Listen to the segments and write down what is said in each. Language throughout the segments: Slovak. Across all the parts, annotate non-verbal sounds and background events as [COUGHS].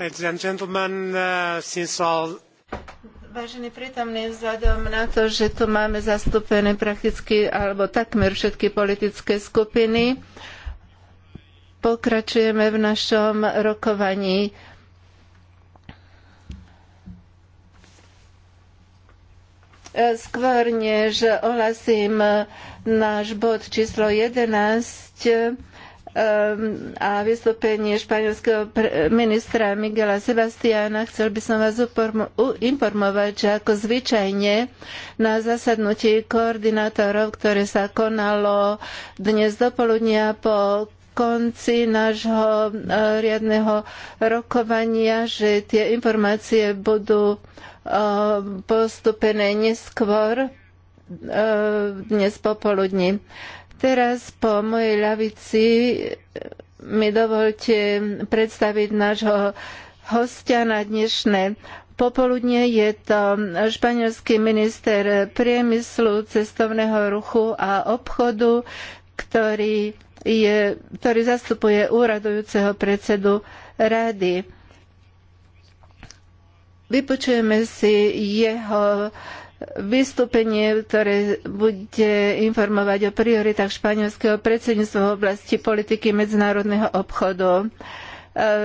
Uh, Vážení prítomní, vzhľadom na to, že tu máme zastúpené prakticky alebo takmer všetky politické skupiny, pokračujeme v našom rokovaní. E, Skôr než ohlasím náš bod číslo 11, Ehm, a vystúpenie španielského ministra Miguela Sebastiana, chcel by som vás informovať, že ako zvyčajne na zasadnutí koordinátorov, ktoré sa konalo dnes dopoludnia po konci nášho e, riadneho rokovania, že tie informácie budú e, postupené neskôr e, dnes popoludní. Teraz po mojej ľavici mi dovolte predstaviť nášho hostia na dnešné popoludne. Je to španielský minister priemyslu, cestovného ruchu a obchodu, ktorý, je, ktorý zastupuje úradujúceho predsedu rady. Vypočujeme si jeho uh, vystúpenie, ktoré bude informovať o prioritách španielského predsedníctva v oblasti politiky medzinárodného obchodu. E,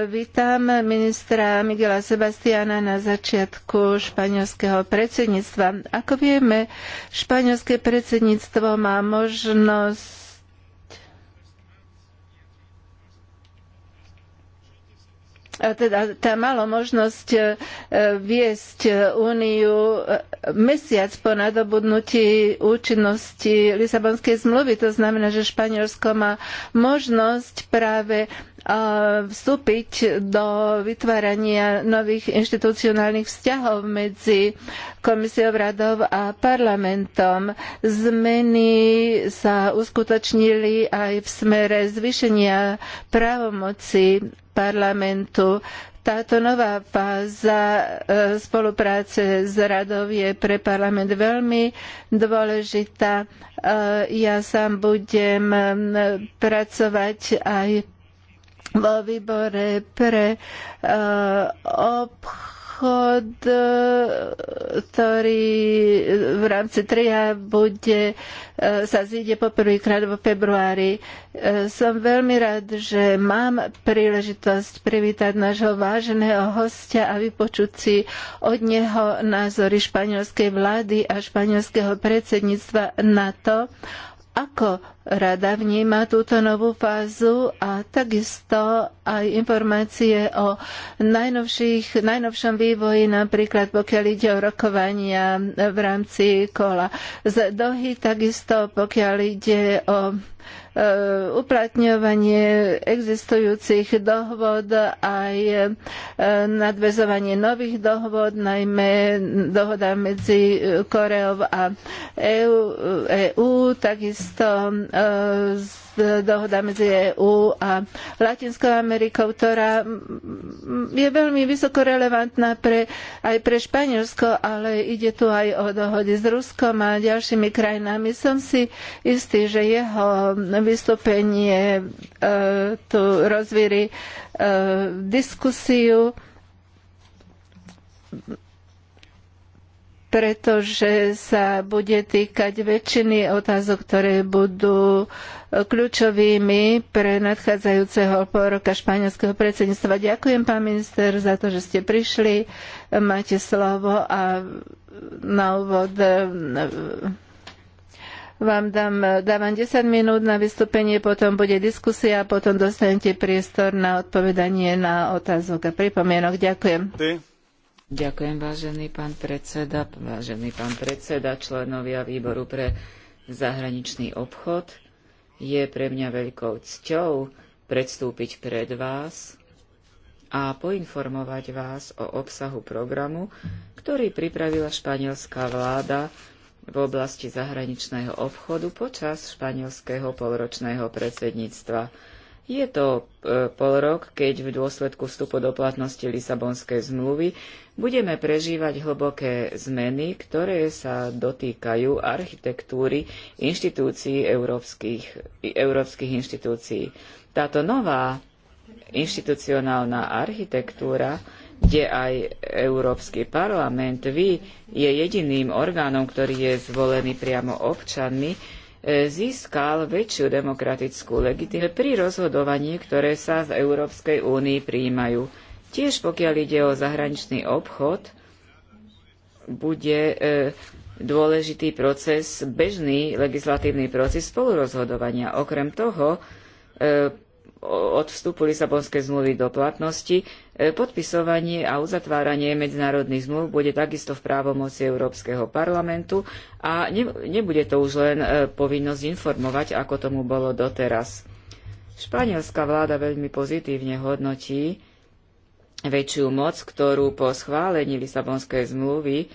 vítam ministra Miguela Sebastiana na začiatku španielského predsedníctva. Ako vieme, španielské predsedníctvo má možnosť E, teda tá malo možnosť e, viesť úniu e, mesiac po nadobudnutí účinnosti Lisabonskej zmluvy. To znamená, že Španielsko má možnosť práve vstúpiť do vytvárania nových inštitucionálnych vzťahov medzi Komisiou radov a parlamentom. Zmeny sa uskutočnili aj v smere zvýšenia právomoci parlamentu. Táto nová fáza e, spolupráce s radou je pre parlament veľmi dôležitá. E, ja sám budem pracovať aj vo výbore pre e, obchod obchod, e, ktorý v rámci tria bude, e, sa zíde poprvýkrát vo februári. E, som veľmi rád, že mám príležitosť privítať nášho váženého hostia a vypočuť si od neho názory španielskej vlády a španielského predsedníctva na to, ako rada vníma túto novú fázu a takisto aj informácie o najnovších, najnovšom vývoji, napríklad pokiaľ ide o rokovania v rámci kola z Dohy, takisto pokiaľ ide o e, uplatňovanie existujúcich dohôd aj e, nadvezovanie nových dohôd, najmä dohoda medzi Koreou a EÚ, e takisto E, dohoda medzi EU a Latinskou Amerikou, ktorá je veľmi vysoko relevantná pre, aj pre Španielsko, ale ide tu aj o dohody s Ruskom a ďalšími krajinami. Som si istý, že jeho vystúpenie e, tu rozvíri e, diskusiu pretože sa bude týkať väčšiny otázok, ktoré budú kľúčovými pre nadchádzajúceho roka španielského predsedníctva. Ďakujem, pán minister, za to, že ste prišli. Máte slovo a na úvod e, vám dám, dávam 10 minút na vystúpenie, potom bude diskusia a potom dostanete priestor na odpovedanie na otázok a pripomienok. Ďakujem. Ty? Ďakujem, vážený pán predseda, vážený pán predseda, členovia výboru pre zahraničný obchod. Je pre mňa veľkou cťou predstúpiť pred vás a poinformovať vás o obsahu programu, ktorý pripravila španielská vláda v oblasti zahraničného obchodu počas španielského polročného predsedníctva. Je to e, pol rok, keď v dôsledku vstupu do platnosti Lisabonskej zmluvy budeme prežívať hlboké zmeny, ktoré sa dotýkajú architektúry inštitúcií európskych, európskych inštitúcií. Táto nová inštitucionálna architektúra kde aj Európsky parlament, vy, je jediným orgánom, ktorý je zvolený priamo občanmi, E, získal väčšiu demokratickú legitimitu pri rozhodovaní, ktoré sa v Európskej únii prijímajú. Tiež pokiaľ ide o zahraničný obchod, bude e, dôležitý proces, bežný legislatívny proces spolurozhodovania. Okrem toho, e, od vstupu Lisabonskej zmluvy do platnosti Podpisovanie a uzatváranie medzinárodných zmluv bude takisto v právomoci Európskeho parlamentu a nebude to už len e, povinnosť informovať, ako tomu bolo doteraz. Španielská vláda veľmi pozitívne hodnotí väčšiu moc, ktorú po schválení Lisabonskej zmluvy e,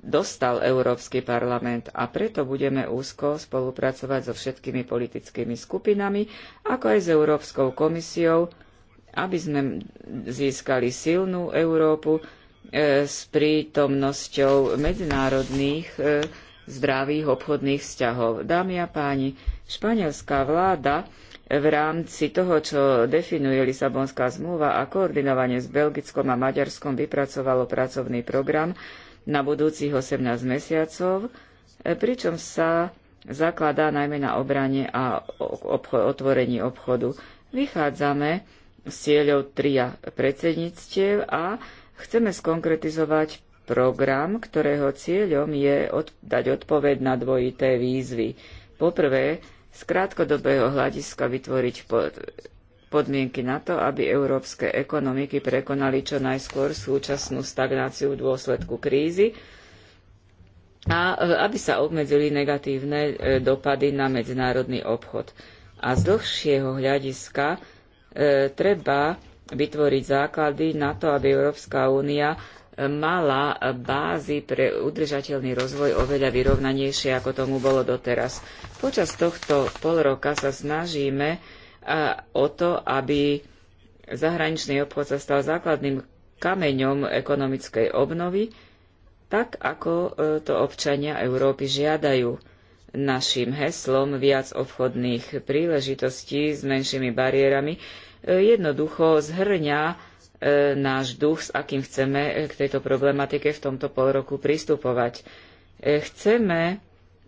dostal Európsky parlament a preto budeme úzko spolupracovať so všetkými politickými skupinami, ako aj s Európskou komisiou, aby sme získali silnú Európu e, s prítomnosťou medzinárodných e, zdravých obchodných vzťahov. Dámy a páni, španielská vláda v rámci toho, čo definuje Lisabonská zmluva a koordinovanie s Belgickom a Maďarskom vypracovalo pracovný program na budúcich 18 mesiacov, e, pričom sa zakladá najmä na obrane a otvorení obchodu. Vychádzame cieľov tria predsedníctiev a chceme skonkretizovať program, ktorého cieľom je od, dať odpoveď na dvojité výzvy. Poprvé, z krátkodobého hľadiska vytvoriť pod, podmienky na to, aby európske ekonomiky prekonali čo najskôr súčasnú stagnáciu v dôsledku krízy a e, aby sa obmedzili negatívne e, dopady na medzinárodný obchod. A z dlhšieho hľadiska E, treba vytvoriť základy na to, aby Európska únia mala bázy pre udržateľný rozvoj oveľa vyrovnanejšie, ako tomu bolo doteraz. Počas tohto pol roka sa snažíme e, o to, aby zahraničný obchod sa stal základným kameňom ekonomickej obnovy, tak ako e, to občania Európy žiadajú našim heslom viac obchodných príležitostí s menšími bariérami e, jednoducho zhrňa e, náš duch, s akým chceme e, k tejto problematike v tomto pol roku pristupovať. Chceme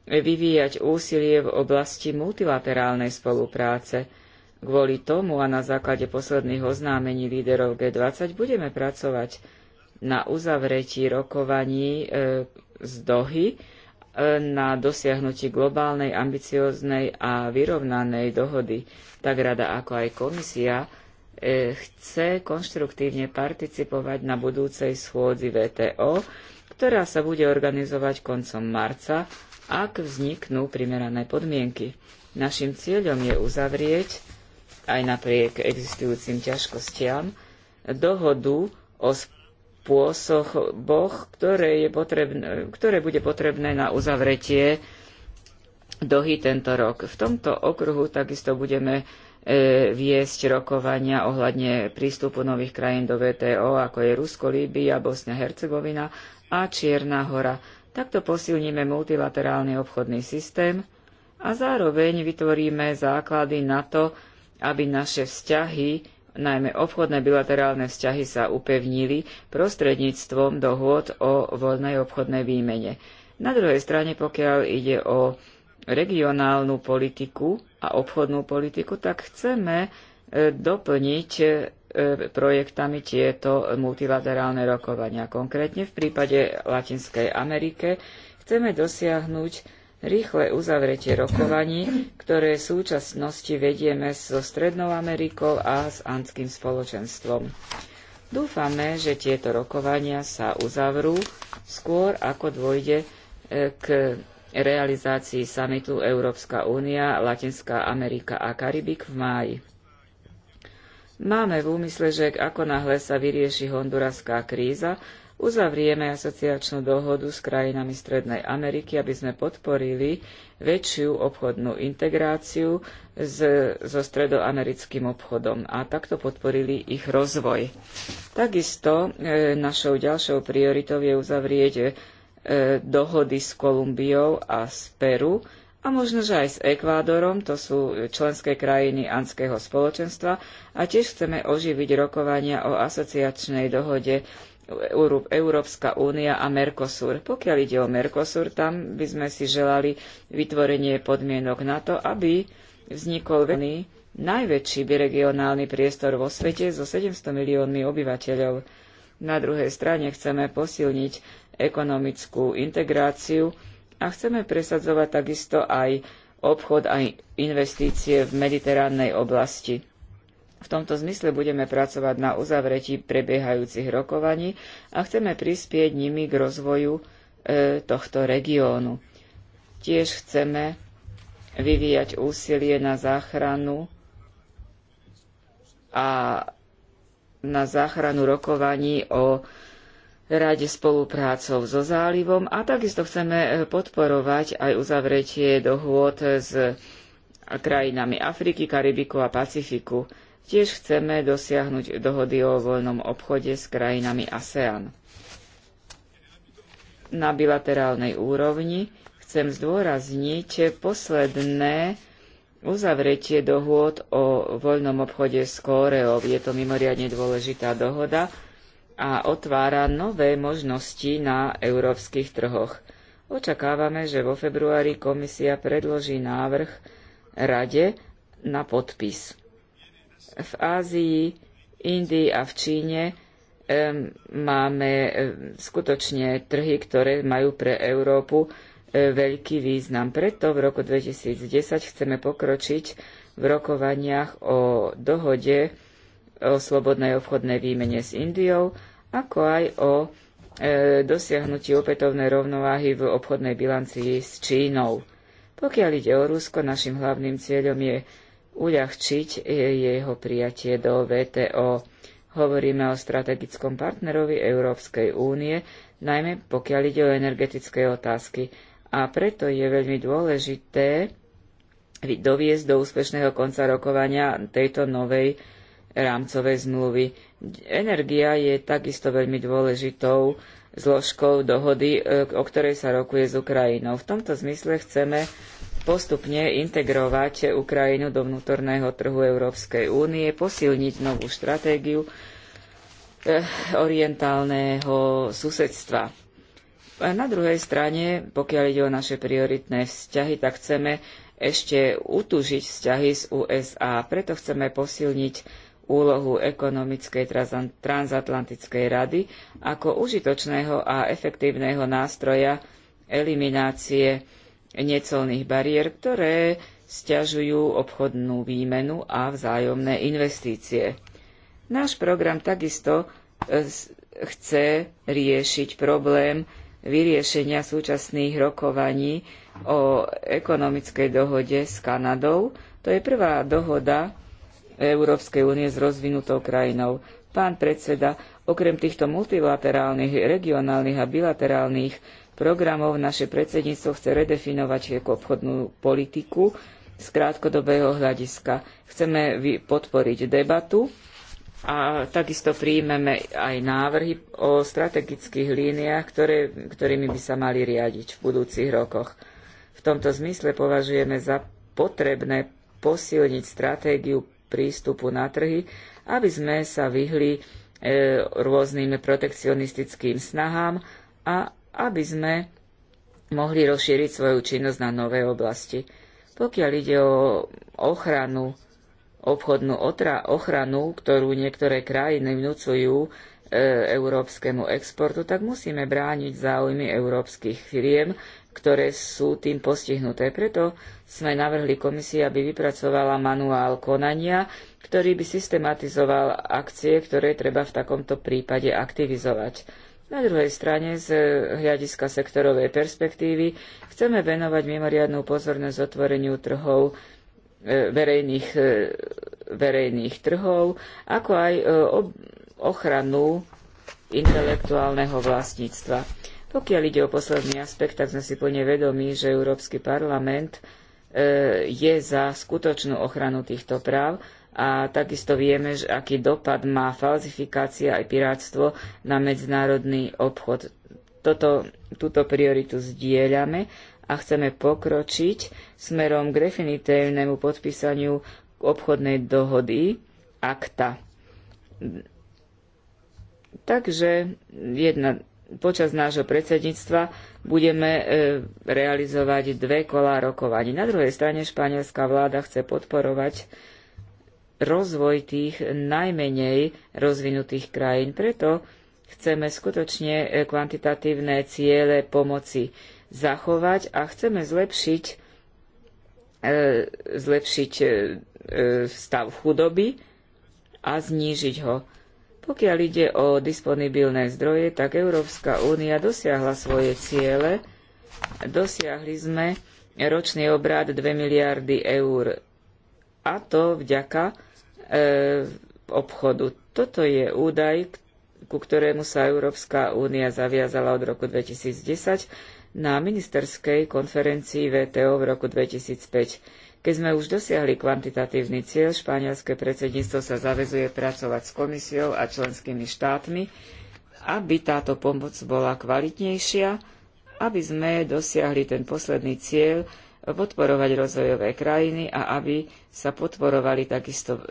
vyvíjať úsilie v oblasti multilaterálnej spolupráce. Kvôli tomu a na základe posledných oznámení líderov G20 budeme pracovať na uzavretí rokovaní z Dohy, na dosiahnutí globálnej, ambicioznej a vyrovnanej dohody. Tak rada ako aj komisia e, chce konštruktívne participovať na budúcej schôdzi VTO, ktorá sa bude organizovať koncom marca, ak vzniknú primerané podmienky. Naším cieľom je uzavrieť, aj napriek existujúcim ťažkostiam, dohodu o spôsoboch, ktoré, je potrebné, ktoré bude potrebné na uzavretie dohy tento rok. V tomto okruhu takisto budeme e, viesť rokovania ohľadne prístupu nových krajín do VTO, ako je Rusko, Líbia, Bosnia, Hercegovina a Čierna hora. Takto posilníme multilaterálny obchodný systém a zároveň vytvoríme základy na to, aby naše vzťahy najmä obchodné bilaterálne vzťahy sa upevnili prostredníctvom dohôd o voľnej obchodnej výmene. Na druhej strane, pokiaľ ide o regionálnu politiku a obchodnú politiku, tak chceme e, doplniť e, projektami tieto multilaterálne rokovania. Konkrétne v prípade Latinskej Amerike chceme dosiahnuť rýchle uzavretie rokovaní, ktoré v súčasnosti vedieme so Strednou Amerikou a s Andským spoločenstvom. Dúfame, že tieto rokovania sa uzavrú skôr, ako dôjde e, k realizácii samitu Európska únia, Latinská Amerika a Karibik v máji. Máme v úmysle, že ako náhle sa vyrieši honduraská kríza, uzavrieme asociačnú dohodu s krajinami Strednej Ameriky, aby sme podporili väčšiu obchodnú integráciu so stredoamerickým obchodom a takto podporili ich rozvoj. Takisto e, našou ďalšou prioritou je uzavrieť e, dohody s Kolumbiou a s Peru, a možno, že aj s Ekvádorom, to sú členské krajiny Andského spoločenstva, a tiež chceme oživiť rokovania o asociačnej dohode Európska únia a Mercosur. Pokiaľ ide o Mercosur, tam by sme si želali vytvorenie podmienok na to, aby vznikol veľmi najväčší biregionálny priestor vo svete so 700 miliónmi obyvateľov. Na druhej strane chceme posilniť ekonomickú integráciu a chceme presadzovať takisto aj obchod a investície v mediteránnej oblasti. V tomto zmysle budeme pracovať na uzavretí prebiehajúcich rokovaní a chceme prispieť nimi k rozvoju e, tohto regiónu. Tiež chceme vyvíjať úsilie na záchranu a na záchranu rokovaní o rade spoluprácov so zálivom a takisto chceme e, podporovať aj uzavretie dohôd s krajinami Afriky, Karibiku a Pacifiku. Tiež chceme dosiahnuť dohody o voľnom obchode s krajinami ASEAN. Na bilaterálnej úrovni chcem zdôrazniť posledné uzavretie dohôd o voľnom obchode s Kóreou. Je to mimoriadne dôležitá dohoda a otvára nové možnosti na európskych trhoch. Očakávame, že vo februári komisia predloží návrh Rade na podpis v Ázii, Indii a v Číne máme skutočne trhy, ktoré majú pre Európu e, veľký význam. Preto v roku 2010 chceme pokročiť v rokovaniach o dohode o slobodnej obchodnej výmene s Indiou, ako aj o e, dosiahnutí opätovnej rovnováhy v obchodnej bilancii s Čínou. Pokiaľ ide o Rusko, našim hlavným cieľom je uľahčiť jeho prijatie do VTO. Hovoríme o strategickom partnerovi Európskej únie, najmä pokiaľ ide o energetické otázky. A preto je veľmi dôležité doviesť do úspešného konca rokovania tejto novej rámcovej zmluvy. Energia je takisto veľmi dôležitou zložkou dohody, e, o ktorej sa rokuje s Ukrajinou. V tomto zmysle chceme postupne integrovať Ukrajinu do vnútorného trhu Európskej únie, posilniť novú stratégiu eh, orientálneho susedstva. A na druhej strane, pokiaľ ide o naše prioritné vzťahy, tak chceme ešte utužiť vzťahy s USA. Preto chceme posilniť úlohu ekonomickej transatlantickej rady ako užitočného a efektívneho nástroja eliminácie necelných bariér, ktoré stiažujú obchodnú výmenu a vzájomné investície. Náš program takisto e, chce riešiť problém vyriešenia súčasných rokovaní o ekonomickej dohode s Kanadou. To je prvá dohoda Európskej únie s rozvinutou krajinou. Pán predseda, okrem týchto multilaterálnych, regionálnych a bilaterálnych programov naše predsedníctvo chce redefinovať obchodnú politiku z krátkodobého hľadiska. Chceme podporiť debatu a takisto príjmeme aj návrhy o strategických líniách, ktoré, ktorými by sa mali riadiť v budúcich rokoch. V tomto zmysle považujeme za potrebné posilniť stratégiu prístupu na trhy, aby sme sa vyhli e, rôznym protekcionistickým snahám a aby sme mohli rozšíriť svoju činnosť na nové oblasti. Pokiaľ ide o ochranu, obchodnú otra, ochranu, ktorú niektoré krajiny vnúcujú e, európskemu exportu, tak musíme brániť záujmy európskych firiem, ktoré sú tým postihnuté. Preto sme navrhli komisii, aby vypracovala manuál konania, ktorý by systematizoval akcie, ktoré treba v takomto prípade aktivizovať. Na druhej strane, z hľadiska sektorovej perspektívy, chceme venovať mimoriadnú pozornosť otvoreniu trhov e, verejných, e, verejných trhov, ako aj e, ochranu intelektuálneho vlastníctva. Pokiaľ ide o posledný aspekt, tak sme si plne vedomí, že Európsky parlament je za skutočnú ochranu týchto práv a takisto vieme, že aký dopad má falzifikácia aj pirátstvo na medzinárodný obchod. Toto, túto prioritu zdieľame a chceme pokročiť smerom k definitívnemu podpísaniu obchodnej dohody akta. Takže jedna, počas nášho predsedníctva budeme e, realizovať dve kolá rokovaní. Na druhej strane španielská vláda chce podporovať rozvoj tých najmenej rozvinutých krajín. Preto chceme skutočne e, kvantitatívne ciele pomoci zachovať a chceme zlepšiť, e, zlepšiť e, e, stav chudoby a znížiť ho. Pokiaľ ide o disponibilné zdroje, tak Európska únia dosiahla svoje ciele. Dosiahli sme ročný obrad 2 miliardy eur. A to vďaka E, obchodu. Toto je údaj, ku ktorému sa Európska únia zaviazala od roku 2010 na ministerskej konferencii VTO v roku 2005. Keď sme už dosiahli kvantitatívny cieľ, španielské predsedníctvo sa zavezuje pracovať s komisiou a členskými štátmi, aby táto pomoc bola kvalitnejšia, aby sme dosiahli ten posledný cieľ podporovať rozvojové krajiny a aby sa podporovali takisto e,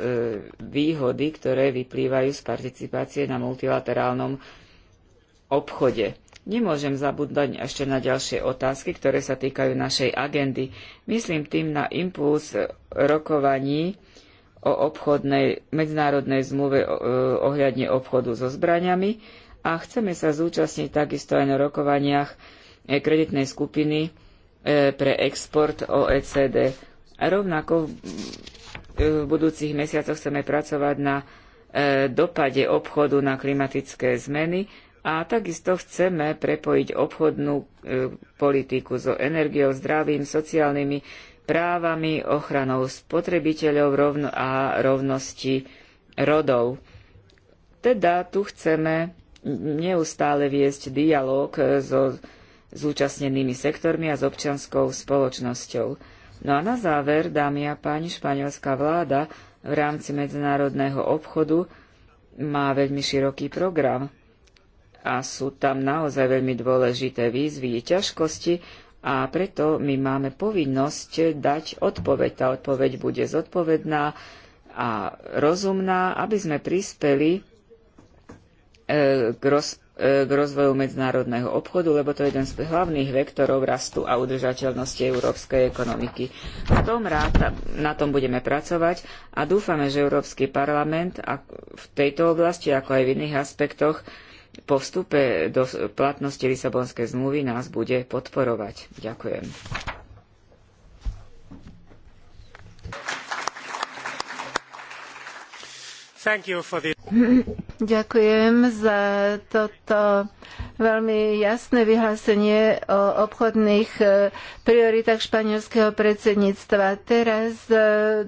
výhody, ktoré vyplývajú z participácie na multilaterálnom obchode. Nemôžem zabúdať ešte na ďalšie otázky, ktoré sa týkajú našej agendy. Myslím tým na impuls rokovaní o obchodnej, medzinárodnej zmluve e, ohľadne obchodu so zbraniami a chceme sa zúčastniť takisto aj na rokovaniach e, kreditnej skupiny E, pre export OECD. rovnako e, v budúcich mesiacoch chceme pracovať na e, dopade obchodu na klimatické zmeny a takisto chceme prepojiť obchodnú politiku so energiou, zdravím, sociálnymi právami, ochranou spotrebiteľov a rovnosti rodov. Teda tu chceme neustále viesť dialog so zúčastnenými sektormi a s občianskou spoločnosťou. No a na záver, dámy a páni, španielská vláda v rámci medzinárodného obchodu má veľmi široký program a sú tam naozaj veľmi dôležité výzvy, ťažkosti a preto my máme povinnosť dať odpoveď. Tá odpoveď bude zodpovedná a rozumná, aby sme prispeli e, k rozpočtu k rozvoju medzinárodného obchodu, lebo to je jeden z hlavných vektorov rastu a udržateľnosti európskej ekonomiky. Na tom, ráta, na tom budeme pracovať a dúfame, že Európsky parlament v tejto oblasti, ako aj v iných aspektoch, po vstupe do platnosti Lisabonskej zmluvy nás bude podporovať. Ďakujem. [LAUGHS] Ďakujem za toto veľmi jasné vyhlásenie o obchodných e, prioritách španielského predsedníctva. Teraz e,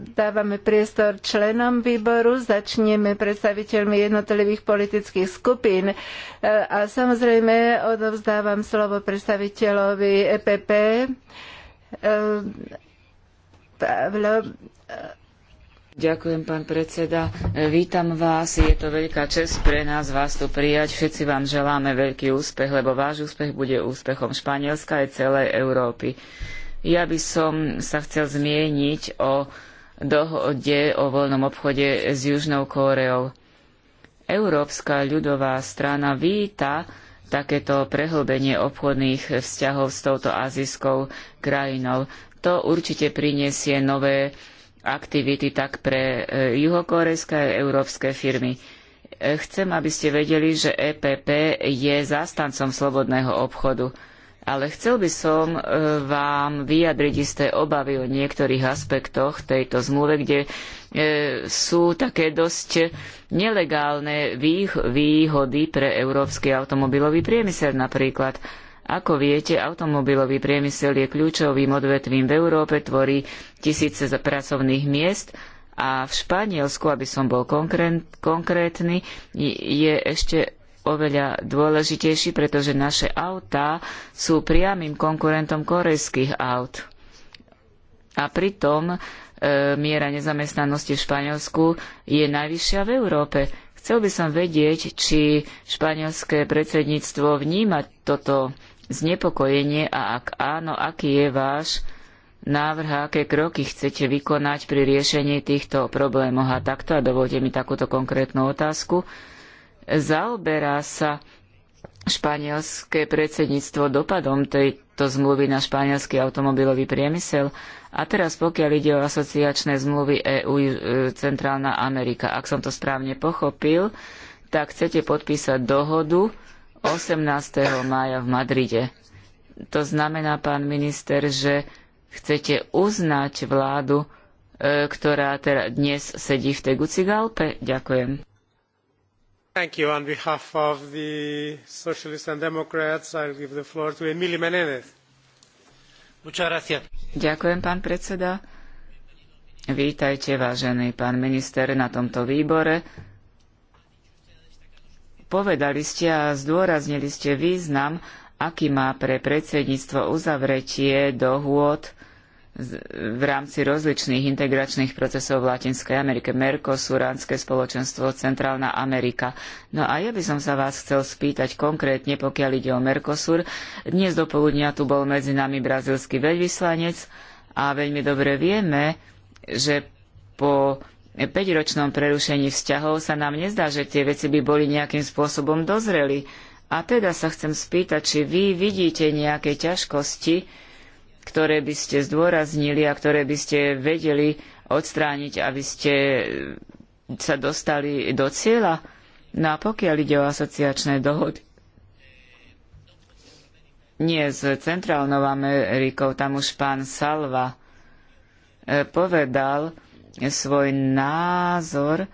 dávame priestor členom výboru, začneme predstaviteľmi jednotlivých politických skupín e, a samozrejme odovzdávam slovo predstaviteľovi EPP. Pavlo, Ďakujem, pán predseda. Vítam vás. Je to veľká čest pre nás vás tu prijať. Všetci vám želáme veľký úspech, lebo váš úspech bude úspechom Španielska aj celej Európy. Ja by som sa chcel zmieniť o dohode o voľnom obchode s Južnou Kóreou. Európska ľudová strana víta takéto prehlbenie obchodných vzťahov s touto azijskou krajinou. To určite prinesie nové aktivity tak pre e, juhokorejské a európske firmy. E, chcem, aby ste vedeli, že EPP je zástancom slobodného obchodu, ale chcel by som e, vám vyjadriť isté obavy o niektorých aspektoch tejto zmluvy, kde sú také dosť nelegálne výhody pre európsky automobilový priemysel napríklad ako viete, automobilový priemysel je kľúčovým odvetvím v Európe, tvorí tisíce pracovných miest a v Španielsku, aby som bol konkrétny, je ešte oveľa dôležitejší, pretože naše autá sú priamym konkurentom korejských aut. A pritom e, miera nezamestnanosti v Španielsku je najvyššia v Európe. Chcel by som vedieť, či španielské predsedníctvo vníma toto znepokojenie a ak áno, aký je váš návrh a aké kroky chcete vykonať pri riešení týchto problémov. A takto, a dovolte mi takúto konkrétnu otázku, zaoberá sa španielské predsedníctvo dopadom tejto zmluvy na španielský automobilový priemysel. A teraz pokiaľ ide o asociačné zmluvy EU e, Centrálna Amerika, ak som to správne pochopil, tak chcete podpísať dohodu, 18. mája v Madride. To znamená, pán minister, že chcete uznať vládu, e, ktorá teraz dnes sedí v Tegucigalpe? Ďakujem. Thank you. On behalf of the Socialists and Democrats, I'll give the floor to Ďakujem, pán predseda. Vítajte, vážený pán minister, na tomto výbore Povedali ste a zdôraznili ste význam, aký má pre predsedníctvo uzavretie dohôd v rámci rozličných integračných procesov v Latinskej Amerike, Mercosur, spoločenstvo, Centrálna Amerika. No a ja by som sa vás chcel spýtať konkrétne, pokiaľ ide o Mercosur. Dnes do poludnia tu bol medzi nami brazílsky veľvyslanec a veľmi dobre vieme, že po 5-ročnom prerušení vzťahov sa nám nezdá, že tie veci by boli nejakým spôsobom dozreli. A teda sa chcem spýtať, či vy vidíte nejaké ťažkosti, ktoré by ste zdôraznili a ktoré by ste vedeli odstrániť, aby ste sa dostali do cieľa. No a pokiaľ ide o asociačné dohody, nie s Centrálnou Amerikou, tam už pán Salva e, povedal, svoj názor,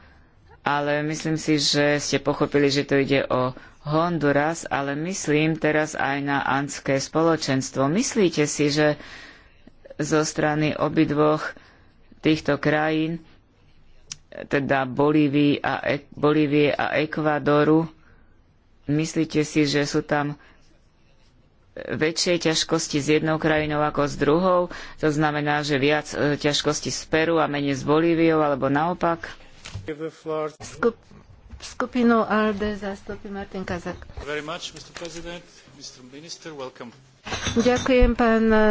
ale myslím si, že ste pochopili, že to ide o Honduras, ale myslím teraz aj na andské spoločenstvo. Myslíte si, že zo strany obidvoch týchto krajín, teda e- Bolívie a, Bolívie a Ekvadoru, myslíte si, že sú tam väčšie ťažkosti s jednou krajinou ako s druhou. To znamená, že viac e, ťažkosti z Peru a menej s Bolíviou, alebo naopak. Skup, skupinu ALDE zastupí Martin Kazak. Much, Mr. Mr. Minister, Ďakujem, pán e,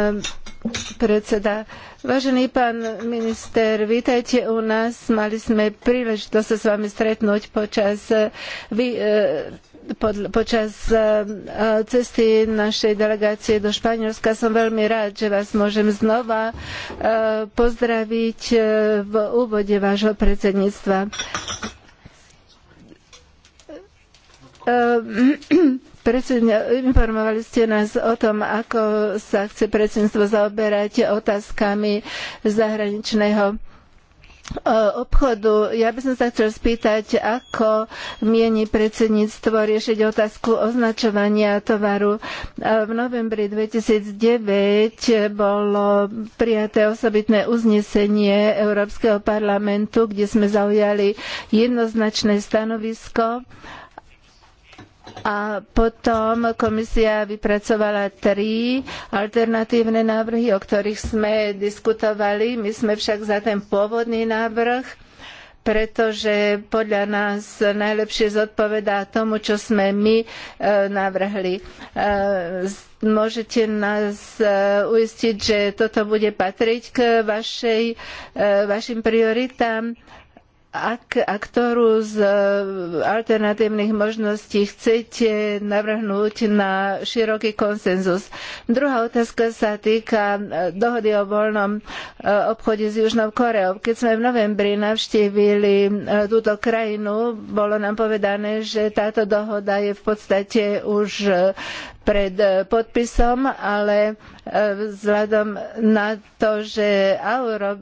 predseda. Vážený pán minister, vítajte u nás. Mali sme príležitosť sa s vami stretnúť počas e, vy, počas ehm, e, cesty našej delegácie do Španielska som veľmi rád, že vás môžem znova e, pozdraviť e, v úvode vášho predsedníctva. Ehm, [CLEARS THROAT] informovali ste nás o tom, ako sa chce predsedníctvo zaoberať otázkami zahraničného E, obchodu. Ja by som sa chcel spýtať, ako mieni predsedníctvo riešiť otázku označovania tovaru. E, v novembri 2009 bolo prijaté osobitné uznesenie Európskeho parlamentu, kde sme zaujali jednoznačné stanovisko a potom komisia vypracovala tri alternatívne návrhy, o ktorých sme diskutovali. My sme však za ten pôvodný návrh pretože podľa nás najlepšie zodpovedá tomu, čo sme my e, navrhli. E, môžete nás e, uistiť, že toto bude patriť k vašej, vašim prioritám ak, a ktorú z e, alternatívnych možností chcete navrhnúť na široký konsenzus. Druhá otázka sa týka e, dohody o voľnom e, obchode s Južnou Koreou. Keď sme v novembri navštívili túto krajinu, bolo nám povedané, že táto dohoda je v podstate už pred e, podpisom, ale e, vzhľadom na to, že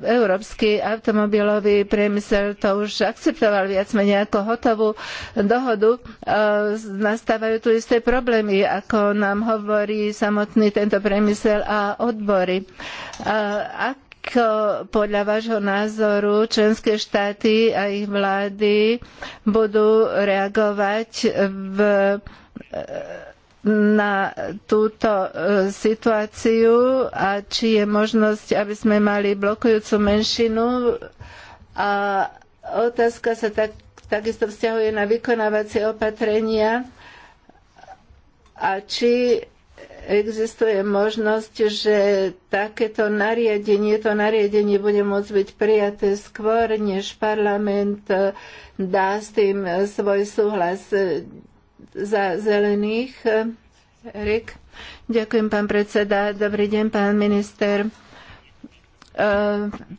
európsky automobilový priemysel to už akceptoval viac menej ako hotovú dohodu, e, nastávajú tu isté problémy, ako nám hovorí samotný tento priemysel a odbory. ako podľa vášho názoru členské štáty a ich vlády budú reagovať v na túto e, situáciu a či je možnosť, aby sme mali blokujúcu menšinu. A otázka sa tak, takisto vzťahuje na vykonávacie opatrenia a či existuje možnosť, že takéto nariadenie, to nariadenie bude môcť byť prijaté skôr, než parlament dá s tým svoj súhlas za zelených. Erik. Ďakujem, pán predseda. Dobrý deň, pán minister. E,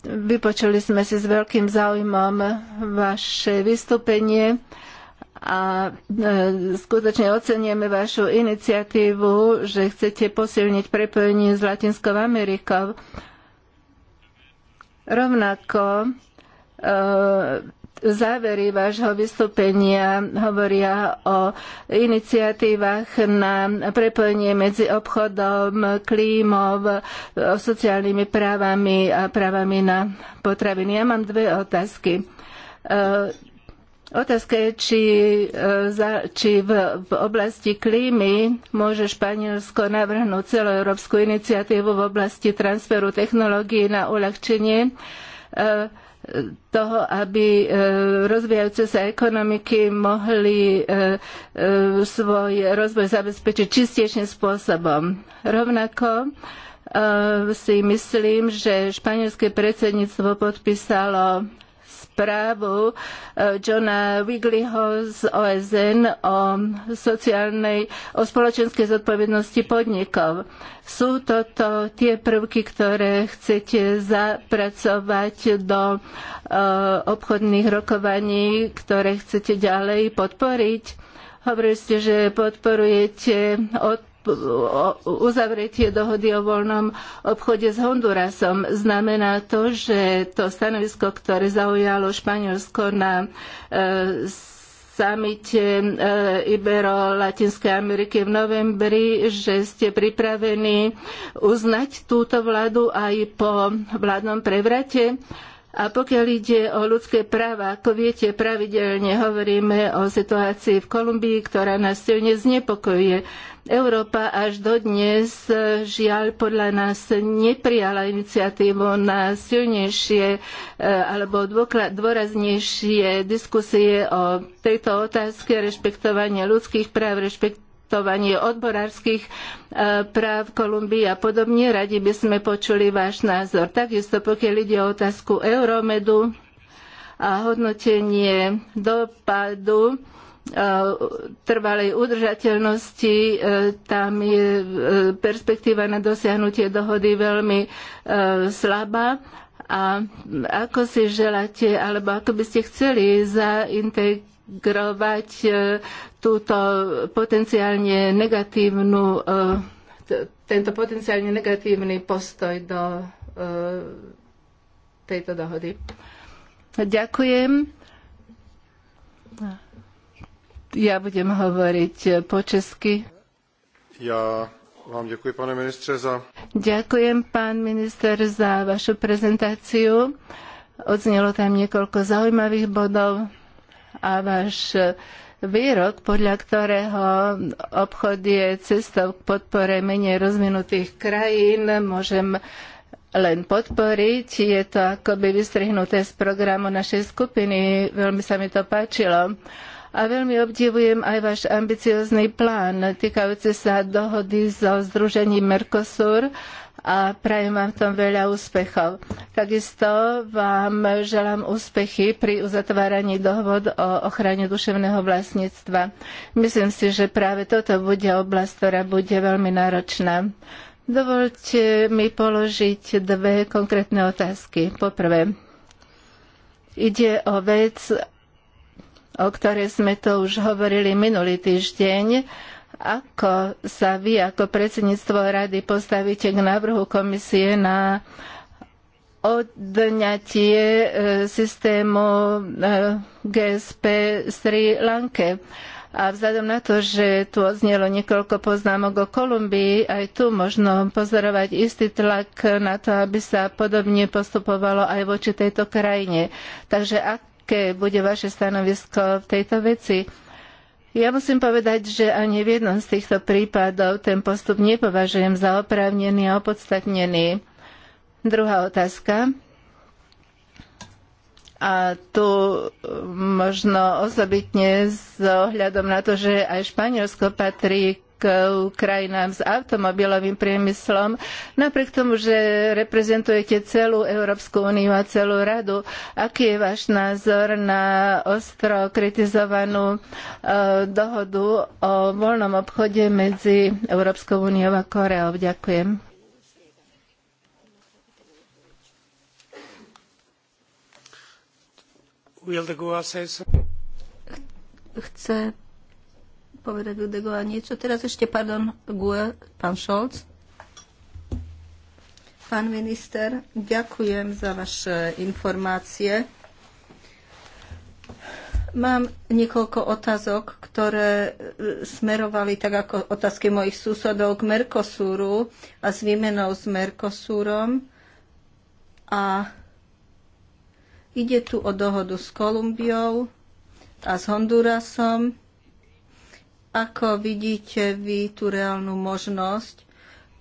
vypočuli sme si s veľkým záujmom vaše vystúpenie a e, skutočne ocenieme vašu iniciatívu, že chcete posilniť prepojenie s Latinskou Amerikou. Rovnako e, závery vášho vystúpenia hovoria o iniciatívach na prepojenie medzi obchodom, klímov, sociálnymi právami a právami na potraviny. Ja mám dve otázky. E, otázka je, či, e, či v, v oblasti klímy môže Španielsko navrhnúť celoeurópsku iniciatívu v oblasti transferu technológií na uľahčenie uh, toho, aby e, rozvíjajúce sa ekonomiky mohli e, e, svoj rozvoj zabezpečiť čistejším spôsobom. Rovnako si myslím, že španielské predsedníctvo podpísalo správu eh, Johna Wigleyho z OSN o sociálnej, o spoločenskej zodpovednosti podnikov. Sú toto tie prvky, ktoré chcete zapracovať do eh, obchodných rokovaní, ktoré chcete ďalej podporiť? Hovorili ste, že podporujete od uzavretie dohody o voľnom obchode s Hondurasom. Znamená to, že to stanovisko, ktoré zaujalo Španielsko na e, samite e, Ibero Latinskej Ameriky v novembri, že ste pripravení uznať túto vládu aj po vládnom prevrate. A pokiaľ ide o ľudské práva, ako viete, pravidelne hovoríme o situácii v Kolumbii, ktorá nás silne znepokojuje. Európa až dodnes žiaľ podľa nás neprijala iniciatívu na silnejšie e, alebo dôraznejšie diskusie o tejto otázke rešpektovania ľudských práv, rešpekt rešpektovanie odborárskych e, práv Kolumbii a podobne. Radi by sme počuli váš názor. Takisto pokiaľ ide o otázku Euromedu a hodnotenie dopadu trvalej udržateľnosti. E, tam je e, perspektíva na dosiahnutie dohody veľmi e, slabá. A ako si želáte, alebo ako by ste chceli zaintegrovať túto potenciálne negatívnu, tento potenciálne negatívny postoj do tejto dohody? Ďakujem. Ja budem hovoriť po česky. Ja vám ďakujem, pane ministře, za... Ďakujem, pán minister, za vašu prezentáciu. Odznelo tam niekoľko zaujímavých bodov a váš výrok, podľa ktorého obchod je cestou k podpore menej rozvinutých krajín, môžem len podporiť. Je to akoby vystrihnuté z programu našej skupiny. Veľmi sa mi to páčilo. A veľmi obdivujem aj váš ambiciózny plán týkajúci sa dohody so Združením Mercosur a prajem vám v tom veľa úspechov. Takisto vám želám úspechy pri uzatváraní dohod o ochrane duševného vlastníctva. Myslím si, že práve toto bude oblasť, ktorá bude veľmi náročná. Dovolte mi položiť dve konkrétne otázky. Poprvé, ide o vec, o ktorej sme to už hovorili minulý týždeň. Ako sa vy ako predsedníctvo rady postavíte k návrhu komisie na odňatie e, systému e, GSP Sri Lanke? A vzhľadom na to, že tu odznelo niekoľko poznámok o Kolumbii, aj tu možno pozorovať istý tlak na to, aby sa podobne postupovalo aj voči tejto krajine. Takže ak aké bude vaše stanovisko v tejto veci. Ja musím povedať, že ani v jednom z týchto prípadov ten postup nepovažujem za oprávnený a opodstatnený. Druhá otázka. A tu možno osobitne s ohľadom na to, že aj Španielsko patrí k krajinám s automobilovým priemyslom, napriek tomu, že reprezentujete celú Európsku úniu a celú radu. Aký je váš názor na ostro kritizovanú e, dohodu o voľnom obchode medzi Európskou úniou a Koreou? Ďakujem. Chce povedať De Gaulle niečo. Teraz ešte, pardon, Gue, pán Šolc. Pán minister, ďakujem za vaše informácie. Mám niekoľko otázok, ktoré e, smerovali, tak ako otázky mojich súsodov, k Merkosúru a s výmenou s Merkosúrom. A ide tu o dohodu s Kolumbiou a s Hondurasom ako vidíte vy tú reálnu možnosť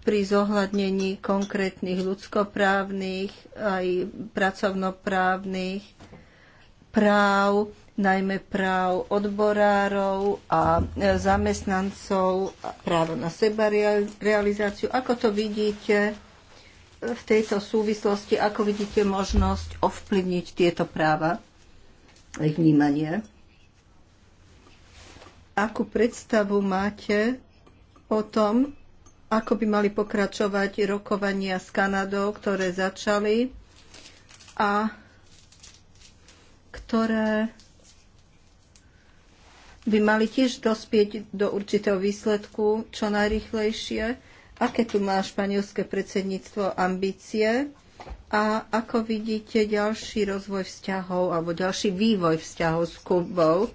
pri zohľadnení konkrétnych ľudskoprávnych aj pracovnoprávnych práv, najmä práv odborárov a zamestnancov, právo na seba realizáciu. Ako to vidíte v tejto súvislosti, ako vidíte možnosť ovplyvniť tieto práva, ich vnímanie? akú predstavu máte o tom, ako by mali pokračovať rokovania s Kanadou, ktoré začali a ktoré by mali tiež dospieť do určitého výsledku čo najrychlejšie. Aké tu má španielské predsedníctvo ambície a ako vidíte ďalší rozvoj vzťahov alebo ďalší vývoj vzťahov s Kubou?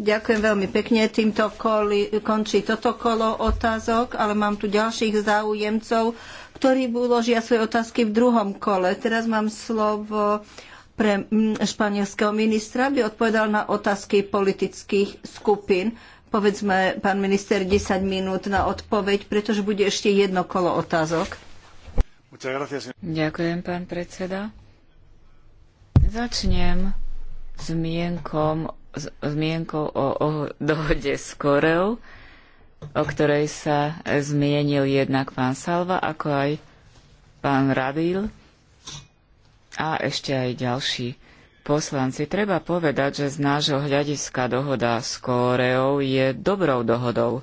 Ďakujem veľmi pekne. Týmto koli, končí toto kolo otázok, ale mám tu ďalších záujemcov, ktorí uložia svoje otázky v druhom kole. Teraz mám slovo pre mm, španielského ministra, aby odpovedal na otázky politických skupín. Povedzme, pán minister, 10 minút na odpoveď, pretože bude ešte jedno kolo otázok. Ďakujem, pán predseda. Začnem zmienkom zmienkou o, o dohode s Koreou, o ktorej sa zmienil jednak pán Salva, ako aj pán Radil a ešte aj ďalší poslanci. Treba povedať, že z nášho hľadiska dohoda s Kóreou je dobrou dohodou.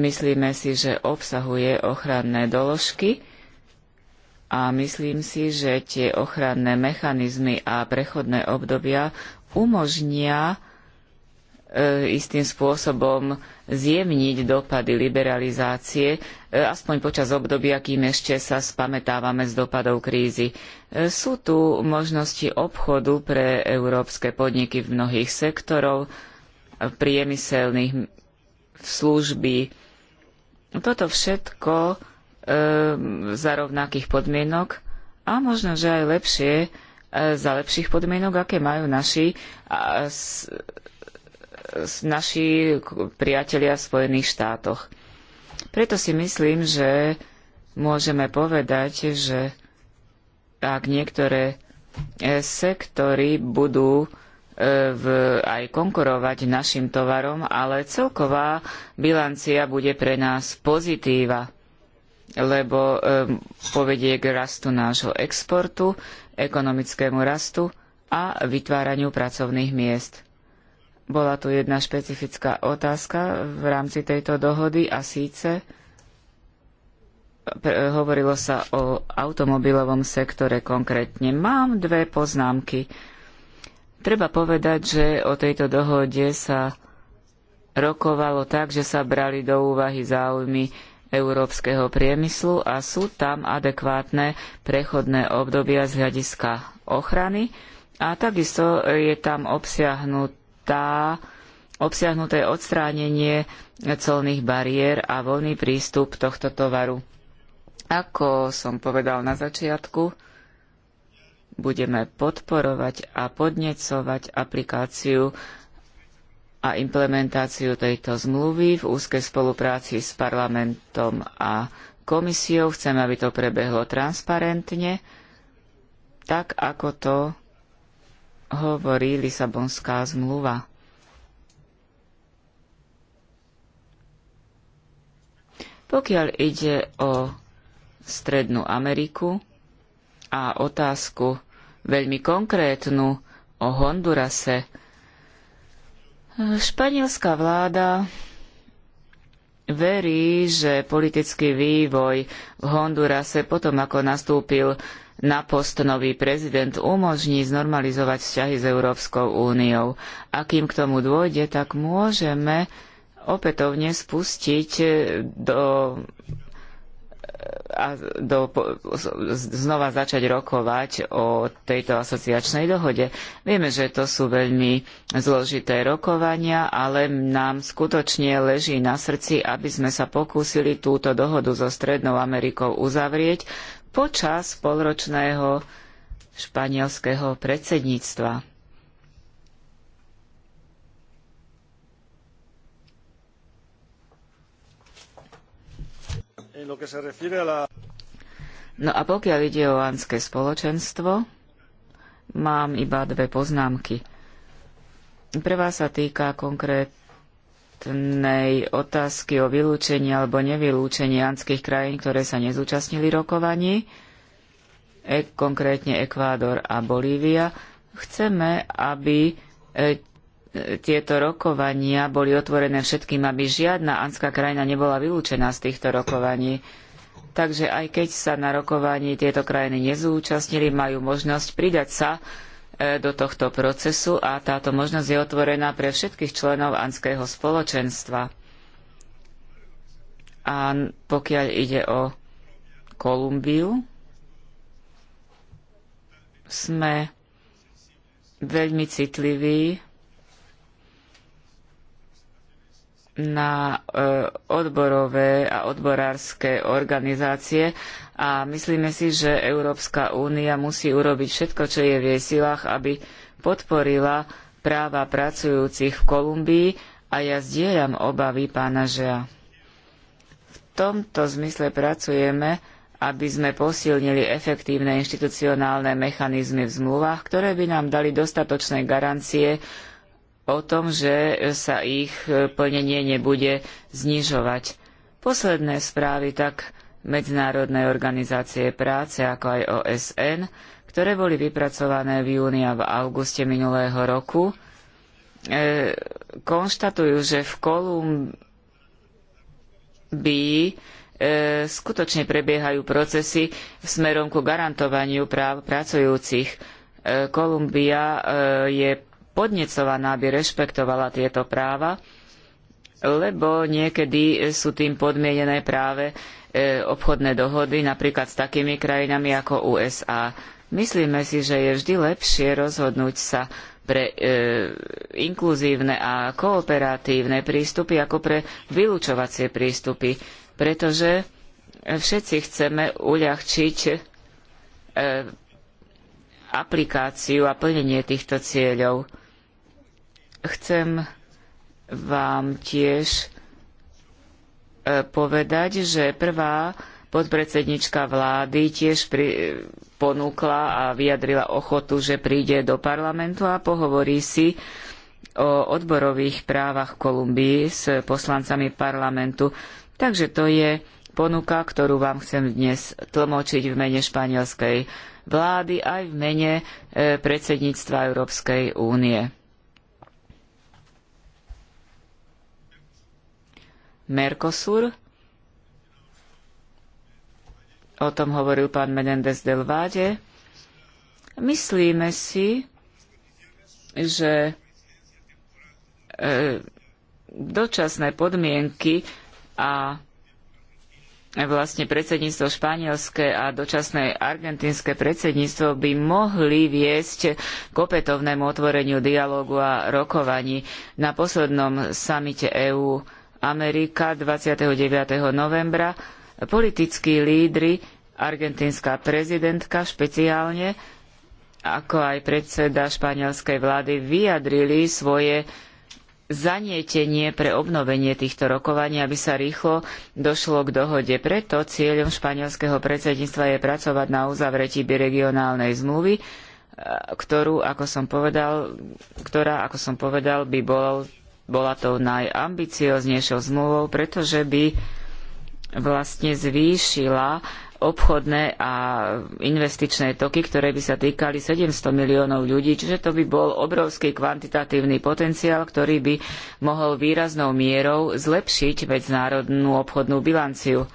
Myslíme si, že obsahuje ochranné doložky a myslím si, že tie ochranné mechanizmy a prechodné obdobia umožnia e, istým spôsobom zjemniť dopady liberalizácie, e, aspoň počas obdobia, kým ešte sa spametávame z dopadov krízy. E, sú tu možnosti obchodu pre európske podniky v mnohých sektorov, priemyselných služby. Toto všetko za rovnakých podmienok a možno, že aj lepšie E, za lepších podmienok, aké majú naši, naši priatelia v Spojených štátoch. Preto si myslím, že môžeme povedať, že ak niektoré e, sektory budú e, v, aj konkurovať našim tovarom, ale celková bilancia bude pre nás pozitíva, lebo um, povedie k rastu nášho exportu, ekonomickému rastu a vytváraniu pracovných miest. Bola tu jedna špecifická otázka v rámci tejto dohody a síce hovorilo sa o automobilovom sektore konkrétne. Mám dve poznámky. Treba povedať, že o tejto dohode sa rokovalo tak, že sa brali do úvahy záujmy európskeho priemyslu a sú tam adekvátne prechodné obdobia z hľadiska ochrany a takisto je tam obsiahnutá, obsiahnuté odstránenie colných bariér a voľný prístup tohto tovaru. Ako som povedal na začiatku, budeme podporovať a podnecovať aplikáciu a implementáciu tejto zmluvy v úzkej spolupráci s parlamentom a komisiou. Chcem, aby to prebehlo transparentne, tak ako to hovorí Lisabonská zmluva. Pokiaľ ide o Strednú Ameriku a otázku veľmi konkrétnu o Hondurase, Španielská vláda verí, že politický vývoj v Hondurase potom, ako nastúpil na post nový prezident, umožní znormalizovať vzťahy s Európskou úniou. A kým k tomu dôjde, tak môžeme opätovne spustiť do a do, znova začať rokovať o tejto asociačnej dohode. Vieme, že to sú veľmi zložité rokovania, ale nám skutočne leží na srdci, aby sme sa pokúsili túto dohodu so Strednou Amerikou uzavrieť počas polročného španielského predsedníctva. No a pokiaľ ide o anské spoločenstvo, mám iba dve poznámky. Prvá sa týka konkrétnej otázky o vylúčení alebo nevylúčení anských krajín, ktoré sa nezúčastnili rokovaní, e- konkrétne Ekvádor a Bolívia. Chceme, aby e- tieto rokovania boli otvorené všetkým, aby žiadna anská krajina nebola vylúčená z týchto rokovaní. Takže aj keď sa na rokovaní tieto krajiny nezúčastnili, majú možnosť pridať sa e, do tohto procesu a táto možnosť je otvorená pre všetkých členov anského spoločenstva. A pokiaľ ide o Kolumbiu, sme veľmi citliví na e, odborové a odborárske organizácie a myslíme si, že Európska únia musí urobiť všetko, čo je v jej silách, aby podporila práva pracujúcich v Kolumbii a ja zdieľam obavy pána Žea. V tomto zmysle pracujeme, aby sme posilnili efektívne inštitucionálne mechanizmy v zmluvách, ktoré by nám dali dostatočné garancie o tom, že sa ich e, plnenie nebude znižovať. Posledné správy tak Medzinárodnej organizácie práce, ako aj OSN, ktoré boli vypracované v júni a v auguste minulého roku, e, konštatujú, že v Kolumbii e, skutočne prebiehajú procesy smerom ku garantovaniu práv pracujúcich. E, Kolumbia e, je podnecovaná, aby rešpektovala tieto práva, lebo niekedy sú tým podmienené práve e, obchodné dohody, napríklad s takými krajinami ako USA. Myslíme si, že je vždy lepšie rozhodnúť sa pre e, inkluzívne a kooperatívne prístupy ako pre vylúčovacie prístupy, pretože všetci chceme uľahčiť e, aplikáciu a plnenie týchto cieľov. Chcem vám tiež e, povedať, že prvá podpredsednička vlády tiež pri, e, ponúkla a vyjadrila ochotu, že príde do parlamentu a pohovorí si o odborových právach v Kolumbii s poslancami parlamentu. Takže to je ponuka, ktorú vám chcem dnes tlmočiť v mene španielskej vlády aj v mene e, predsedníctva Európskej únie. Mercosur. O tom hovoril pán Menendez del Váde. Myslíme si, že e, dočasné podmienky a vlastne predsedníctvo španielske a dočasné argentinské predsedníctvo by mohli viesť k opätovnému otvoreniu dialógu a rokovaní. Na poslednom samite EÚ Amerika 29. novembra politickí lídri, argentínska prezidentka špeciálne, ako aj predseda španielskej vlády vyjadrili svoje zanietenie pre obnovenie týchto rokovaní, aby sa rýchlo došlo k dohode. Preto cieľom španielskeho predsedníctva je pracovať na uzavretí biregionálnej zmluvy, ktorú, ako som povedal, ktorá, ako som povedal, by bol bola tou najambicioznejšou zmluvou, pretože by vlastne zvýšila obchodné a investičné toky, ktoré by sa týkali 700 miliónov ľudí, čiže to by bol obrovský kvantitatívny potenciál, ktorý by mohol výraznou mierou zlepšiť medzinárodnú obchodnú bilanciu.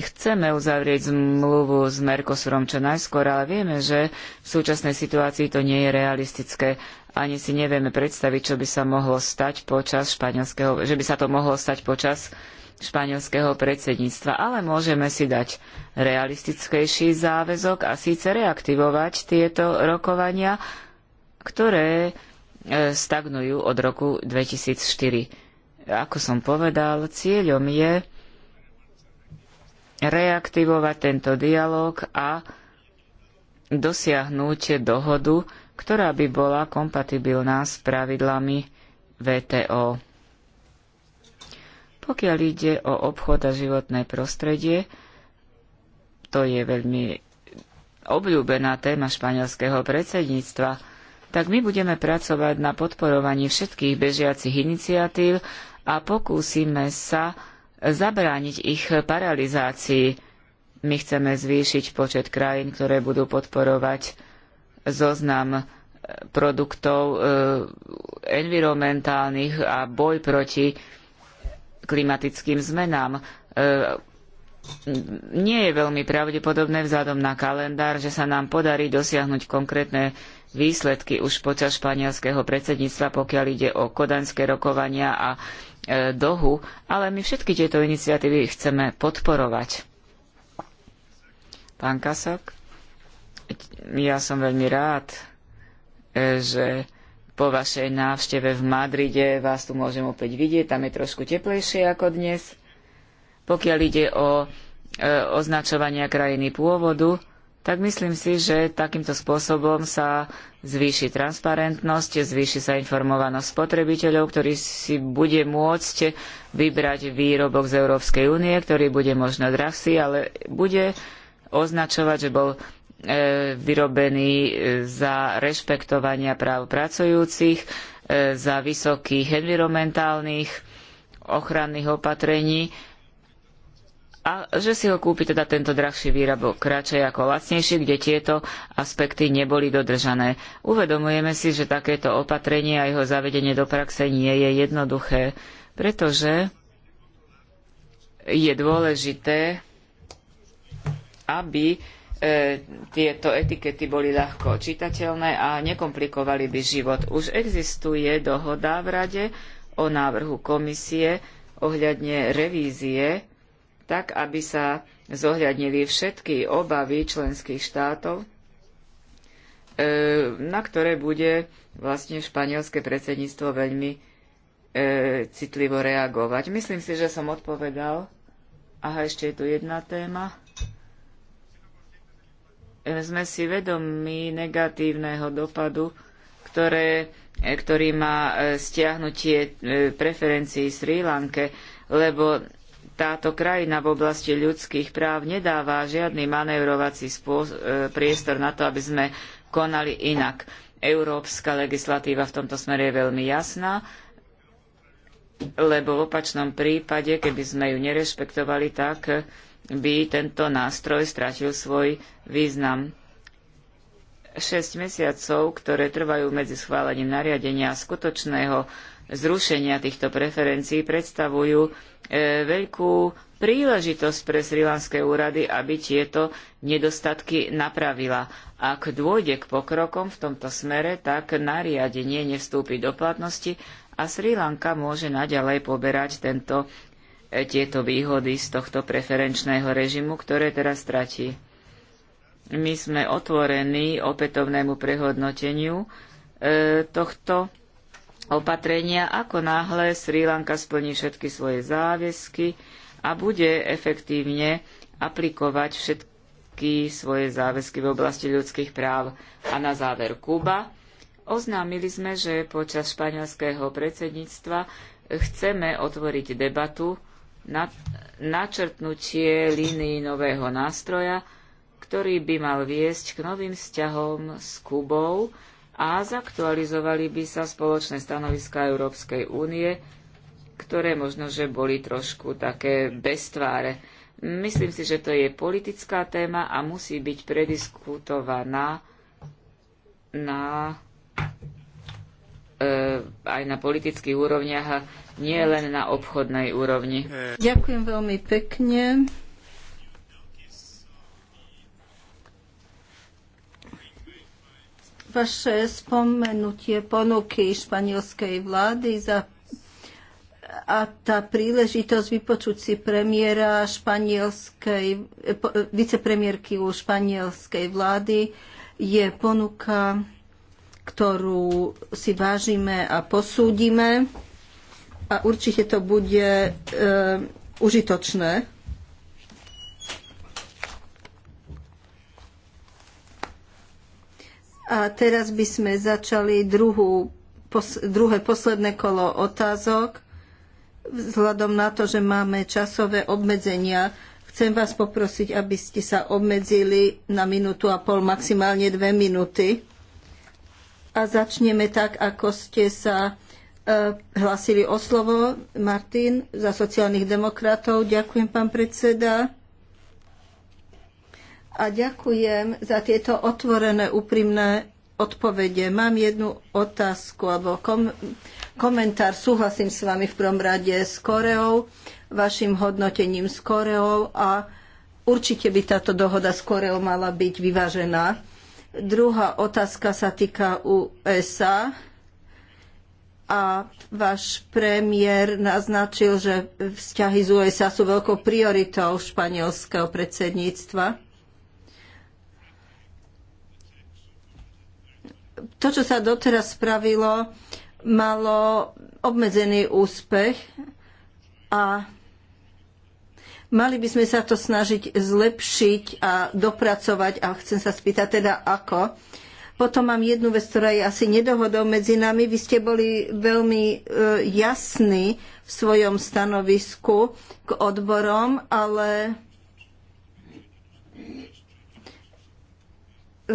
Chceme uzavrieť zmluvu s Mercosurom čo najskôr, ale vieme, že v súčasnej situácii to nie je realistické ani si nevieme predstaviť, čo by sa mohlo stať počas španielského, že by sa to mohlo stať počas španielského predsedníctva, ale môžeme si dať realistickejší záväzok a síce reaktivovať tieto rokovania, ktoré e, stagnujú od roku 2004. Ako som povedal, cieľom je reaktivovať tento dialog a dosiahnuť dohodu ktorá by bola kompatibilná s pravidlami VTO. Pokiaľ ide o obchod a životné prostredie, to je veľmi obľúbená téma španielského predsedníctva, tak my budeme pracovať na podporovaní všetkých bežiacich iniciatív a pokúsime sa zabrániť ich paralizácii. My chceme zvýšiť počet krajín, ktoré budú podporovať zoznam e, produktov e, environmentálnych a boj proti klimatickým zmenám. E, nie je veľmi pravdepodobné vzhľadom na kalendár, že sa nám podarí dosiahnuť konkrétne výsledky už počas španielskeho predsedníctva, pokiaľ ide o kodaňské rokovania a dohu, ale my všetky tieto iniciatívy chceme podporovať. Pán Kasok? ja som veľmi rád, e, že po vašej návšteve v Madride vás tu môžem opäť vidieť. Tam je trošku teplejšie ako dnes. Pokiaľ ide o e, označovania krajiny pôvodu, tak myslím si, že takýmto spôsobom sa zvýši transparentnosť, zvýši sa informovanosť spotrebiteľov, ktorí si bude môcť vybrať výrobok z Európskej únie, ktorý bude možno drahší, ale bude označovať, že bol E, vyrobený e, za rešpektovania práv pracujúcich, e, za vysokých environmentálnych ochranných opatrení a že si ho kúpi teda tento drahší výrobok radšej ako lacnejší, kde tieto aspekty neboli dodržané. Uvedomujeme si, že takéto opatrenie a jeho zavedenie do praxe nie je jednoduché, pretože je dôležité, aby E, tieto etikety boli ľahko čitateľné a nekomplikovali by život. Už existuje dohoda v Rade o návrhu komisie ohľadne revízie, tak aby sa zohľadnili všetky obavy členských štátov, e, na ktoré bude vlastne španielske predsedníctvo veľmi e, citlivo reagovať. Myslím si, že som odpovedal. Aha, ešte je tu jedna téma sme si vedomi negatívneho dopadu, ktoré, e, ktorý má e, stiahnutie e, preferencií Sri Lanke, lebo táto krajina v oblasti ľudských práv nedáva žiadny manévrovací priestor na to, aby sme konali inak. Európska legislatíva v tomto smere je veľmi jasná, lebo v opačnom prípade, keby sme ju nerešpektovali, tak by tento nástroj stratil svoj význam. 6 mesiacov, ktoré trvajú medzi schválením nariadenia a skutočného zrušenia týchto preferencií, predstavujú e, veľkú príležitosť pre srilanské úrady, aby tieto nedostatky napravila. Ak dôjde k pokrokom v tomto smere, tak nariadenie nevstúpi do platnosti a Sri Lanka môže naďalej poberať tento E, tieto výhody z tohto preferenčného režimu, ktoré teraz stratí. My sme otvorení opätovnému prehodnoteniu e, tohto opatrenia, ako náhle Sri Lanka splní všetky svoje záväzky a bude efektívne aplikovať všetky svoje záväzky v oblasti ľudských práv. A na záver Kuba. Oznámili sme, že počas španielského predsedníctva chceme otvoriť debatu načrtnutie línii nového nástroja, ktorý by mal viesť k novým vzťahom s Kubou a zaktualizovali by sa spoločné stanoviská Európskej únie, ktoré možno, že boli trošku také beztváre. Myslím si, že to je politická téma a musí byť prediskutovaná na E, aj na politických úrovniach a nie len na obchodnej úrovni. Ďakujem veľmi pekne. Vaše spomenutie ponuky španielskej vlády za a tá príležitosť vypočuť si premiéra španielskej, vicepremiérky u španielskej vlády je ponuka ktorú si vážime a posúdime a určite to bude e, užitočné. A teraz by sme začali druhú, pos, druhé posledné kolo otázok. Vzhľadom na to, že máme časové obmedzenia, chcem vás poprosiť, aby ste sa obmedzili na minútu a pol, maximálne dve minúty. A začneme tak, ako ste sa e, hlasili o slovo. Martin za sociálnych demokratov. Ďakujem, pán predseda. A ďakujem za tieto otvorené, úprimné odpovede. Mám jednu otázku alebo kom- komentár. Súhlasím s vami v prvom rade s Koreou, vašim hodnotením s Koreou a určite by táto dohoda s Koreou mala byť vyvážená. Druhá otázka sa týka USA a váš premiér naznačil, že vzťahy z USA sú veľkou prioritou španielského predsedníctva. To, čo sa doteraz spravilo, malo obmedzený úspech a Mali by sme sa to snažiť zlepšiť a dopracovať a chcem sa spýtať teda ako. Potom mám jednu vec, ktorá je asi nedohodou medzi nami. Vy ste boli veľmi e, jasní v svojom stanovisku k odborom, ale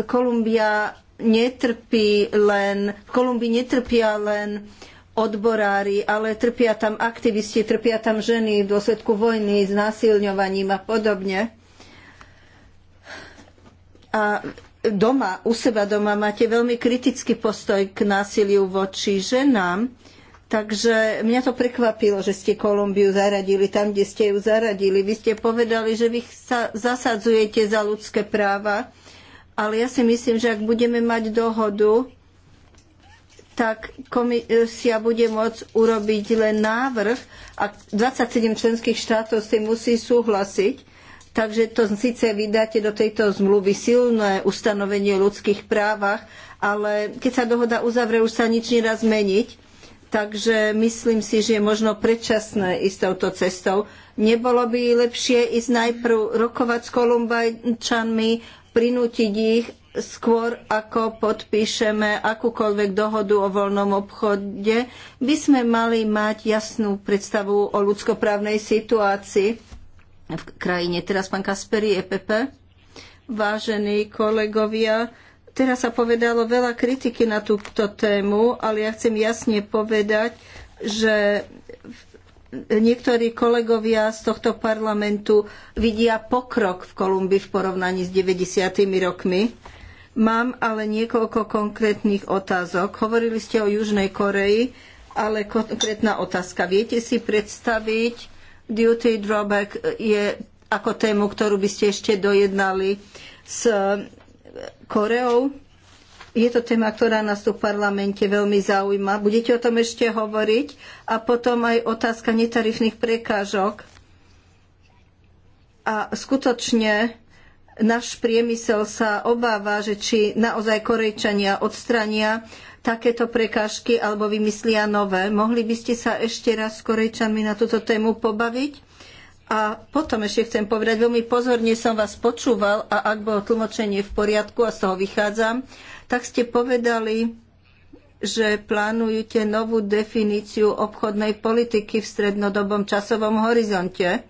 Kolumbia netrpí len, v Kolumbii netrpia len odborári, ale trpia tam aktivisti, trpia tam ženy v dôsledku vojny, s násilňovaním a podobne. A doma, u seba doma máte veľmi kritický postoj k násiliu voči ženám, takže mňa to prekvapilo, že ste Kolumbiu zaradili tam, kde ste ju zaradili. Vy ste povedali, že vy sa zasadzujete za ľudské práva, ale ja si myslím, že ak budeme mať dohodu, tak komisia bude môcť urobiť len návrh a 27 členských štátov s tým musí súhlasiť. Takže to síce vydáte do tejto zmluvy silné ustanovenie o ľudských právach, ale keď sa dohoda uzavre, už sa nič nedá zmeniť. Takže myslím si, že je možno predčasné ísť touto cestou. Nebolo by lepšie ísť najprv rokovať s Kolumbajčanmi, prinútiť ich skôr ako podpíšeme akúkoľvek dohodu o voľnom obchode, by sme mali mať jasnú predstavu o ľudskoprávnej situácii v krajine. Teraz pán Kasperi, EPP. Vážení kolegovia, teraz sa povedalo veľa kritiky na túto tému, ale ja chcem jasne povedať, že niektorí kolegovia z tohto parlamentu vidia pokrok v Kolumbii v porovnaní s 90. rokmi Mám ale niekoľko konkrétnych otázok. Hovorili ste o Južnej Koreji, ale konkrétna otázka. Viete si predstaviť, duty drawback je ako tému, ktorú by ste ešte dojednali s Koreou. Je to téma, ktorá nás tu v parlamente veľmi zaujíma. Budete o tom ešte hovoriť? A potom aj otázka netarifných prekážok. A skutočne náš priemysel sa obáva, že či naozaj Korejčania odstrania takéto prekážky alebo vymyslia nové. Mohli by ste sa ešte raz s Korejčanmi na túto tému pobaviť? A potom ešte chcem povedať, veľmi pozorne som vás počúval a ak bolo tlmočenie v poriadku a z toho vychádzam, tak ste povedali, že plánujete novú definíciu obchodnej politiky v strednodobom časovom horizonte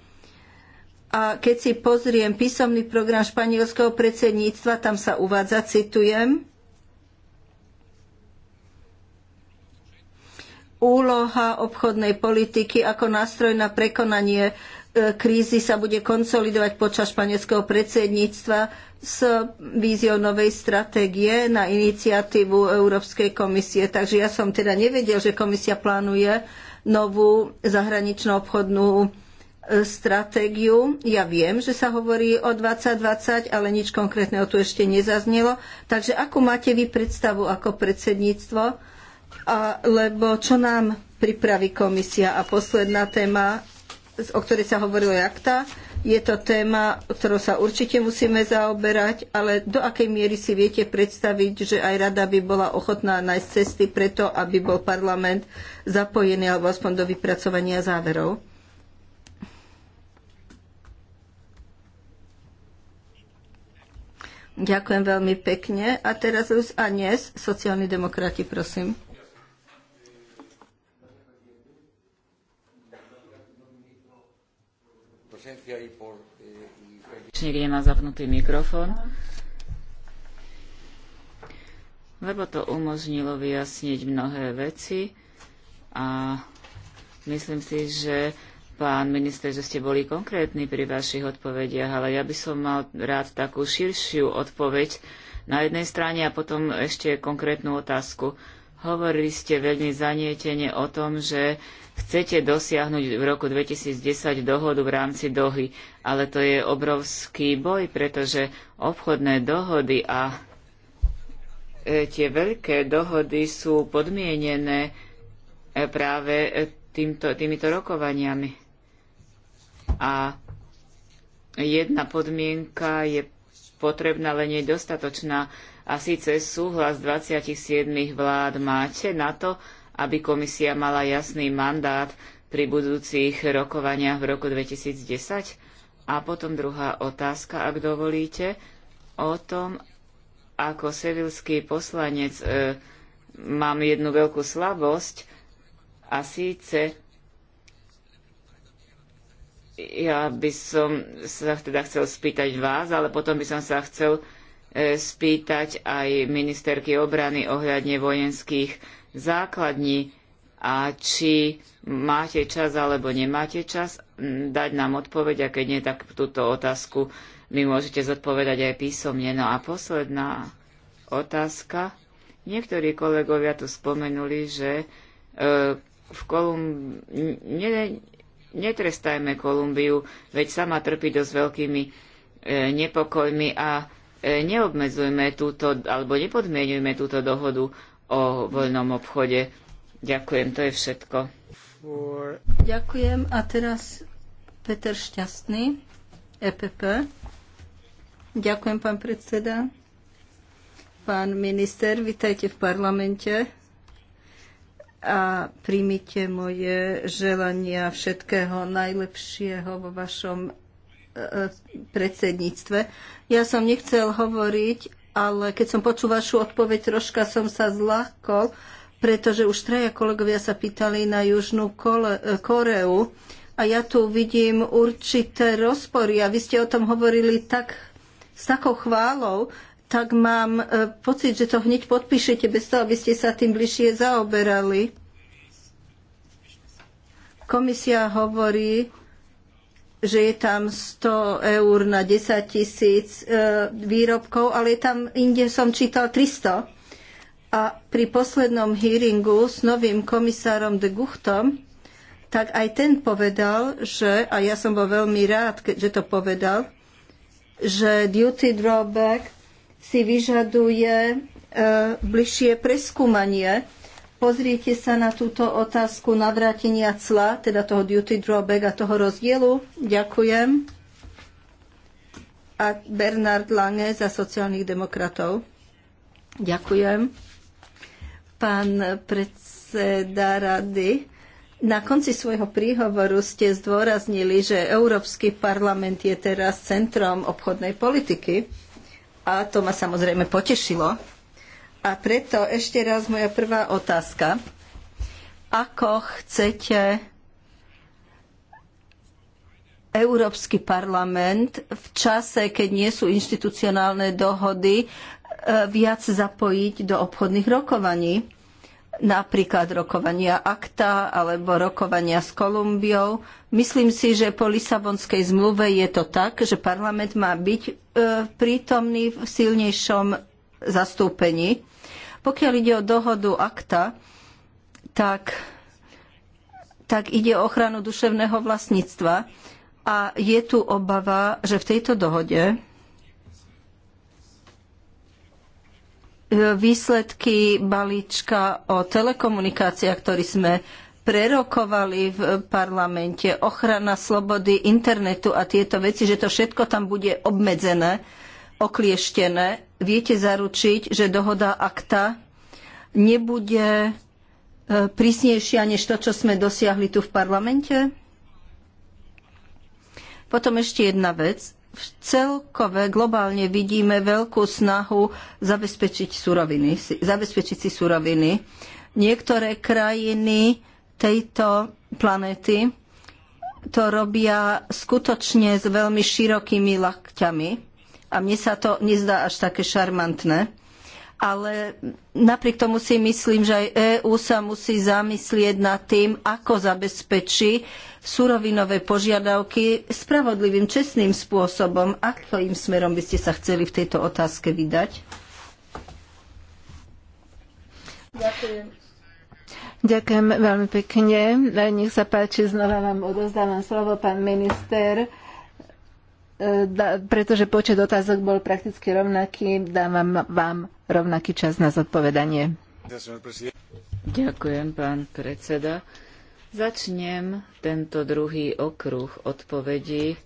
a keď si pozriem písomný program španielského predsedníctva, tam sa uvádza, citujem, úloha obchodnej politiky ako nástroj na prekonanie e, krízy sa bude konsolidovať počas španielského predsedníctva s víziou novej stratégie na iniciatívu Európskej komisie. Takže ja som teda nevedel, že komisia plánuje novú zahraničnú obchodnú stratégiu. Ja viem, že sa hovorí o 2020, ale nič konkrétneho tu ešte nezaznelo. Takže ako máte vy predstavu ako predsedníctvo? A, lebo čo nám pripraví komisia? A posledná téma, o ktorej sa hovorilo jakta, je to téma, ktorou sa určite musíme zaoberať, ale do akej miery si viete predstaviť, že aj rada by bola ochotná nájsť cesty preto, aby bol parlament zapojený alebo aspoň do vypracovania záverov? Ďakujem veľmi pekne. A teraz už Anies, sociálni demokrati, prosím. Niekde zapnutý mikrofón, lebo to umožnilo vyjasniť mnohé veci a myslím si, že pán minister, že ste boli konkrétni pri vašich odpovediach, ale ja by som mal rád takú širšiu odpoveď na jednej strane a potom ešte konkrétnu otázku. Hovorili ste veľmi zanietene o tom, že chcete dosiahnuť v roku 2010 dohodu v rámci dohy, ale to je obrovský boj, pretože obchodné dohody a e, tie veľké dohody sú podmienené e, práve e, týmto, týmito rokovaniami. A jedna podmienka je potrebná, len je dostatočná. A síce súhlas 27 vlád máte na to, aby komisia mala jasný mandát pri budúcich rokovaniach v roku 2010? A potom druhá otázka, ak dovolíte, o tom, ako sevilský poslanec e, mám jednu veľkú slabosť a síce ja by som sa teda chcel spýtať vás, ale potom by som sa chcel e, spýtať aj ministerky obrany ohľadne vojenských základní a či máte čas alebo nemáte čas dať nám odpoveď a keď nie, tak túto otázku mi môžete zodpovedať aj písomne. No a posledná otázka. Niektorí kolegovia tu spomenuli, že e, v Kolumb netrestajme Kolumbiu, veď sama trpí dosť veľkými e, nepokojmi a e, neobmedzujme túto, alebo nepodmienujme túto dohodu o voľnom obchode. Ďakujem, to je všetko. Ďakujem a teraz Peter Šťastný, EPP. Ďakujem, pán predseda. Pán minister, vitajte v parlamente a príjmite moje želania všetkého najlepšieho vo vašom e, predsedníctve. Ja som nechcel hovoriť, ale keď som počul vašu odpoveď, troška som sa zľahkol, pretože už traja kolegovia sa pýtali na Južnú e, Koreu a ja tu vidím určité rozpory a vy ste o tom hovorili tak s takou chválou, tak mám e, pocit, že to hneď podpíšete bez toho, aby ste sa tým bližšie zaoberali. Komisia hovorí, že je tam 100 eur na 10 tisíc e, výrobkov, ale je tam inde som čítal 300. A pri poslednom hearingu s novým komisárom de Guchtom, tak aj ten povedal, že, a ja som bol veľmi rád, že to povedal, že duty drawback si vyžaduje e, bližšie preskúmanie. Pozriete sa na túto otázku navrátenia cla, teda toho duty drawback a toho rozdielu. Ďakujem. A Bernard Lange za sociálnych demokratov. Ďakujem. Pán predseda rady, na konci svojho príhovoru ste zdôraznili, že Európsky parlament je teraz centrom obchodnej politiky a to ma samozrejme potešilo. A preto ešte raz moja prvá otázka. Ako chcete Európsky parlament v čase, keď nie sú inštitucionálne dohody, e, viac zapojiť do obchodných rokovaní? napríklad rokovania akta alebo rokovania s Kolumbiou. Myslím si, že po Lisabonskej zmluve je to tak, že parlament má byť e, prítomný v silnejšom zastúpení. Pokiaľ ide o dohodu akta, tak, tak ide o ochranu duševného vlastníctva a je tu obava, že v tejto dohode výsledky balíčka o telekomunikáciách, ktorý sme prerokovali v parlamente, ochrana slobody internetu a tieto veci, že to všetko tam bude obmedzené, oklieštené. Viete zaručiť, že dohoda akta nebude e, prísnejšia než to, čo sme dosiahli tu v parlamente? Potom ešte jedna vec v celkové globálne vidíme veľkú snahu zabezpečiť, suroviny, zabezpečiť si suroviny. Niektoré krajiny tejto planéty to robia skutočne s veľmi širokými lakťami a mne sa to nezdá až také šarmantné ale napriek tomu si myslím, že aj EÚ sa musí zamyslieť nad tým, ako zabezpečí surovinové požiadavky spravodlivým, čestným spôsobom. Akým smerom by ste sa chceli v tejto otázke vydať? Ďakujem. Ďakujem veľmi pekne. Nech sa páči, znova vám odozdávam slovo, pán minister. E, pretože počet otázok bol prakticky rovnaký, dávam vám rovnaký čas na zodpovedanie. Ďakujem, pán predseda. Začnem tento druhý okruh odpovedí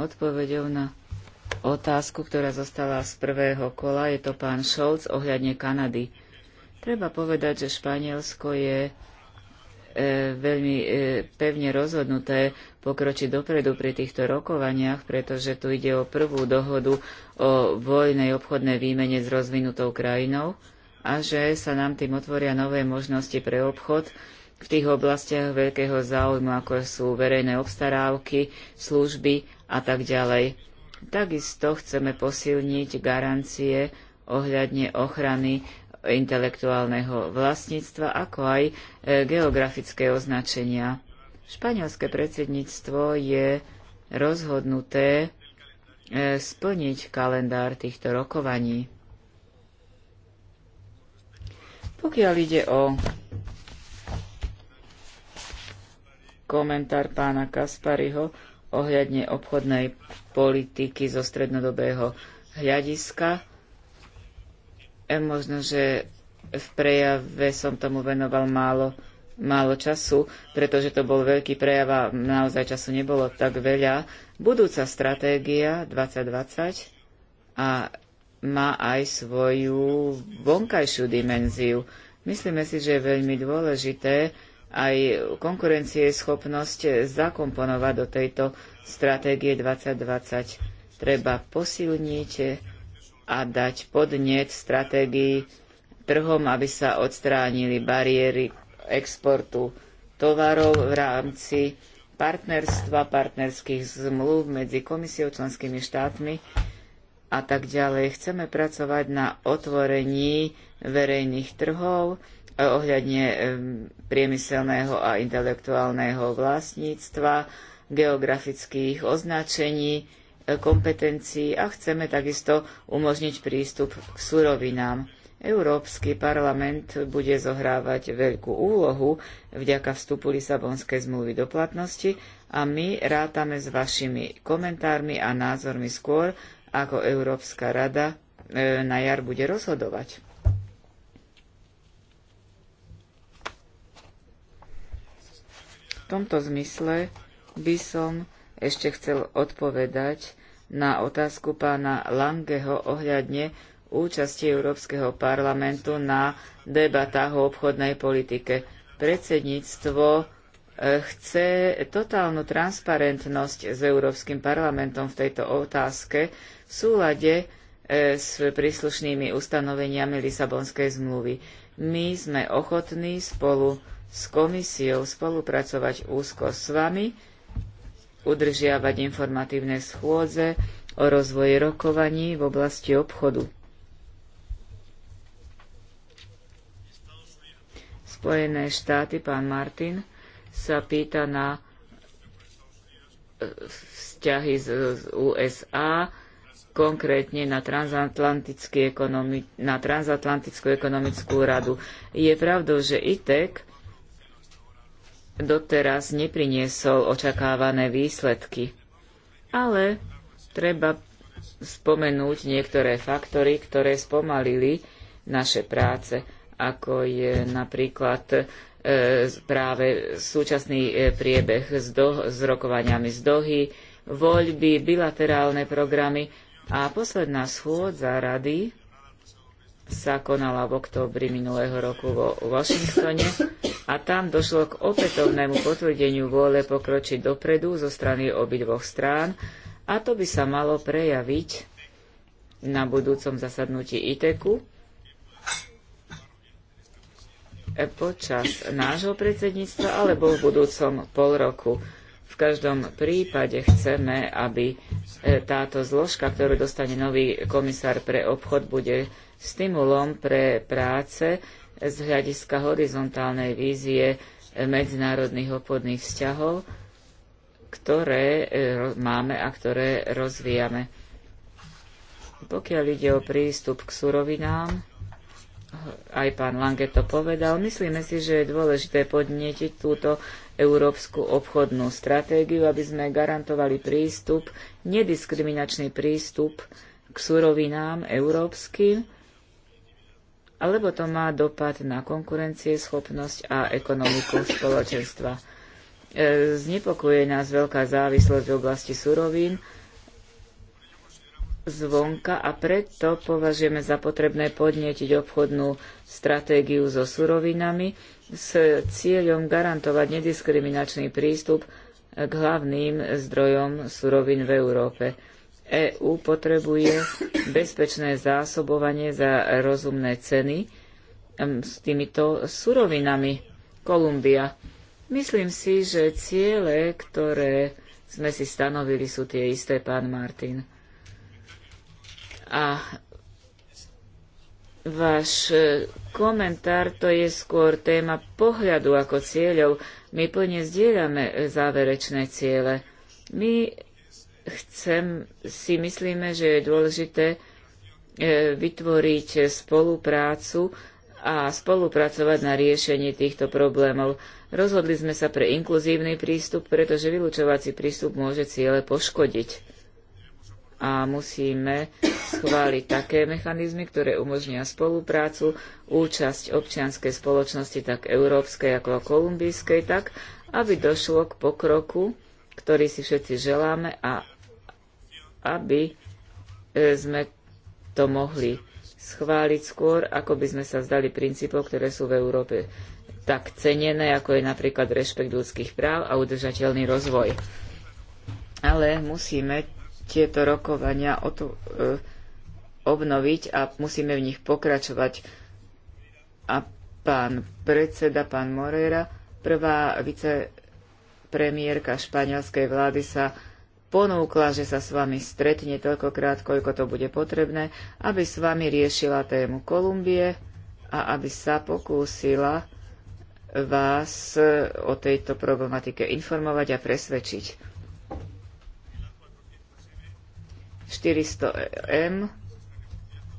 odpovedou na otázku, ktorá zostala z prvého kola. Je to pán Scholz ohľadne Kanady. Treba povedať, že Španielsko je E, veľmi e, pevne rozhodnuté pokročiť dopredu pri týchto rokovaniach, pretože tu ide o prvú dohodu o voľnej obchodnej výmene s rozvinutou krajinou a že sa nám tým otvoria nové možnosti pre obchod v tých oblastiach veľkého záujmu, ako sú verejné obstarávky, služby a tak ďalej. Takisto chceme posilniť garancie ohľadne ochrany intelektuálneho vlastníctva, ako aj e, geografické označenia. Španielské predsedníctvo je rozhodnuté e, splniť kalendár týchto rokovaní. Pokiaľ ide o komentár pána Kaspariho ohľadne obchodnej politiky zo strednodobého hľadiska, E, možno, že v prejave som tomu venoval málo, málo času, pretože to bol veľký prejav a naozaj času nebolo tak veľa. Budúca stratégia 2020 a má aj svoju vonkajšiu dimenziu. Myslíme si, že je veľmi dôležité aj schopnosť zakomponovať do tejto stratégie 2020. Treba posilniť a dať podnet stratégii trhom, aby sa odstránili bariéry exportu tovarov v rámci partnerstva, partnerských zmluv medzi komisiou, členskými štátmi a tak ďalej. Chceme pracovať na otvorení verejných trhov eh, ohľadne eh, priemyselného a intelektuálneho vlastníctva, geografických označení, kompetencií a chceme takisto umožniť prístup k surovinám. Európsky parlament bude zohrávať veľkú úlohu vďaka vstupu Lisabonskej zmluvy do platnosti a my rátame s vašimi komentármi a názormi skôr, ako Európska rada e, na jar bude rozhodovať. V tomto zmysle by som ešte chcel odpovedať na otázku pána Langeho ohľadne účasti Európskeho parlamentu na debatách o obchodnej politike. Predsedníctvo eh, chce totálnu transparentnosť s Európskym parlamentom v tejto otázke v súlade eh, s príslušnými ustanoveniami Lisabonskej zmluvy. My sme ochotní spolu s komisiou spolupracovať úzko s vami, udržiavať informatívne schôdze o rozvoji rokovaní v oblasti obchodu. Spojené štáty, pán Martin, sa pýta na e, vzťahy z, USA, konkrétne na, transatlantickú ekonomickú radu. Je pravdou, že ITEC doteraz nepriniesol očakávané výsledky. Ale treba spomenúť niektoré faktory, ktoré spomalili naše práce, ako je napríklad e, práve súčasný e, priebeh s, do, s rokovaniami z Dohy, voľby, bilaterálne programy a posledná schôdza rady sa konala v októbri minulého roku vo Washingtone a tam došlo k opätovnému potvrdeniu vôle pokročiť dopredu zo strany obidvoch strán a to by sa malo prejaviť na budúcom zasadnutí ITEKu počas nášho predsedníctva alebo v budúcom pol roku. V každom prípade chceme, aby e, táto zložka, ktorú dostane nový komisár pre obchod, bude stimulom pre práce z hľadiska horizontálnej vízie medzinárodných obchodných vzťahov, ktoré e, máme a ktoré rozvíjame. Pokiaľ ide o prístup k surovinám, aj pán Lange to povedal, myslíme si, že je dôležité podnietiť túto európsku obchodnú stratégiu, aby sme garantovali prístup, nediskriminačný prístup k surovinám európskym, alebo to má dopad na schopnosť a ekonomiku spoločenstva. E, Znepokuje nás veľká závislosť v oblasti surovín zvonka a preto považujeme za potrebné podnietiť obchodnú stratégiu so surovinami s cieľom garantovať nediskriminačný prístup k hlavným zdrojom surovín v Európe. EÚ potrebuje bezpečné zásobovanie za rozumné ceny s týmito surovinami. Kolumbia. Myslím si, že ciele, ktoré sme si stanovili, sú tie isté, pán Martin. A váš e, komentár to je skôr téma pohľadu ako cieľov. My plne zdieľame e, záverečné ciele. My chcem, si myslíme, že je dôležité e, vytvoriť spoluprácu a spolupracovať na riešení týchto problémov. Rozhodli sme sa pre inkluzívny prístup, pretože vylúčovací prístup môže ciele poškodiť. A musíme schváliť také mechanizmy, ktoré umožnia spoluprácu, účasť občianskej spoločnosti tak európskej ako kolumbijskej, tak aby došlo k pokroku, ktorý si všetci želáme a aby e, sme to mohli schváliť skôr, ako by sme sa vzdali princípov, ktoré sú v Európe tak cenené, ako je napríklad rešpekt ľudských práv a udržateľný rozvoj. Ale musíme tieto rokovania to, e, obnoviť a musíme v nich pokračovať. A pán predseda, pán Morera, prvá vicepremiérka španielskej vlády sa ponúkla, že sa s vami stretne toľkokrát, koľko to bude potrebné, aby s vami riešila tému Kolumbie a aby sa pokúsila vás o tejto problematike informovať a presvedčiť. 400M.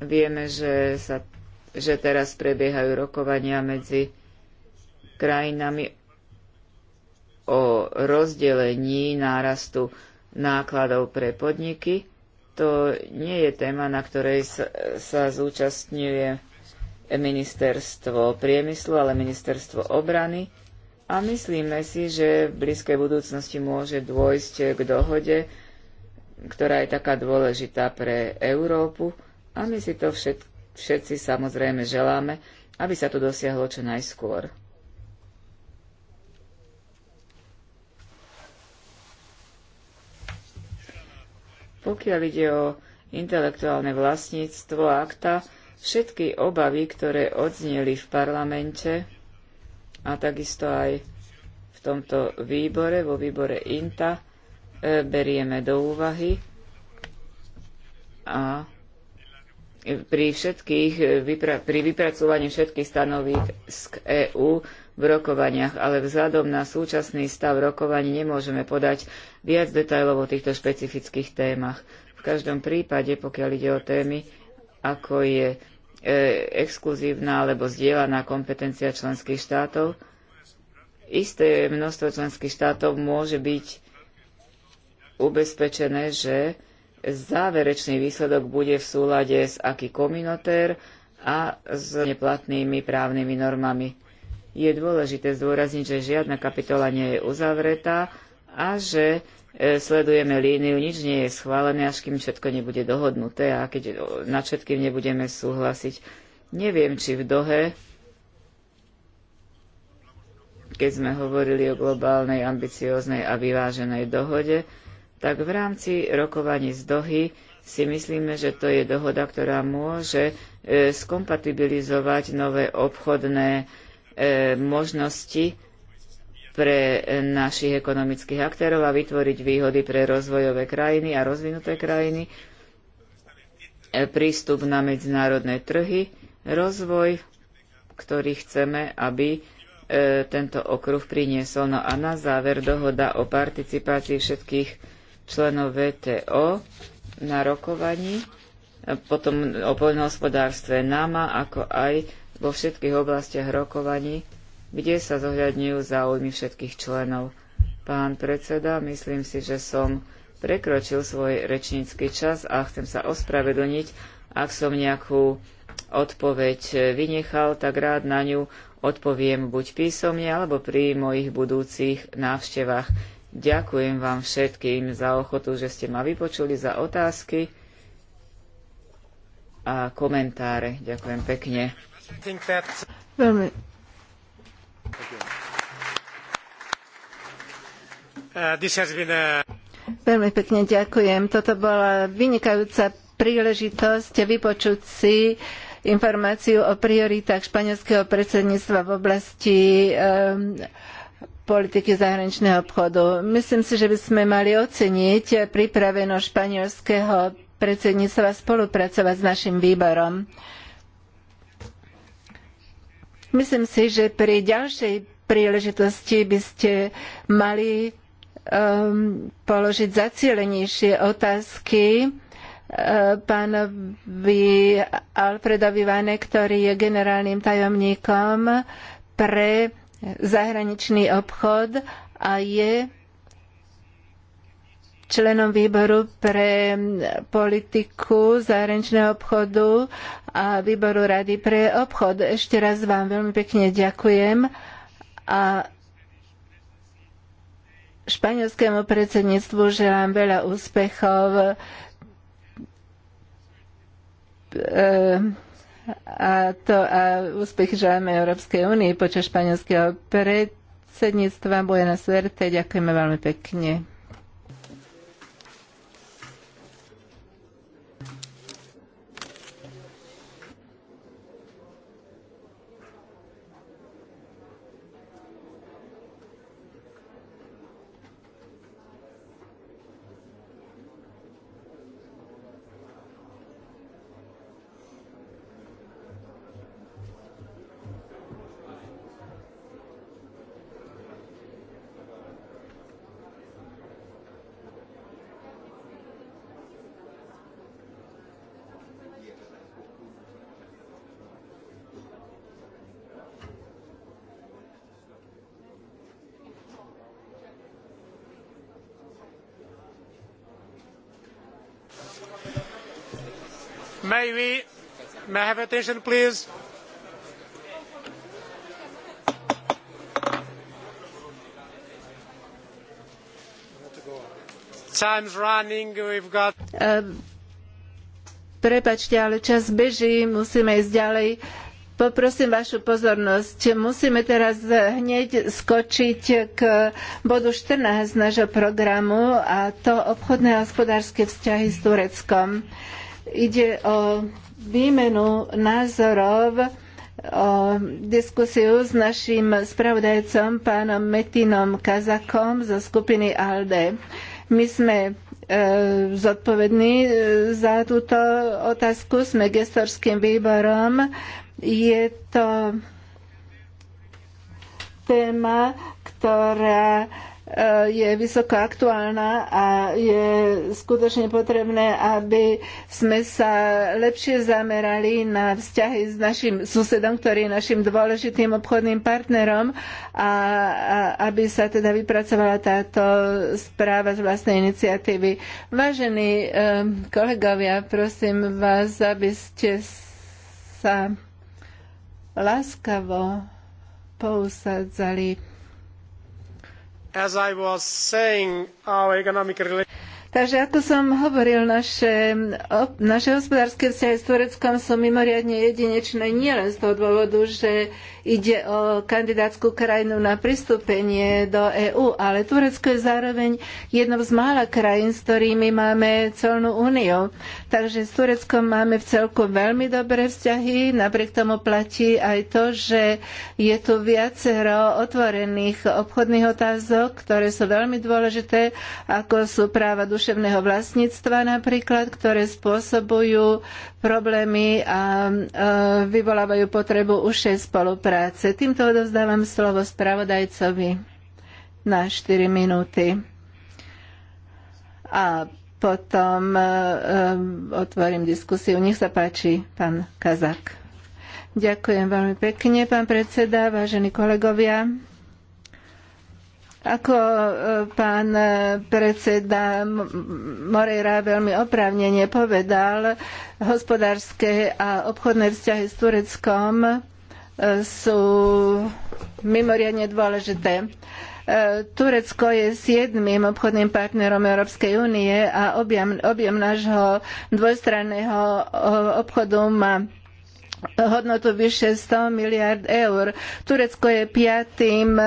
Vieme, že, sa, že teraz prebiehajú rokovania medzi krajinami o rozdelení nárastu nákladov pre podniky. To nie je téma, na ktorej sa, sa zúčastňuje ministerstvo priemyslu, ale ministerstvo obrany. A myslíme si, že v blízkej budúcnosti môže dôjsť k dohode, ktorá je taká dôležitá pre Európu. A my si to všet, všetci samozrejme želáme, aby sa to dosiahlo čo najskôr. Pokiaľ ide o intelektuálne vlastníctvo akta, všetky obavy, ktoré odzneli v parlamente a takisto aj v tomto výbore, vo výbore INTA, e, berieme do úvahy a pri, všetkých, e, pri vypracovaní všetkých z EÚ v rokovaniach, ale vzhľadom na súčasný stav rokovaní nemôžeme podať viac detajlov o týchto špecifických témach. V každom prípade, pokiaľ ide o témy, ako je e, exkluzívna alebo zdieľaná kompetencia členských štátov, isté množstvo členských štátov môže byť ubezpečené, že záverečný výsledok bude v súlade s aký kominotér a s neplatnými právnymi normami. Je dôležité zdôrazniť, že žiadna kapitola nie je uzavretá a že e, sledujeme líniu, nič nie je schválené, až kým všetko nebude dohodnuté a keď e, nad všetkým nebudeme súhlasiť. Neviem, či v Dohe, keď sme hovorili o globálnej, ambicióznej a vyváženej dohode, tak v rámci rokovaní z Dohy si myslíme, že to je dohoda, ktorá môže e, skompatibilizovať nové obchodné E, možnosti pre našich ekonomických aktérov a vytvoriť výhody pre rozvojové krajiny a rozvinuté krajiny, e, prístup na medzinárodné trhy, rozvoj, ktorý chceme, aby e, tento okruh priniesol. No a na záver dohoda o participácii všetkých členov VTO na rokovaní, potom o poľnohospodárstve NAMA, ako aj vo všetkých oblastiach rokovaní, kde sa zohľadňujú záujmy všetkých členov. Pán predseda, myslím si, že som prekročil svoj rečnícky čas a chcem sa ospravedlniť, ak som nejakú odpoveď vynechal, tak rád na ňu odpoviem buď písomne alebo pri mojich budúcich návštevách. Ďakujem vám všetkým za ochotu, že ste ma vypočuli, za otázky a komentáre. Ďakujem pekne. Veľmi. Veľmi pekne ďakujem. Toto bola vynikajúca príležitosť vypočuť si informáciu o prioritách španielského predsedníctva v oblasti um, politiky zahraničného obchodu. Myslím si, že by sme mali oceniť pripravenosť španielského predsedníctva spolupracovať s našim výborom. Myslím si, že pri ďalšej príležitosti by ste mali um, položiť zacielenejšie otázky uh, pánovi Alfredovi Vane, ktorý je generálnym tajomníkom pre zahraničný obchod a je členom výboru pre politiku zahraničného obchodu a výboru Rady pre obchod. Ešte raz vám veľmi pekne ďakujem a španielskému predsedníctvu želám veľa úspechov e, a to a úspechy želáme Európskej únii počas španielského predsedníctva. Buena suerte, ďakujeme veľmi pekne. TV. May I have attention, please? Time's running. We've got... prepačte, ale čas beží, musíme ísť ďalej. Poprosím vašu pozornosť. Musíme teraz hneď skočiť k bodu 14 nášho programu a to obchodné a hospodárske vzťahy s Tureckom. Ide o výmenu názorov o diskusiu s našim spravodajcom pánom Metinom Kazakom zo skupiny ALDE. My sme e, zodpovední e, za túto otázku, sme gestorským výborom. Je to téma, ktorá Eh, je vysoko aktuálna a je skutočne potrebné, aby sme sa lepšie zamerali na vzťahy s našim susedom, ktorý je našim dôležitým obchodným partnerom a, aby sa teda vypracovala táto správa z vlastnej iniciatívy. Vážení eh, kolegovia, prosím vás, aby ste sa láskavo pousadzali Saying, economic... Takže ako som hovoril, naše, naše hospodárske vzťahy s Tureckom sú mimoriadne jedinečné nielen z toho dôvodu, že ide o kandidátsku krajinu na pristúpenie do EÚ, ale Turecko je zároveň jednou z mála krajín, s ktorými máme colnú úniu. Takže s Tureckom máme v celku veľmi dobré vzťahy, napriek tomu platí aj to, že je tu viacero otvorených obchodných otázok, ktoré sú veľmi dôležité, ako sú práva duševného vlastníctva napríklad, ktoré spôsobujú problémy a vyvolávajú potrebu užšej spolupráce práce. Týmto odovzdávam slovo spravodajcovi na 4 minúty. A potom e, e, otvorím diskusiu. Nech sa páči, pán Kazak. Ďakujem veľmi pekne, pán predseda, vážení kolegovia. Ako e, pán e, predseda Moreira veľmi oprávnene povedal, hospodárske a obchodné vzťahy s Tureckom sú mimoriadne dôležité. E, Turecko je siedmym obchodným partnerom Európskej únie a objem, objem nášho dvojstranného e, obchodu má hodnotu vyše 100 miliard eur. Turecko je piatým,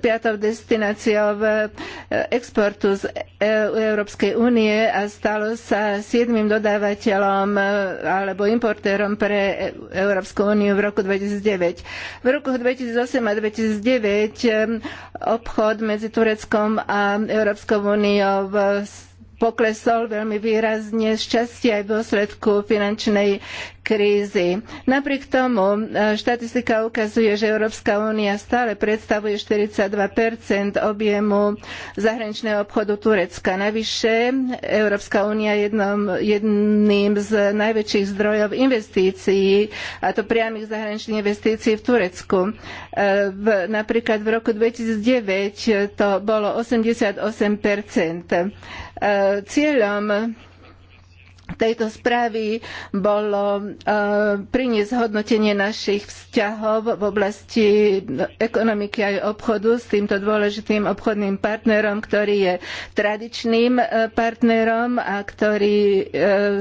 piatou destináciou e, exportu z e, Európskej únie a stalo sa siedmym dodávateľom e, alebo importérom pre Európsku úniu v roku 2009. V rokoch 2008 a 2009 obchod medzi Tureckom a Európskou úniou poklesol veľmi výrazne z časti aj v dôsledku finančnej krízy. Napriek tomu e, štatistika ukazuje, že Európska únia stále predstavuje 42 objemu zahraničného obchodu Turecka. Navyše Európska únia je jedným z najväčších zdrojov investícií, a to priamych zahraničných investícií v Turecku. E, v, napríklad v roku 2009 to bolo 88 E, cieľom tejto správy bolo e, priniesť hodnotenie našich vzťahov v oblasti ekonomiky aj obchodu s týmto dôležitým obchodným partnerom, ktorý je tradičným e, partnerom a ktorý e,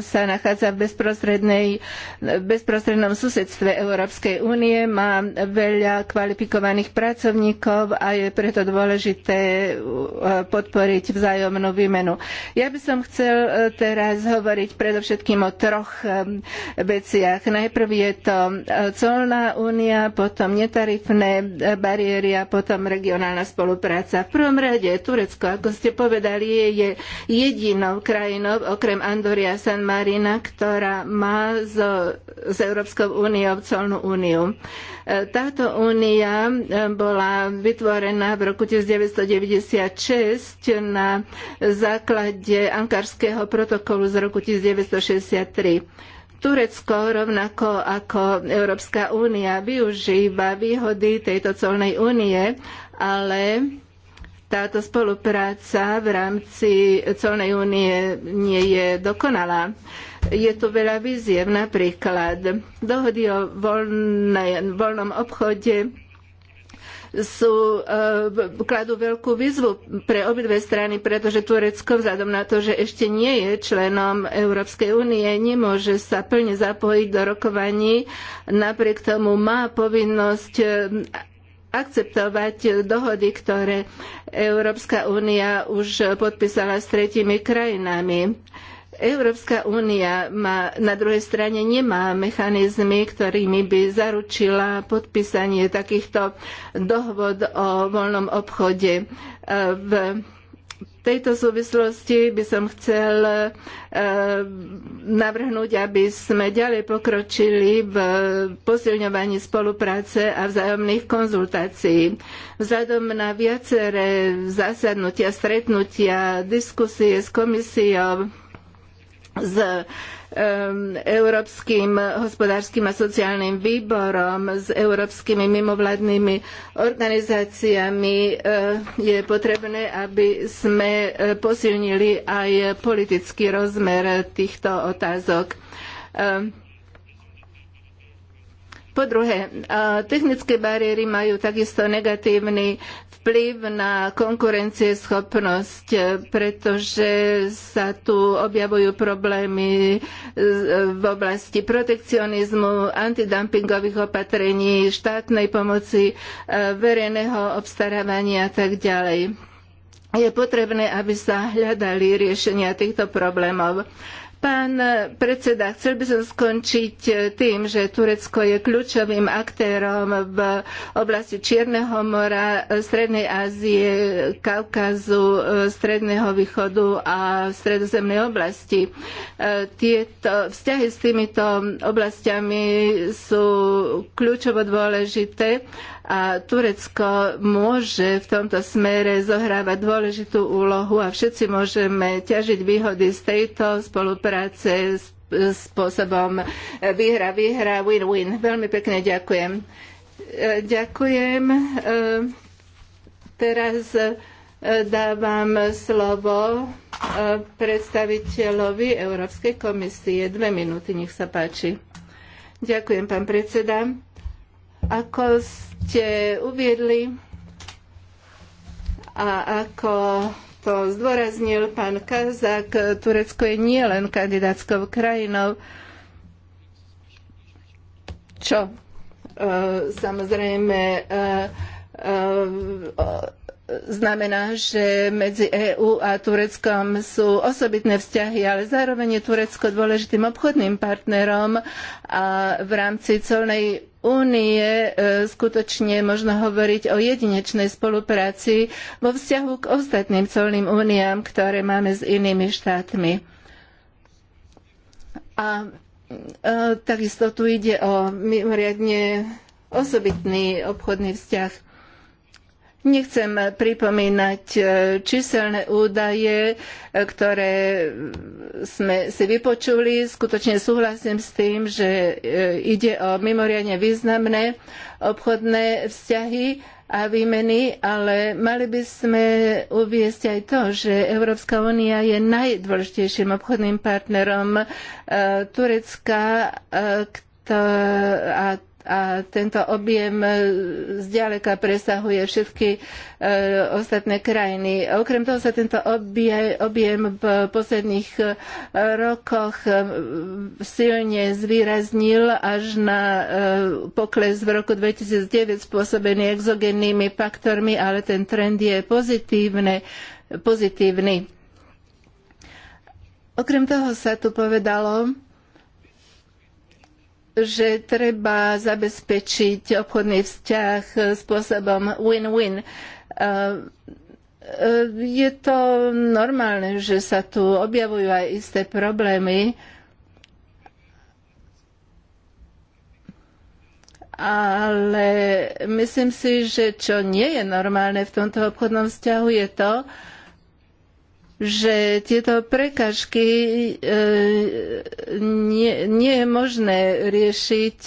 sa nachádza v, bezprostrednom susedstve Európskej únie, má veľa kvalifikovaných pracovníkov a je preto dôležité podporiť vzájomnú výmenu. Ja by som chcel teraz hovoriť predovšetkým o troch eh, veciach. Najprv je to eh, colná únia, potom netarifné eh, bariéry a potom regionálna spolupráca. V prvom rade Turecko, ako ste povedali, je jedinou krajinou, okrem Andory a San Marina, ktorá má zo, s Európskou úniou colnú úniu. Táto únia bola vytvorená v roku 1996 na základe Ankarského protokolu z roku 1963. Turecko, rovnako ako Európska únia, využíva výhody tejto colnej únie, ale táto spolupráca v rámci colnej únie nie je dokonalá. Je tu veľa víziev, napríklad dohody o voľnej, voľnom obchode sú, eh, kladú veľkú výzvu pre obidve strany, pretože Turecko vzhľadom na to, že ešte nie je členom Európskej únie, nemôže sa plne zapojiť do rokovaní. Napriek tomu má povinnosť eh, akceptovať dohody, ktoré Európska únia už podpísala s tretími krajinami. Európska únia má, na druhej strane nemá mechanizmy, ktorými by zaručila podpísanie takýchto dohod o voľnom obchode v e, v tejto súvislosti by som chcel e, navrhnúť, aby sme ďalej pokročili v posilňovaní spolupráce a vzájomných konzultácií. Vzhľadom na viaceré zasadnutia, stretnutia, diskusie s komisiou, s Európskym hospodárskym a sociálnym výborom, s európskymi mimovládnymi organizáciami eh, je potrebné, aby sme eh, posilnili aj politický rozmer týchto otázok. Po druhé, e, technické bariéry majú takisto negatívny vplyv na konkurencieschopnosť, e, pretože sa tu objavujú problémy e, v oblasti protekcionizmu, antidumpingových opatrení, štátnej pomoci, verejného obstarávania a tak ďalej. Je potrebné, aby sa hľadali riešenia týchto problémov. Pán predseda, chcel by som skončiť eh, tým, že Turecko je kľúčovým aktérom v oblasti Čierneho mora, eh, Strednej Ázie, Kaukazu, eh, Stredného východu a Stredozemnej oblasti. Tieto vzťahy s týmito oblastiami sú kľúčovo dôležité a Turecko môže v tomto smere zohrávať dôležitú úlohu a všetci môžeme ťažiť výhody z tejto spolupráce spôsobom výhra, výhra, win-win. Veľmi pekne ďakujem. E, ďakujem. E, teraz e, dávam slovo predstaviteľovi Európskej komisie. Dve minúty, nech sa páči. Ďakujem, pán predseda. Ako ste uviedli a ako to zdôraznil pán Kazak, Turecko je nielen kandidátskou krajinou, čo e, samozrejme e, e, znamená, že medzi EÚ a Tureckom sú osobitné vzťahy, ale zároveň je Turecko dôležitým obchodným partnerom a v rámci celnej únie e, skutočne možno hovoriť o jedinečnej spolupráci vo vzťahu k ostatným colným úniám, ktoré máme s inými štátmi. A e, takisto tu ide o mimoriadne osobitný obchodný vzťah. Nechcem pripomínať e, číselné údaje, e, ktoré sme si vypočuli. Skutočne súhlasím s tým, že e, ide o mimoriadne významné obchodné vzťahy a výmeny, ale mali by sme uviesť aj to, že Európska únia je najdôležitejším obchodným partnerom Turecka a a tento objem e, zďaleka presahuje všetky e, ostatné krajiny. Okrem toho sa tento obje, objem v posledných e, rokoch e, silne zvýraznil až na e, pokles v roku 2009 spôsobený exogennými faktormi, ale ten trend je pozitívne, pozitívny. Okrem toho sa tu povedalo, že treba zabezpečiť obchodný vzťah spôsobom win-win. E, je to normálne, že sa tu objavujú aj isté problémy ale myslím si, že čo nie je normálne v tomto obchodnom vzťahu je to, že tieto prekažky e, nie, nie je možné riešiť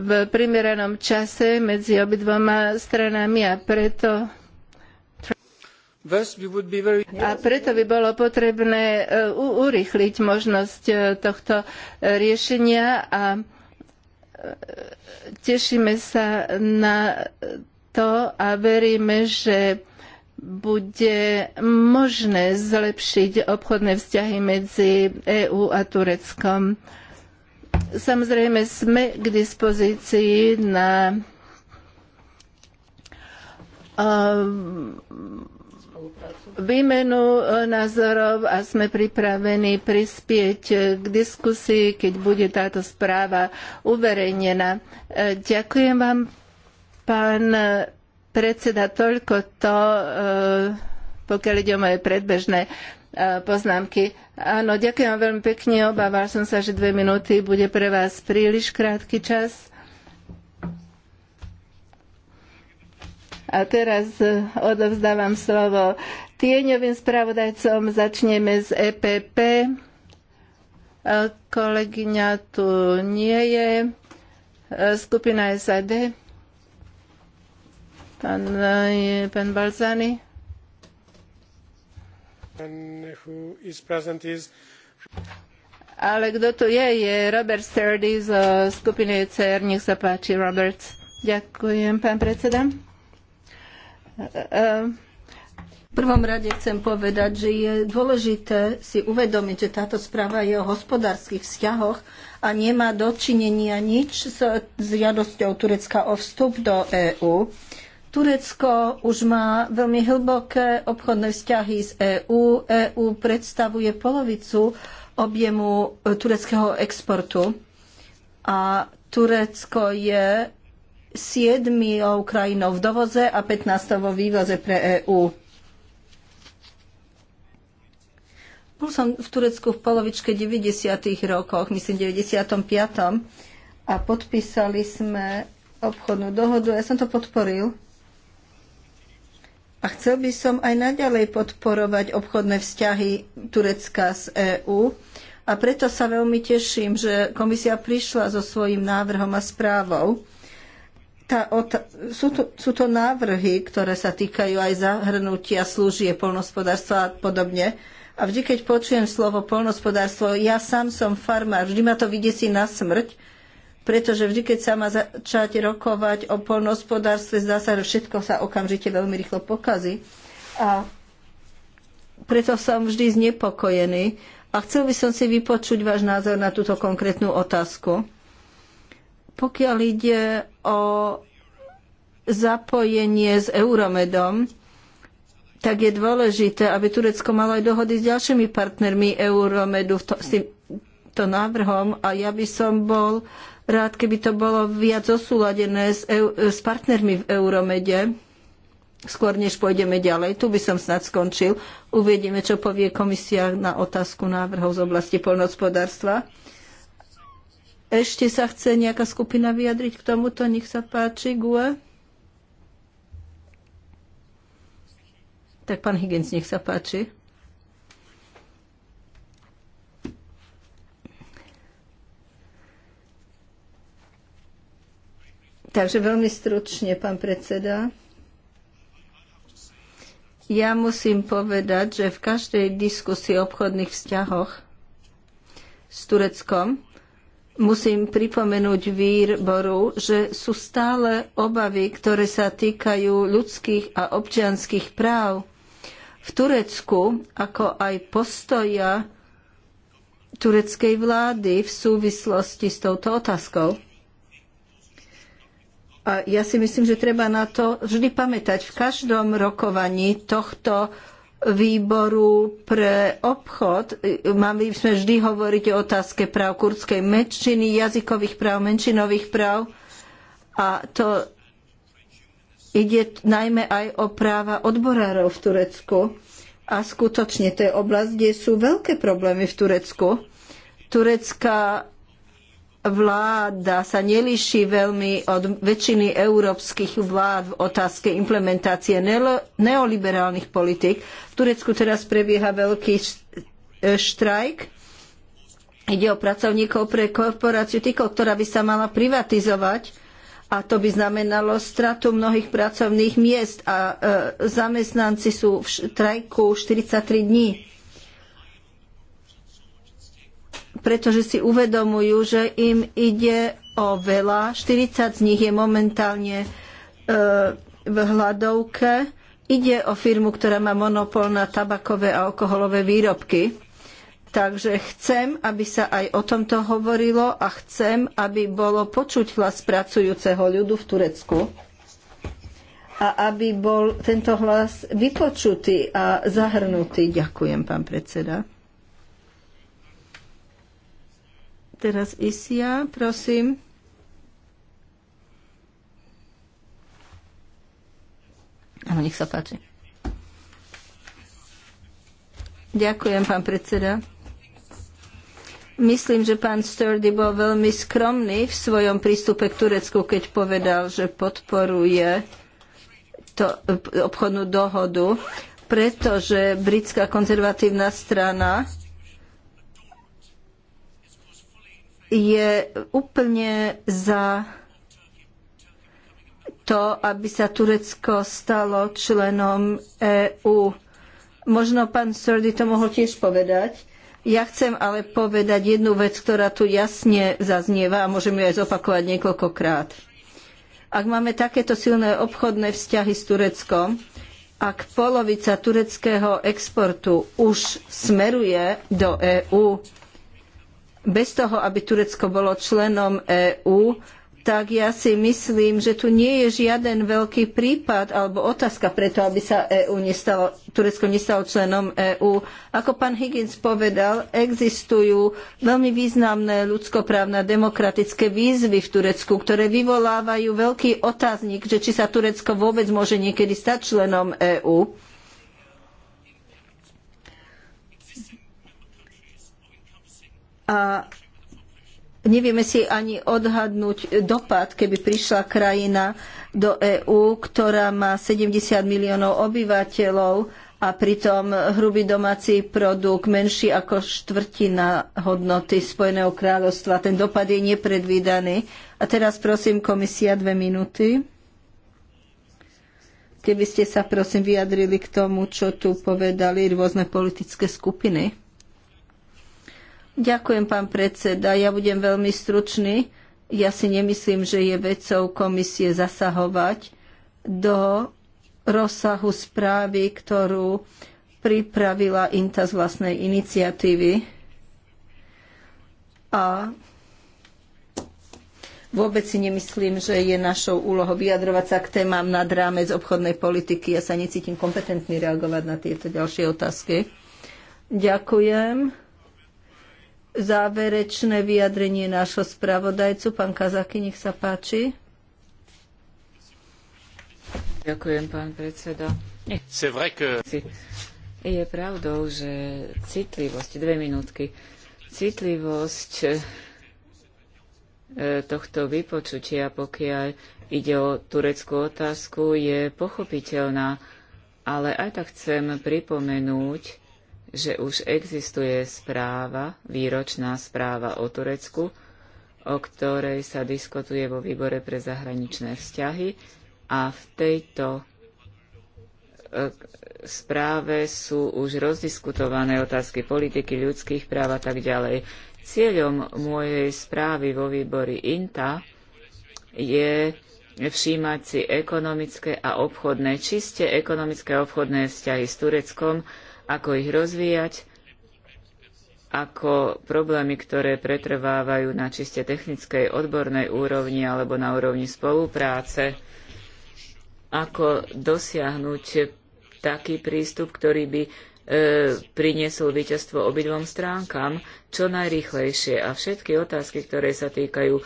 v primeranom čase medzi obidvoma stranami a preto a preto by bolo potrebné e, urýchliť možnosť e, tohto riešenia a tešíme sa na to a veríme, že bude možné zlepšiť obchodné vzťahy medzi EÚ a Tureckom. Samozrejme sme k dispozícii na ehm, výmenu e, názorov a sme pripravení prispieť k diskusii, keď bude táto správa uverejnená. E, ďakujem vám, pán Predseda, toľko to, e, pokiaľ ide o moje predbežné e, poznámky. Áno, ďakujem veľmi pekne. Obával som sa, že dve minúty bude pre vás príliš krátky čas. A teraz e, odovzdávam slovo tieňovým spravodajcom. Začneme z EPP. Kolegyňa tu nie je. Skupina SAD. Pán, pán Balzani. Ale kto tu je, je Robert Sturdy zo skupiny ECR. Nech sa páči, Robert. Ďakujem, pán predseda. E, e, v prvom rade chcem povedať, že je dôležité si uvedomiť, že táto správa je o hospodárskych vzťahoch a nemá dočinenia nič s žiadosťou Turecka o vstup do EÚ Turecko už má veľmi hlboké obchodné vzťahy z EÚ. EÚ predstavuje polovicu objemu e, tureckého exportu a Turecko je 7 krajinou v dovoze a 15 vo vývoze pre EÚ. Bol som v Turecku v polovičke 90. rokoch, myslím 95. a podpísali sme obchodnú dohodu. Ja som to podporil a chcel by som aj naďalej podporovať obchodné vzťahy Turecka z EÚ. A preto sa veľmi teším, že komisia prišla so svojím návrhom a správou. sú, to, sú to návrhy, ktoré sa týkajú aj zahrnutia služie, polnospodárstva a podobne. A vždy, keď počujem slovo polnospodárstvo, ja sám som farmár, vždy ma to vydesí na smrť, pretože vždy, keď sa má začať rokovať o polnohospodárstve, zdá sa, že všetko sa okamžite veľmi rýchlo pokazí. A preto som vždy znepokojený a chcel by som si vypočuť váš názor na túto konkrétnu otázku. Pokiaľ ide o zapojenie s Euromedom, tak je dôležité, aby Turecko malo aj dohody s ďalšími partnermi Euromedu v to, s týmto návrhom a ja by som bol rád, keby to bolo viac osúladené s, s partnermi v Euromede, skôr než pôjdeme ďalej. Tu by som snad skončil. Uvidíme, čo povie komisia na otázku návrhov z oblasti poľnohospodárstva. Ešte sa chce nejaká skupina vyjadriť k tomuto? Nech sa páči, Gue. Tak pán Higgins, nech sa páči. Takže veľmi stručne, pán predseda. Ja musím povedať, že v každej diskusii o obchodných vzťahoch s Tureckom musím pripomenúť výboru, že sú stále obavy, ktoré sa týkajú ľudských a občianských práv v Turecku, ako aj postoja tureckej vlády v súvislosti s touto otázkou. A ja si myslím, že treba na to vždy pamätať. V každom rokovaní tohto výboru pre obchod e, mali sme vždy hovoriť o otázke práv kurdskej menšiny, jazykových práv, menšinových práv. A to ide najmä aj o práva odborárov v Turecku. A skutočne to je oblasť, kde sú veľké problémy v Turecku. Turecká vláda sa neliší veľmi od väčšiny európskych vlád v otázke implementácie neoliberálnych politik. V Turecku teraz prebieha veľký e, štrajk. Ide o pracovníkov pre korporáciu Tyko, ktorá by sa mala privatizovať a to by znamenalo stratu mnohých pracovných miest a e, zamestnanci sú v štrajku 43 dní. pretože si uvedomujú, že im ide o veľa. 40 z nich je momentálne e, v hľadovke. Ide o firmu, ktorá má monopol na tabakové a alkoholové výrobky. Takže chcem, aby sa aj o tomto hovorilo a chcem, aby bolo počuť hlas pracujúceho ľudu v Turecku a aby bol tento hlas vypočutý a zahrnutý. Ďakujem, pán predseda. Teraz Isia, prosím. Áno, nech sa páči. Ďakujem, pán predseda. Myslím, že pán Sturdy bol veľmi skromný v svojom prístupe k Turecku, keď povedal, že podporuje to, obchodnú dohodu, pretože britská konzervatívna strana je úplne za to, aby sa Turecko stalo členom EÚ. Možno pán Sordy to mohol tiež povedať. Ja chcem ale povedať jednu vec, ktorá tu jasne zaznieva a môžem ju aj zopakovať niekoľkokrát. Ak máme takéto silné obchodné vzťahy s Tureckom, ak polovica tureckého exportu už smeruje do EÚ, bez toho, aby Turecko bolo členom EÚ, tak ja si myslím, že tu nie je žiaden veľký prípad alebo otázka preto, aby sa EU nestalo, Turecko nestalo členom EÚ. Ako pán Higgins povedal, existujú veľmi významné ľudskoprávne a demokratické výzvy v Turecku, ktoré vyvolávajú veľký otáznik, že či sa Turecko vôbec môže niekedy stať členom EÚ. a nevieme si ani odhadnúť dopad, keby prišla krajina do EÚ, ktorá má 70 miliónov obyvateľov a pritom hrubý domáci produkt menší ako štvrtina hodnoty Spojeného kráľovstva. Ten dopad je nepredvídaný. A teraz prosím komisia dve minúty. Keby ste sa prosím vyjadrili k tomu, čo tu povedali rôzne politické skupiny. Ďakujem, pán predseda. Ja budem veľmi stručný. Ja si nemyslím, že je vecou komisie zasahovať do rozsahu správy, ktorú pripravila INTA z vlastnej iniciatívy. A vôbec si nemyslím, že je našou úlohou vyjadrovať sa k témam nad rámec obchodnej politiky. Ja sa necítim kompetentný reagovať na tieto ďalšie otázky. Ďakujem záverečné vyjadrenie nášho spravodajcu. Pán Kazaky, nech sa páči. Ďakujem, pán predseda. Je pravdou, že citlivosť, dve minútky, citlivosť eh, tohto vypočutia, pokiaľ ide o tureckú otázku, je pochopiteľná, ale aj tak chcem pripomenúť, že už existuje správa, výročná správa o Turecku, o ktorej sa diskutuje vo výbore pre zahraničné vzťahy a v tejto e, správe sú už rozdiskutované otázky politiky, ľudských práv a tak ďalej. Cieľom mojej správy vo výbori INTA je všímať si ekonomické a obchodné, čiste ekonomické a obchodné vzťahy s Tureckom, ako ich rozvíjať, ako problémy, ktoré pretrvávajú na čiste technickej odbornej úrovni alebo na úrovni spolupráce, ako dosiahnuť taký prístup, ktorý by e, priniesol víťazstvo obidvom stránkam čo najrýchlejšie. A všetky otázky, ktoré sa týkajú e,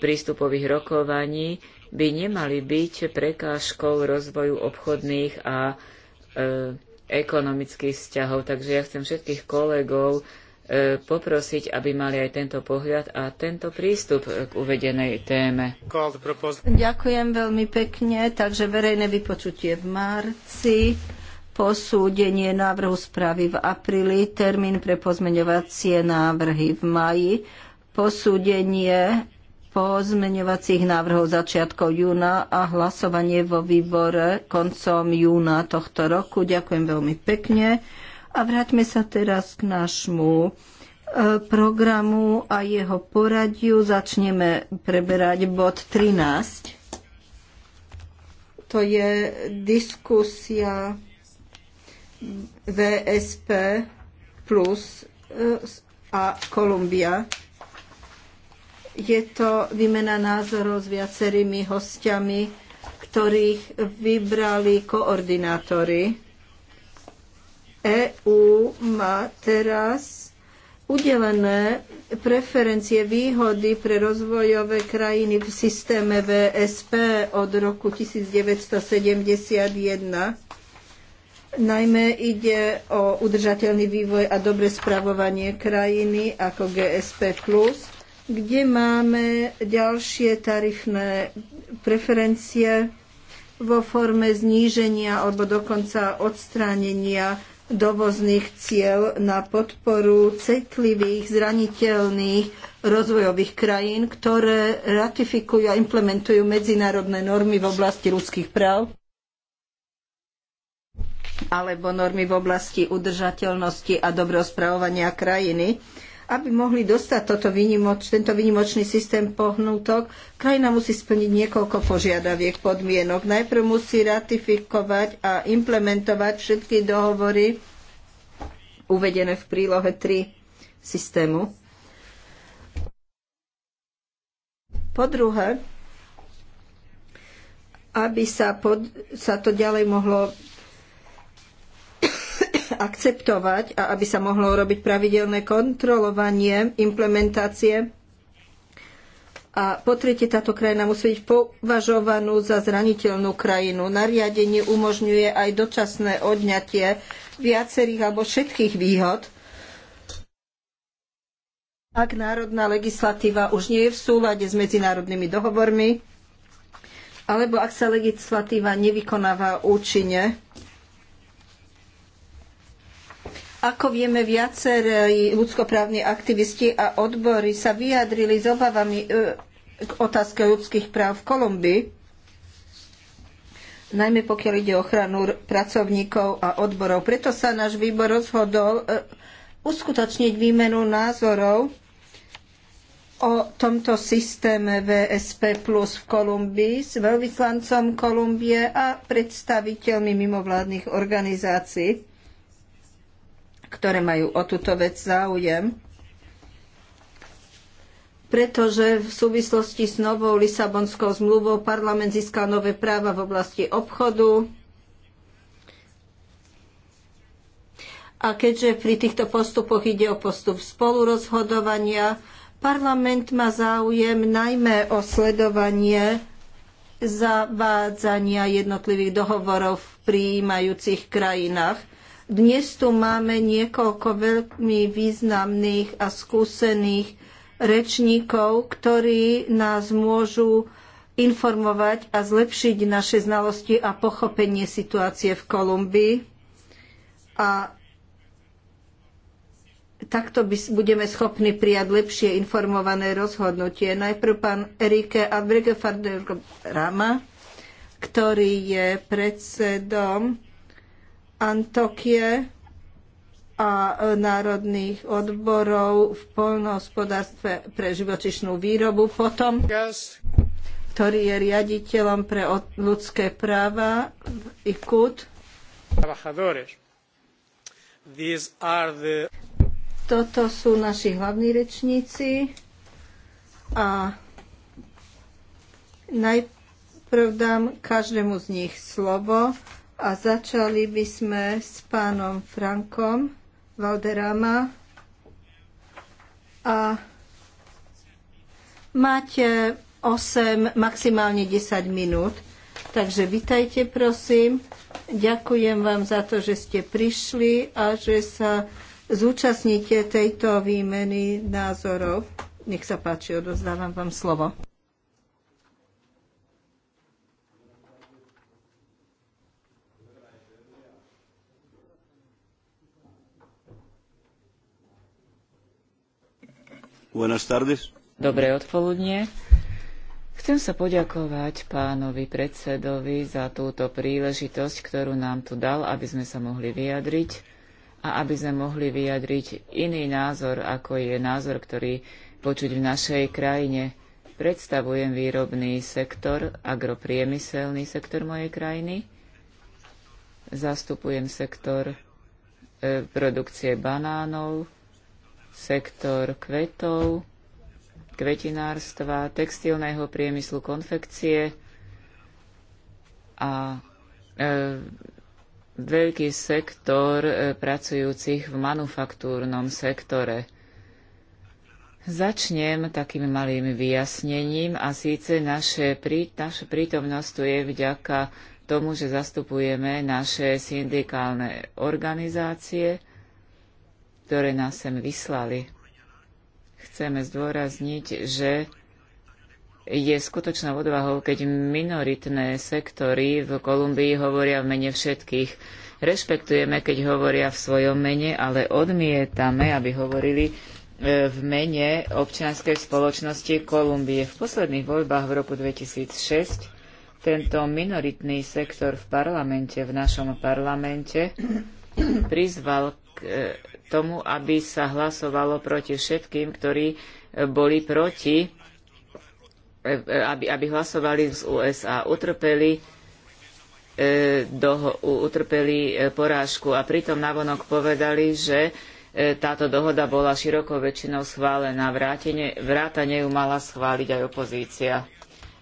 prístupových rokovaní, by nemali byť prekážkou rozvoju obchodných a e, ekonomických vzťahov. Takže ja chcem všetkých kolegov e, poprosiť, aby mali aj tento pohľad a tento prístup e, k uvedenej téme. Ďakujem veľmi pekne. Takže verejné vypočutie v marci, posúdenie návrhu správy v apríli, termín pre pozmeňovacie návrhy v maji, posúdenie pozmeňovacích návrhov začiatkom júna a hlasovanie vo výbore koncom júna tohto roku. Ďakujem veľmi pekne. A vráťme sa teraz k nášmu e, programu a jeho poradiu. Začneme preberať bod 13. To je diskusia VSP plus e, a Kolumbia je to výmena názorov s viacerými hostiami, ktorých vybrali koordinátori. EU má teraz udelené preferencie výhody pre rozvojové krajiny v systéme VSP od roku 1971. Najmä ide o udržateľný vývoj a dobre spravovanie krajiny ako GSP+. Plus kde máme ďalšie tarifné preferencie vo forme zníženia alebo dokonca odstránenia dovozných cieľ na podporu citlivých, zraniteľných rozvojových krajín, ktoré ratifikujú a implementujú medzinárodné normy v oblasti ľudských práv alebo normy v oblasti udržateľnosti a dobrého spravovania krajiny aby mohli dostať toto výnimoč, tento výnimočný systém pohnutok, krajina musí splniť niekoľko požiadaviek podmienok. Najprv musí ratifikovať a implementovať všetky dohovory uvedené v prílohe 3 systému. Po druhé, aby sa, pod, sa to ďalej mohlo akceptovať a aby sa mohlo robiť pravidelné kontrolovanie implementácie. A po tretie, táto krajina musí byť považovanú za zraniteľnú krajinu. Nariadenie umožňuje aj dočasné odňatie viacerých alebo všetkých výhod, ak národná legislatíva už nie je v súlade s medzinárodnými dohovormi, alebo ak sa legislatíva nevykonáva účinne, Ako vieme, viacerí ľudskoprávni aktivisti a odbory sa vyjadrili s obavami e, k otázke ľudských práv v Kolumbii, najmä pokiaľ ide o ochranu pracovníkov a odborov. Preto sa náš výbor rozhodol e, uskutočniť výmenu názorov o tomto systéme VSP Plus v Kolumbii s veľvyslancom Kolumbie a predstaviteľmi mimovládnych organizácií ktoré majú o túto vec záujem. Pretože v súvislosti s novou Lisabonskou zmluvou parlament získal nové práva v oblasti obchodu, A keďže pri týchto postupoch ide o postup spolurozhodovania, parlament má záujem najmä o sledovanie zavádzania jednotlivých dohovorov v prijímajúcich krajinách. Dnes tu máme niekoľko veľmi významných a skúsených rečníkov, ktorí nás môžu informovať a zlepšiť naše znalosti a pochopenie situácie v Kolumbii. A takto by, budeme schopní prijať lepšie informované rozhodnutie. Najprv pán Erike Abrege Rama, ktorý je predsedom Antokie a e, národných odborov v polnohospodárstve pre živočišnú výrobu. Potom, ktorý je riaditeľom pre ľudské práva v IKUT. Toto sú naši hlavní rečníci a najprv dám každému z nich slovo a začali by sme s pánom Frankom Valderama a máte 8, maximálne 10 minút. Takže vitajte prosím. Ďakujem vám za to, že ste prišli a že sa zúčastnite tejto výmeny názorov. Nech sa páči, odozdávam vám slovo. Dobré odpoludnie. Chcem sa poďakovať pánovi predsedovi za túto príležitosť, ktorú nám tu dal, aby sme sa mohli vyjadriť a aby sme mohli vyjadriť iný názor, ako je názor, ktorý počuť v našej krajine. Predstavujem výrobný sektor, agropriemyselný sektor mojej krajiny. Zastupujem sektor e, produkcie banánov, sektor kvetov, kvetinárstva, textilného priemyslu, konfekcie a e, veľký sektor e, pracujúcich v manufaktúrnom sektore. Začnem takým malým vyjasnením a síce naše, prí, naša prítomnosť tu je vďaka tomu, že zastupujeme naše syndikálne organizácie ktoré nás sem vyslali. Chceme zdôrazniť, že je skutočnou odvahou, keď minoritné sektory v Kolumbii hovoria v mene všetkých. Rešpektujeme, keď hovoria v svojom mene, ale odmietame, aby hovorili e, v mene občianskej spoločnosti Kolumbie. V posledných voľbách v roku 2006 tento minoritný sektor v parlamente, v našom parlamente, [CLEARS THROAT] prizval k, e, tomu, aby sa hlasovalo proti všetkým, ktorí e, boli proti, e, e, aby, aby hlasovali z USA. Utrpeli, do, utrpeli porážku a pritom navonok povedali, že táto dohoda bola širokou väčšinou schválená. Vrátane, vrátane ju mala schváliť aj opozícia.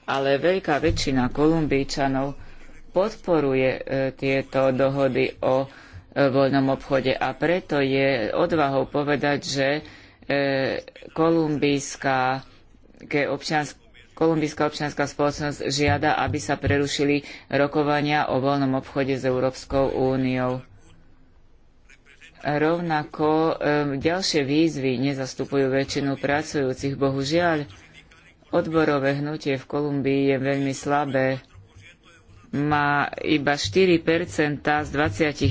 Ale veľká väčšina Kolumbíčanov podporuje e, tieto dohody o E, voľnom obchode. A preto je odvahou povedať, že e, kolumbijská, kolumbijská občianská spoločnosť žiada, aby sa prerušili rokovania o voľnom obchode s Európskou úniou. Rovnako e, ďalšie výzvy nezastupujú väčšinu pracujúcich. Bohužiaľ, odborové hnutie v Kolumbii je veľmi slabé má iba 4 z 20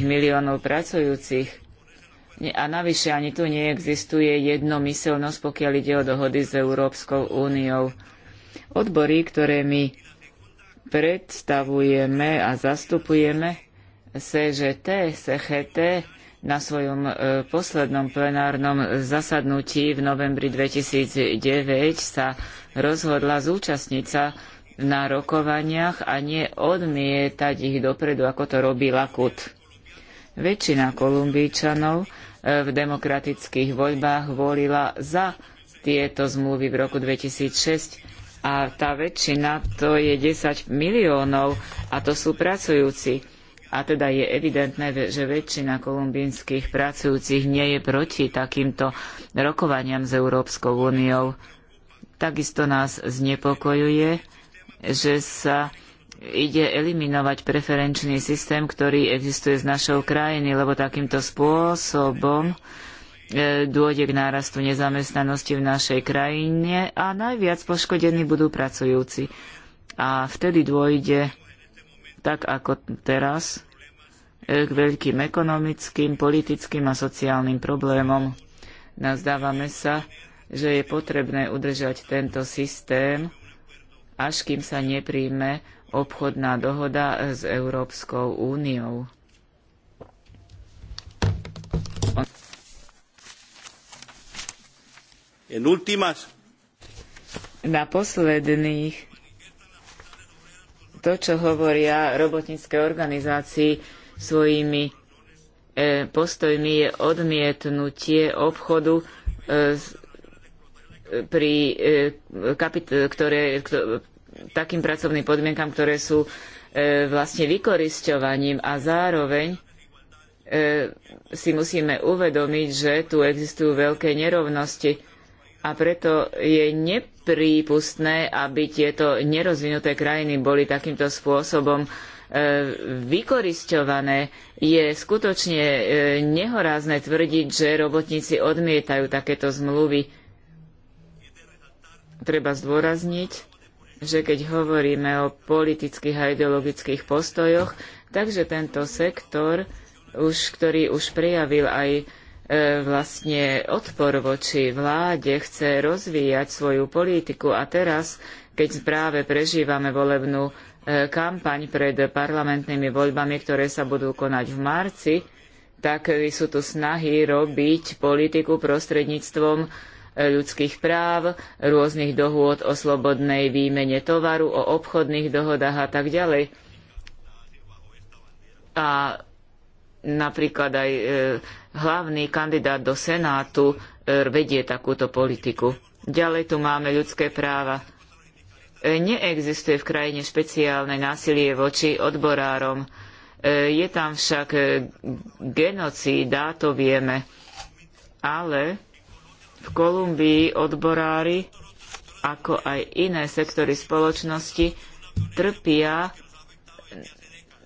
miliónov pracujúcich. A navyše ani tu neexistuje jednomyseľnosť, pokiaľ ide o dohody s Európskou úniou. Odbory, ktoré my predstavujeme a zastupujeme, CŽT, SECHT, na svojom e, poslednom plenárnom zasadnutí v novembri 2009 sa rozhodla zúčastniť sa na rokovaniach a nie odmietať ich dopredu, ako to robí Lakut. Väčšina kolumbíčanov e, v demokratických voľbách volila za tieto zmluvy v roku 2006 a tá väčšina to je 10 miliónov a to sú pracujúci. A teda je evidentné, že väčšina kolumbínskych pracujúcich nie je proti takýmto rokovaniam s Európskou úniou. Takisto nás znepokojuje, že sa ide eliminovať preferenčný systém, ktorý existuje z našou krajiny, lebo takýmto spôsobom e, dôjde k nárastu nezamestnanosti v našej krajine a najviac poškodení budú pracujúci. A vtedy dôjde, tak ako teraz, e, k veľkým ekonomickým, politickým a sociálnym problémom. Nazdávame sa, že je potrebné udržať tento systém, až kým sa nepríjme obchodná dohoda s Európskou úniou. Na posledných to, čo hovoria robotnícke organizácii svojimi e, postojmi, je odmietnutie obchodu e, pri, e, ktoré, takým pracovným podmienkam, ktoré sú e, vlastne vykorisťovaním a zároveň e, si musíme uvedomiť, že tu existujú veľké nerovnosti a preto je neprípustné, aby tieto nerozvinuté krajiny boli takýmto spôsobom vykorisťované. Je skutočne nehorázne tvrdiť, že robotníci odmietajú takéto zmluvy treba zdôrazniť, že keď hovoríme o politických a ideologických postojoch, takže tento sektor, už, ktorý už prejavil aj e, vlastne odpor voči vláde, chce rozvíjať svoju politiku a teraz, keď práve prežívame volebnú e, kampaň pred parlamentnými voľbami, ktoré sa budú konať v marci, tak sú tu snahy robiť politiku prostredníctvom ľudských práv, rôznych dohôd o slobodnej výmene tovaru, o obchodných dohodách a tak ďalej. A napríklad aj e, hlavný kandidát do Senátu e, vedie takúto politiku. Ďalej tu máme ľudské práva. E, neexistuje v krajine špeciálne násilie voči odborárom. je tam však genocída, to vieme. Ale v Kolumbii odborári, ako aj iné sektory spoločnosti, trpia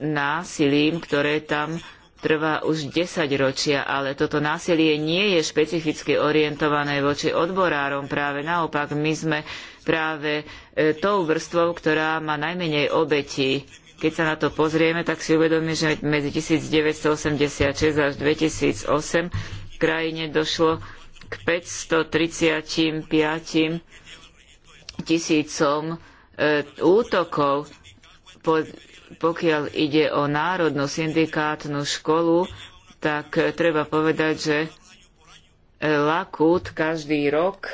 násilím, ktoré tam trvá už desaťročia, ale toto násilie nie je špecificky orientované voči odborárom. Práve naopak, my sme práve e, tou vrstvou, ktorá má najmenej obetí. Keď sa na to pozrieme, tak si uvedomíme, že medzi 1986 až 2008 v krajine došlo k 535 tisícom e, útokov, pokiaľ ide o Národnú syndikátnu školu, tak e, treba povedať, že e, Lakút každý rok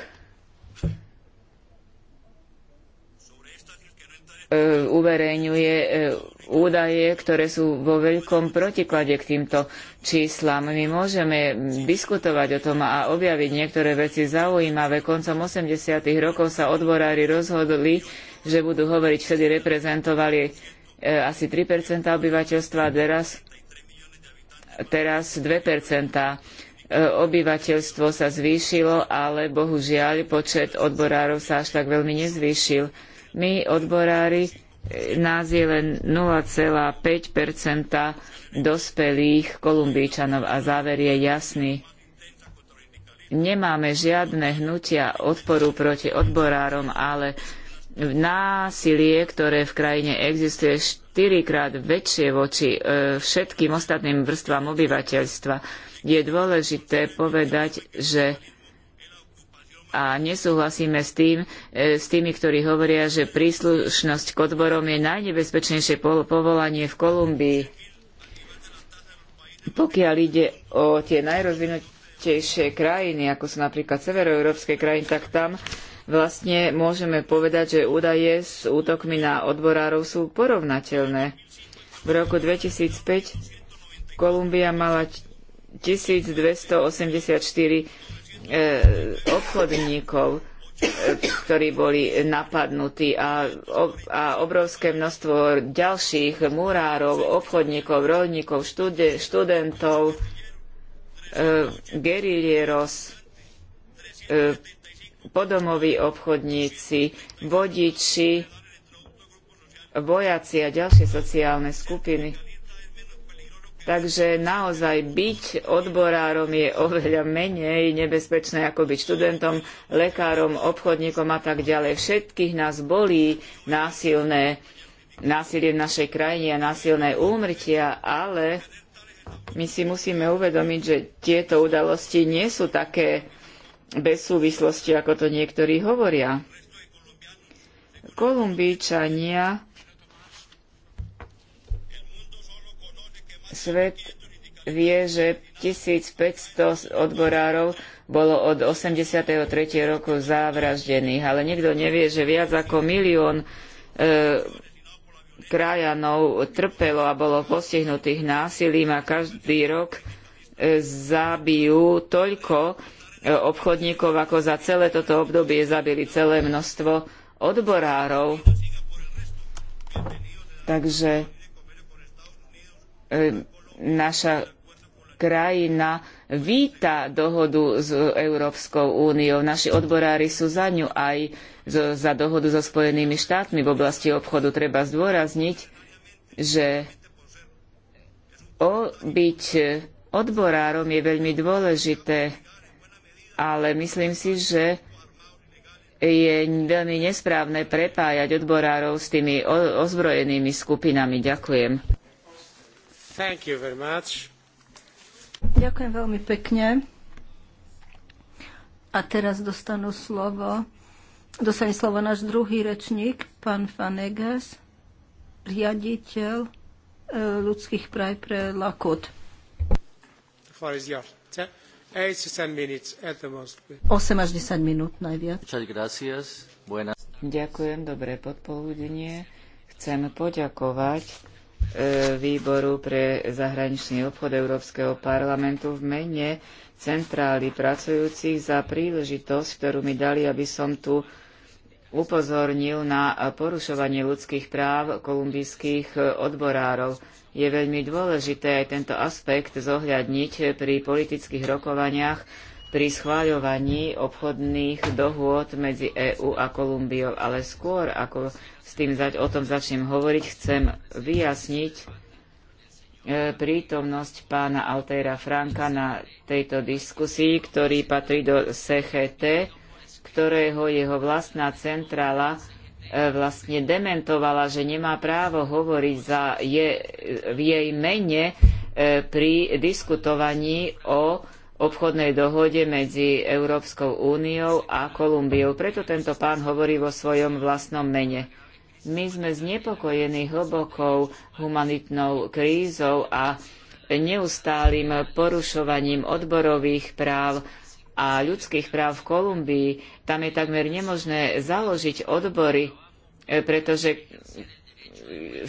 uverejňuje údaje, ktoré sú vo veľkom protiklade k týmto číslam. My môžeme diskutovať o tom a objaviť niektoré veci zaujímavé. Koncom 80. rokov sa odborári rozhodli, že budú hovoriť, vtedy reprezentovali e, asi 3 obyvateľstva, teraz, teraz 2 e, obyvateľstvo sa zvýšilo, ale bohužiaľ počet odborárov sa až tak veľmi nezvýšil. My, odborári, nás je len 0,5 dospelých kolumbíčanov a záver je jasný. Nemáme žiadne hnutia odporu proti odborárom, ale násilie, ktoré v krajine existuje, štyrikrát väčšie voči e, všetkým ostatným vrstvám obyvateľstva. Je dôležité povedať, že a nesúhlasíme s, tým, e, s tými, ktorí hovoria, že príslušnosť k odborom je najnebezpečnejšie povolanie v Kolumbii. Pokiaľ ide o tie najrozvinutejšie krajiny, ako sú napríklad severoeurópske krajiny, tak tam vlastne môžeme povedať, že údaje s útokmi na odborárov sú porovnateľné. V roku 2005 Kolumbia mala 1284 E, obchodníkov, e, ktorí boli napadnutí a, a obrovské množstvo ďalších murárov, obchodníkov, rolníkov, štude, študentov, e, gerilieros, podomoví obchodníci, vodiči, vojaci a ďalšie sociálne skupiny. Takže naozaj byť odborárom je oveľa menej nebezpečné ako byť študentom, lekárom, obchodníkom a tak ďalej. Všetkých nás bolí násilné, násilie v našej krajine a násilné úmrtia, ale my si musíme uvedomiť, že tieto udalosti nie sú také bez súvislosti, ako to niektorí hovoria. Kolumbíčania svet vie, že 1500 odborárov bolo od 83. roku zavraždených, ale nikto nevie, že viac ako milión e, krajanov trpelo a bolo postihnutých násilím a každý rok e, zabijú toľko e, obchodníkov, ako za celé toto obdobie zabili celé množstvo odborárov. Takže E, naša krajina víta dohodu s Európskou úniou. Naši odborári sú za ňu aj za dohodu so Spojenými štátmi v oblasti obchodu. Treba zdôrazniť, že o, byť odborárom je veľmi dôležité, ale myslím si, že je veľmi nesprávne prepájať odborárov s tými ozbrojenými skupinami. Ďakujem. Ďakujem veľmi pekne. A teraz dostanú slovo, dostane slovo náš druhý rečník, pán Fanegas, riaditeľ e, ľudských praj pre Lakot. 8 až 10 minút najviac. Ďakujem, dobré podpoludenie. Chcem poďakovať E, výboru pre zahraničný obchod Európskeho parlamentu v mene centrály pracujúcich za príležitosť, ktorú mi dali, aby som tu upozornil na porušovanie ľudských práv kolumbijských odborárov. Je veľmi dôležité aj tento aspekt zohľadniť pri politických rokovaniach pri schváľovaní obchodných dohôd medzi EÚ a Kolumbiou, ale skôr ako s tým o tom začnem hovoriť, chcem vyjasniť e, prítomnosť pána Altera Franka na tejto diskusii, ktorý patrí do CHT, ktorého jeho vlastná centrála e, vlastne dementovala, že nemá právo hovoriť za je, v jej mene e, pri diskutovaní o obchodnej dohode medzi Európskou úniou a Kolumbiou. Preto tento pán hovorí vo svojom vlastnom mene. My sme znepokojení hlbokou humanitnou krízou a neustálym porušovaním odborových práv a ľudských práv v Kolumbii. Tam je takmer nemožné založiť odbory, pretože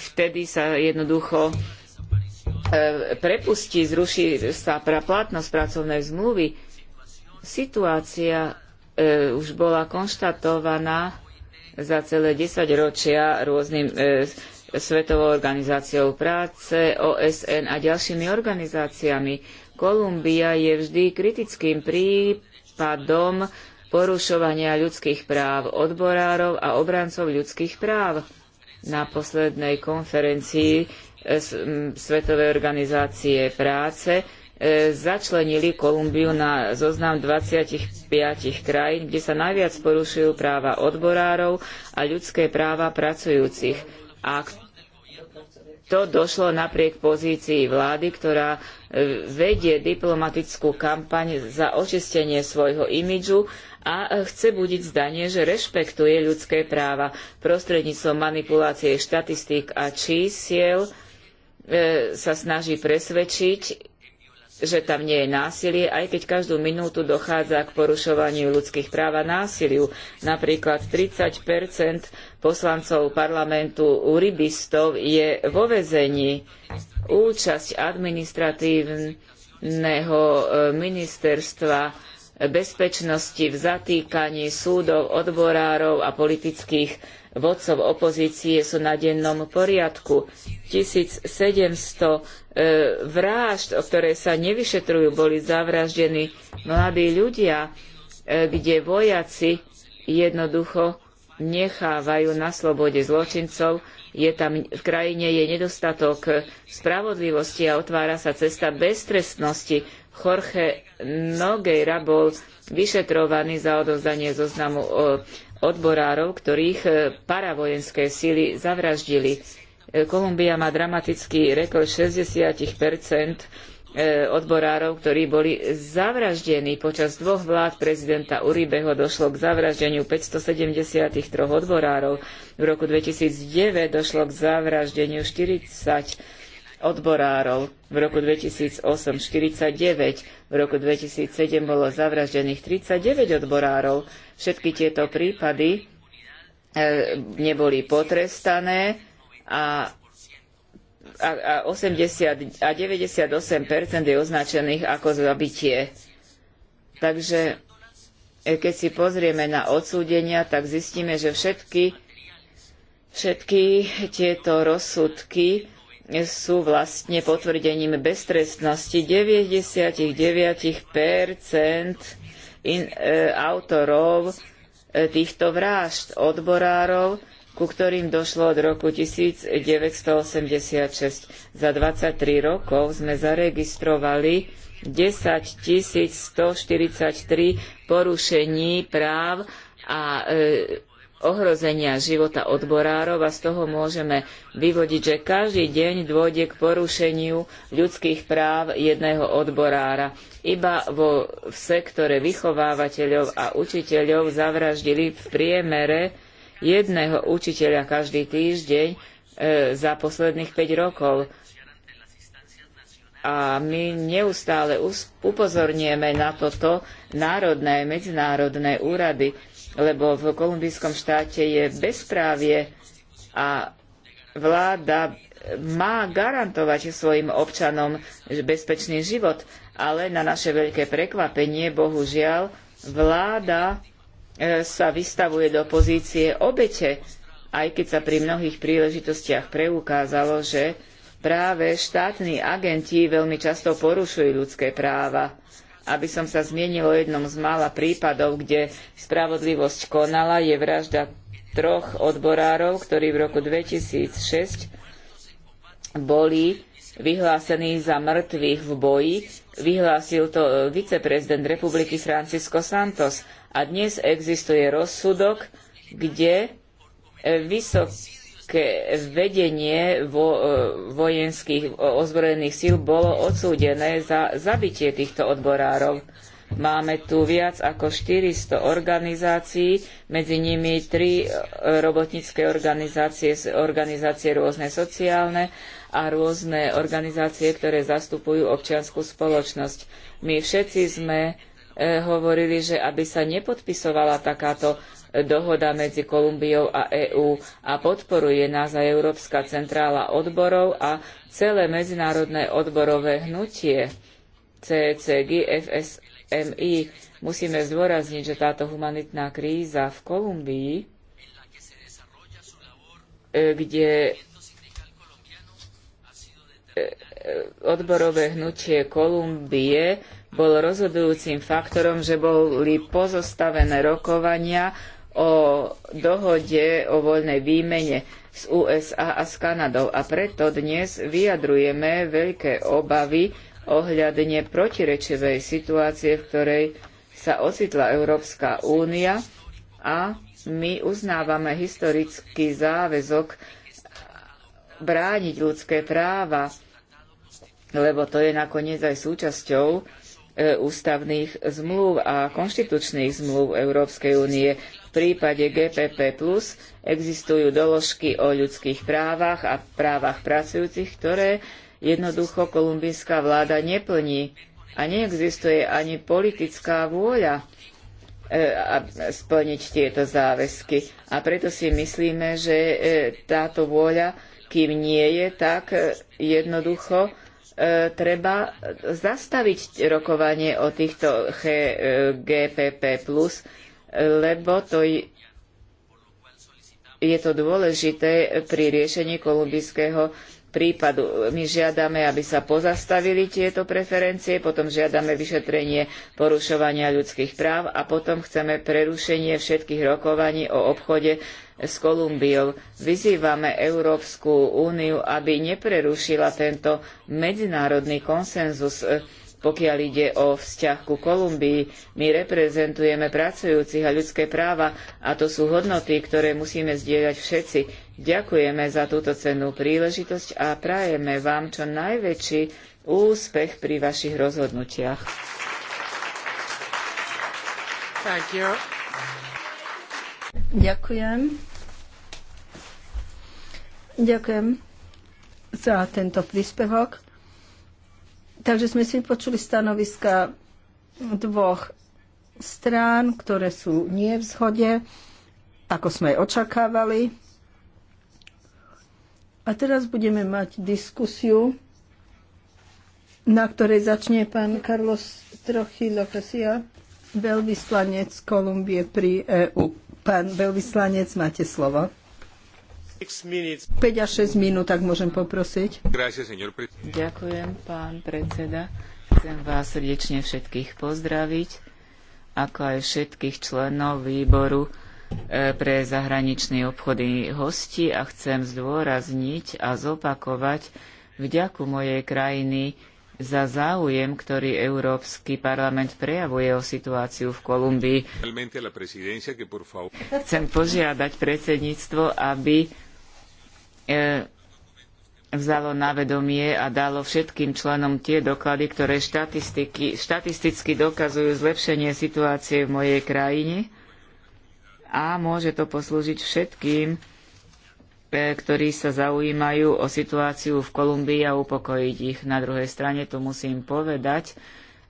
vtedy sa jednoducho E, prepustí, zruší sa platnosť pracovnej zmluvy, situácia e, už bola konštatovaná za celé desaťročia rôznym e, Svetovou organizáciou práce, OSN a ďalšími organizáciami. Kolumbia je vždy kritickým prípadom porušovania ľudských práv odborárov a obrancov ľudských práv. Na poslednej konferencii Svetovej organizácie práce e, začlenili Kolumbiu na zoznam 25 krajín, kde sa najviac porušujú práva odborárov a ľudské práva pracujúcich. A to došlo napriek pozícii vlády, ktorá e, vedie diplomatickú kampaň za očistenie svojho imidžu a e, chce budiť zdanie, že rešpektuje ľudské práva prostredníctvom manipulácie štatistík a čísiel, E, sa snaží presvedčiť, že tam nie je násilie, aj keď každú minútu dochádza k porušovaniu ľudských práv a násiliu. Napríklad 30 poslancov parlamentu uribistov je vo väzení. Účasť administratívneho e, ministerstva bezpečnosti, v zatýkaní súdov, odborárov a politických vodcov opozície sú na dennom poriadku. 1700 e, vražd, ktoré sa nevyšetrujú, boli zavraždení mladí ľudia, e, kde vojaci jednoducho nechávajú na slobode zločincov. Je tam, v krajine je nedostatok spravodlivosti a otvára sa cesta beztrestnosti. Jorge Nogueira bol vyšetrovaný za odovzdanie zoznamu e, odborárov, ktorých e, paravojenské síly zavraždili. E, Kolumbia má dramatický rekord 60 odborárov, ktorí boli zavraždení. Počas dvoch vlád prezidenta Uribeho došlo k zavraždeniu 573 odborárov. V roku 2009 došlo k zavraždeniu 40 odborárov. V roku 2008 49, v roku 2007 bolo zavraždených 39 odborárov. Všetky tieto prípady e, neboli potrestané a a, 80, a 98% je označených ako zabitie. Takže e, keď si pozrieme na odsúdenia, tak zistíme, že všetky, všetky tieto rozsudky sú vlastne potvrdením beztrestnosti 99% in, e, autorov e, týchto vražd odborárov, ku ktorým došlo od roku 1986. Za 23 rokov sme zaregistrovali 10 143 porušení práv a e, ohrozenia života odborárov a z toho môžeme vyvodiť, že každý deň dôjde k porušeniu ľudských práv jedného odborára. Iba vo, v sektore vychovávateľov a učiteľov zavraždili v priemere jedného učiteľa každý týždeň e, za posledných 5 rokov. A my neustále upozorňujeme na toto národné, medzinárodné úrady lebo v kolumbijskom štáte je bezprávie a vláda má garantovať svojim občanom bezpečný život, ale na naše veľké prekvapenie, bohužiaľ, vláda e, sa vystavuje do pozície obete, aj keď sa pri mnohých príležitostiach preukázalo, že práve štátni agenti veľmi často porušujú ľudské práva aby som sa zmienil o jednom z mála prípadov, kde spravodlivosť konala, je vražda troch odborárov, ktorí v roku 2006 boli vyhlásení za mŕtvych v boji. Vyhlásil to e, viceprezident republiky Francisco Santos. A dnes existuje rozsudok, kde e, vysoký vojenské vedenie vo, e, vojenských e, ozbrojených síl bolo odsúdené za zabitie týchto odborárov. Máme tu viac ako 400 organizácií, medzi nimi tri e, robotnícke organizácie, organizácie rôzne sociálne a rôzne organizácie, ktoré zastupujú občiansku spoločnosť. My všetci sme hovorili, že aby sa nepodpisovala takáto dohoda medzi Kolumbiou a EÚ a podporuje nás aj Európska centrála odborov a celé medzinárodné odborové hnutie CCG e FSMI. Musíme zdôrazniť, že táto humanitná kríza v Kolumbii, e, kde e, odborové hnutie Kolumbie bol rozhodujúcim faktorom, že boli pozostavené rokovania o dohode o voľnej výmene s USA a s Kanadou a preto dnes vyjadrujeme veľké obavy ohľadne protirečivej situácie, v ktorej sa ocitla Európska únia a my uznávame historický záväzok brániť ľudské práva, lebo to je nakoniec aj súčasťou e, ústavných zmluv a konštitučných zmluv Európskej únie. V prípade GPP Plus existujú doložky o ľudských právach a právach pracujúcich, ktoré jednoducho kolumbijská vláda neplní a neexistuje ani politická vôľa e, splniť tieto záväzky. A preto si myslíme, že e, táto vôľa, kým nie je, tak e, jednoducho treba zastaviť rokovanie o týchto GPP+, lebo to je to dôležité pri riešení kolumbijského prípadu. My žiadame, aby sa pozastavili tieto preferencie, potom žiadame vyšetrenie porušovania ľudských práv a potom chceme prerušenie všetkých rokovaní o obchode s Kolumbiou. Vyzývame Európsku úniu, aby neprerušila tento medzinárodný konsenzus pokiaľ ide o vzťah ku Kolumbii, my reprezentujeme pracujúcich a ľudské práva a to sú hodnoty, ktoré musíme zdieľať všetci. Ďakujeme za túto cennú príležitosť a prajeme vám čo najväčší úspech pri vašich rozhodnutiach. Ďakujem. Ďakujem za tento príspevok. Takže sme si počuli stanoviska dvoch strán, ktoré sú nie v zhode, ako sme aj očakávali. A teraz budeme mať diskusiu, na ktorej začne pán Carlos Trochy Locasia, veľvyslanec Kolumbie pri EU. Pán veľvyslanec, máte slovo. 5 až 6 minút, tak môžem poprosiť. Ďakujem, pán predseda. Chcem vás srdečne všetkých pozdraviť, ako aj všetkých členov výboru e, pre zahraničný obchody hosti a chcem zdôrazniť a zopakovať vďaku mojej krajiny za záujem, ktorý Európsky parlament prejavuje o situáciu v Kolumbii. Chcem požiadať predsedníctvo, aby E, vzalo na vedomie a dalo všetkým členom tie doklady, ktoré štatisticky dokazujú zlepšenie situácie v mojej krajine a môže to poslúžiť všetkým, e, ktorí sa zaujímajú o situáciu v Kolumbii a upokojiť ich. Na druhej strane tu musím povedať,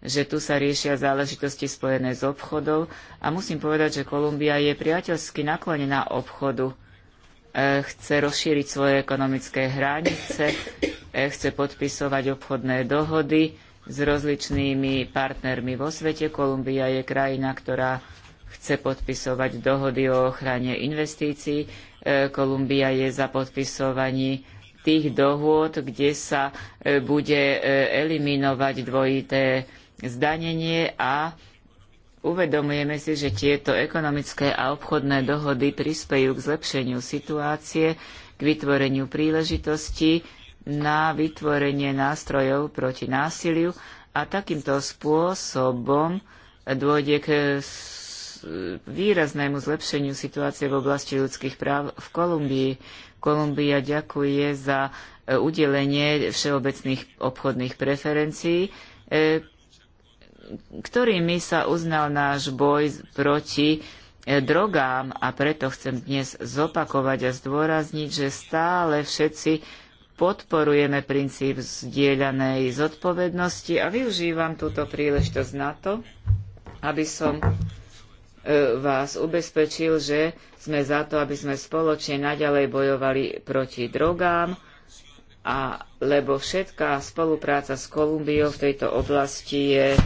že tu sa riešia záležitosti spojené s obchodom a musím povedať, že Kolumbia je priateľsky naklonená obchodu E, chce rozšíriť svoje ekonomické hranice, e, chce podpisovať obchodné dohody s rozličnými partnermi vo svete. Kolumbia je krajina, ktorá chce podpisovať dohody o ochrane investícií. E, Kolumbia je za podpisovaní tých dohôd, kde sa bude eliminovať dvojité zdanenie a Uvedomujeme si, že tieto ekonomické a obchodné dohody prispejú k zlepšeniu situácie, k vytvoreniu príležitostí na vytvorenie nástrojov proti násiliu a takýmto spôsobom dôjde k výraznému zlepšeniu situácie v oblasti ľudských práv v Kolumbii. Kolumbia ďakuje za e, udelenie všeobecných obchodných preferencií, e, ktorými sa uznal náš boj proti e, drogám a preto chcem dnes zopakovať a zdôrazniť, že stále všetci podporujeme princíp zdieľanej zodpovednosti a využívam túto príležitosť na to, aby som e, vás ubezpečil, že sme za to, aby sme spoločne naďalej bojovali proti drogám, a lebo všetká spolupráca s Kolumbiou v tejto oblasti je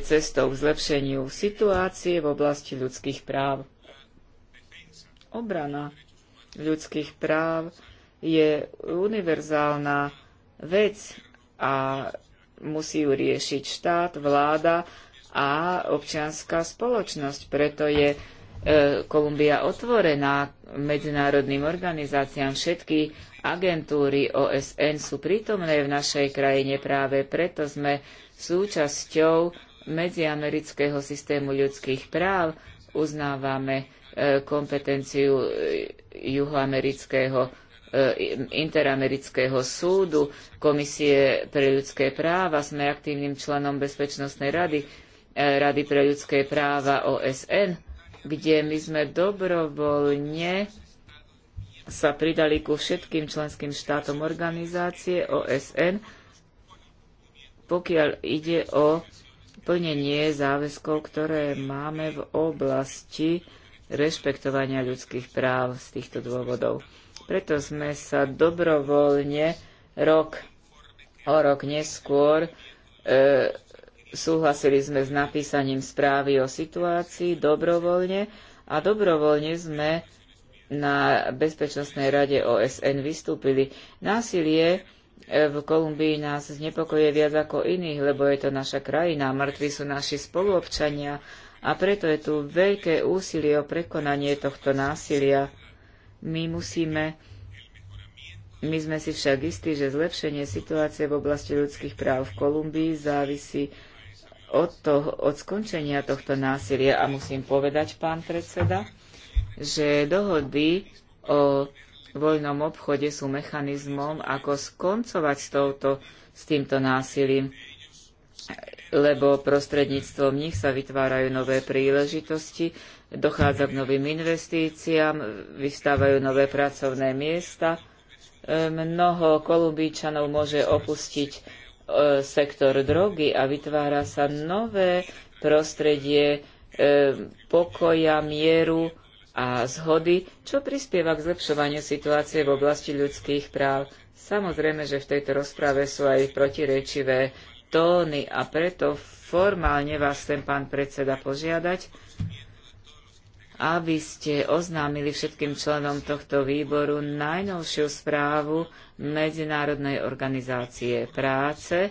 cestou k zlepšeniu situácie v oblasti ľudských práv. Obrana ľudských práv je univerzálna vec a musí ju riešiť štát, vláda a občianská spoločnosť. Preto je e, Kolumbia otvorená medzinárodným organizáciám. Všetky agentúry OSN sú prítomné v našej krajine práve preto sme súčasťou medziamerického systému ľudských práv uznávame e, kompetenciu e, juhoamerického e, interamerického súdu, Komisie pre ľudské práva, sme aktívnym členom Bezpečnostnej rady, Rady pre ľudské práva OSN, kde my sme dobrovoľne sa pridali ku všetkým členským štátom organizácie OSN, pokiaľ ide o plnenie záväzkov, ktoré máme v oblasti rešpektovania ľudských práv z týchto dôvodov. Preto sme sa dobrovoľne rok o rok neskôr e, súhlasili sme s napísaním správy o situácii dobrovoľne a dobrovoľne sme na Bezpečnostnej rade OSN vystúpili. Násilie v Kolumbii nás znepokojuje viac ako iných, lebo je to naša krajina, mŕtvi sú naši spoluobčania a preto je tu veľké úsilie o prekonanie tohto násilia. My musíme my sme si však istí, že zlepšenie situácie v oblasti ľudských práv v Kolumbii závisí od, toho, od skončenia tohto násilia. A musím povedať, pán predseda, že dohody o voľnom obchode sú mechanizmom, ako skoncovať s, touto, s týmto násilím, lebo prostredníctvom nich sa vytvárajú nové príležitosti, dochádza k novým investíciám, vystávajú nové pracovné miesta. E, mnoho Kolumbíčanov môže opustiť e, sektor drogy a vytvára sa nové prostredie e, pokoja, mieru a zhody, čo prispieva k zlepšovaniu situácie v oblasti ľudských práv. Samozrejme, že v tejto rozprave sú aj protirečivé tóny a preto formálne vás chcem, pán predseda, požiadať, aby ste oznámili všetkým členom tohto výboru najnovšiu správu Medzinárodnej organizácie práce,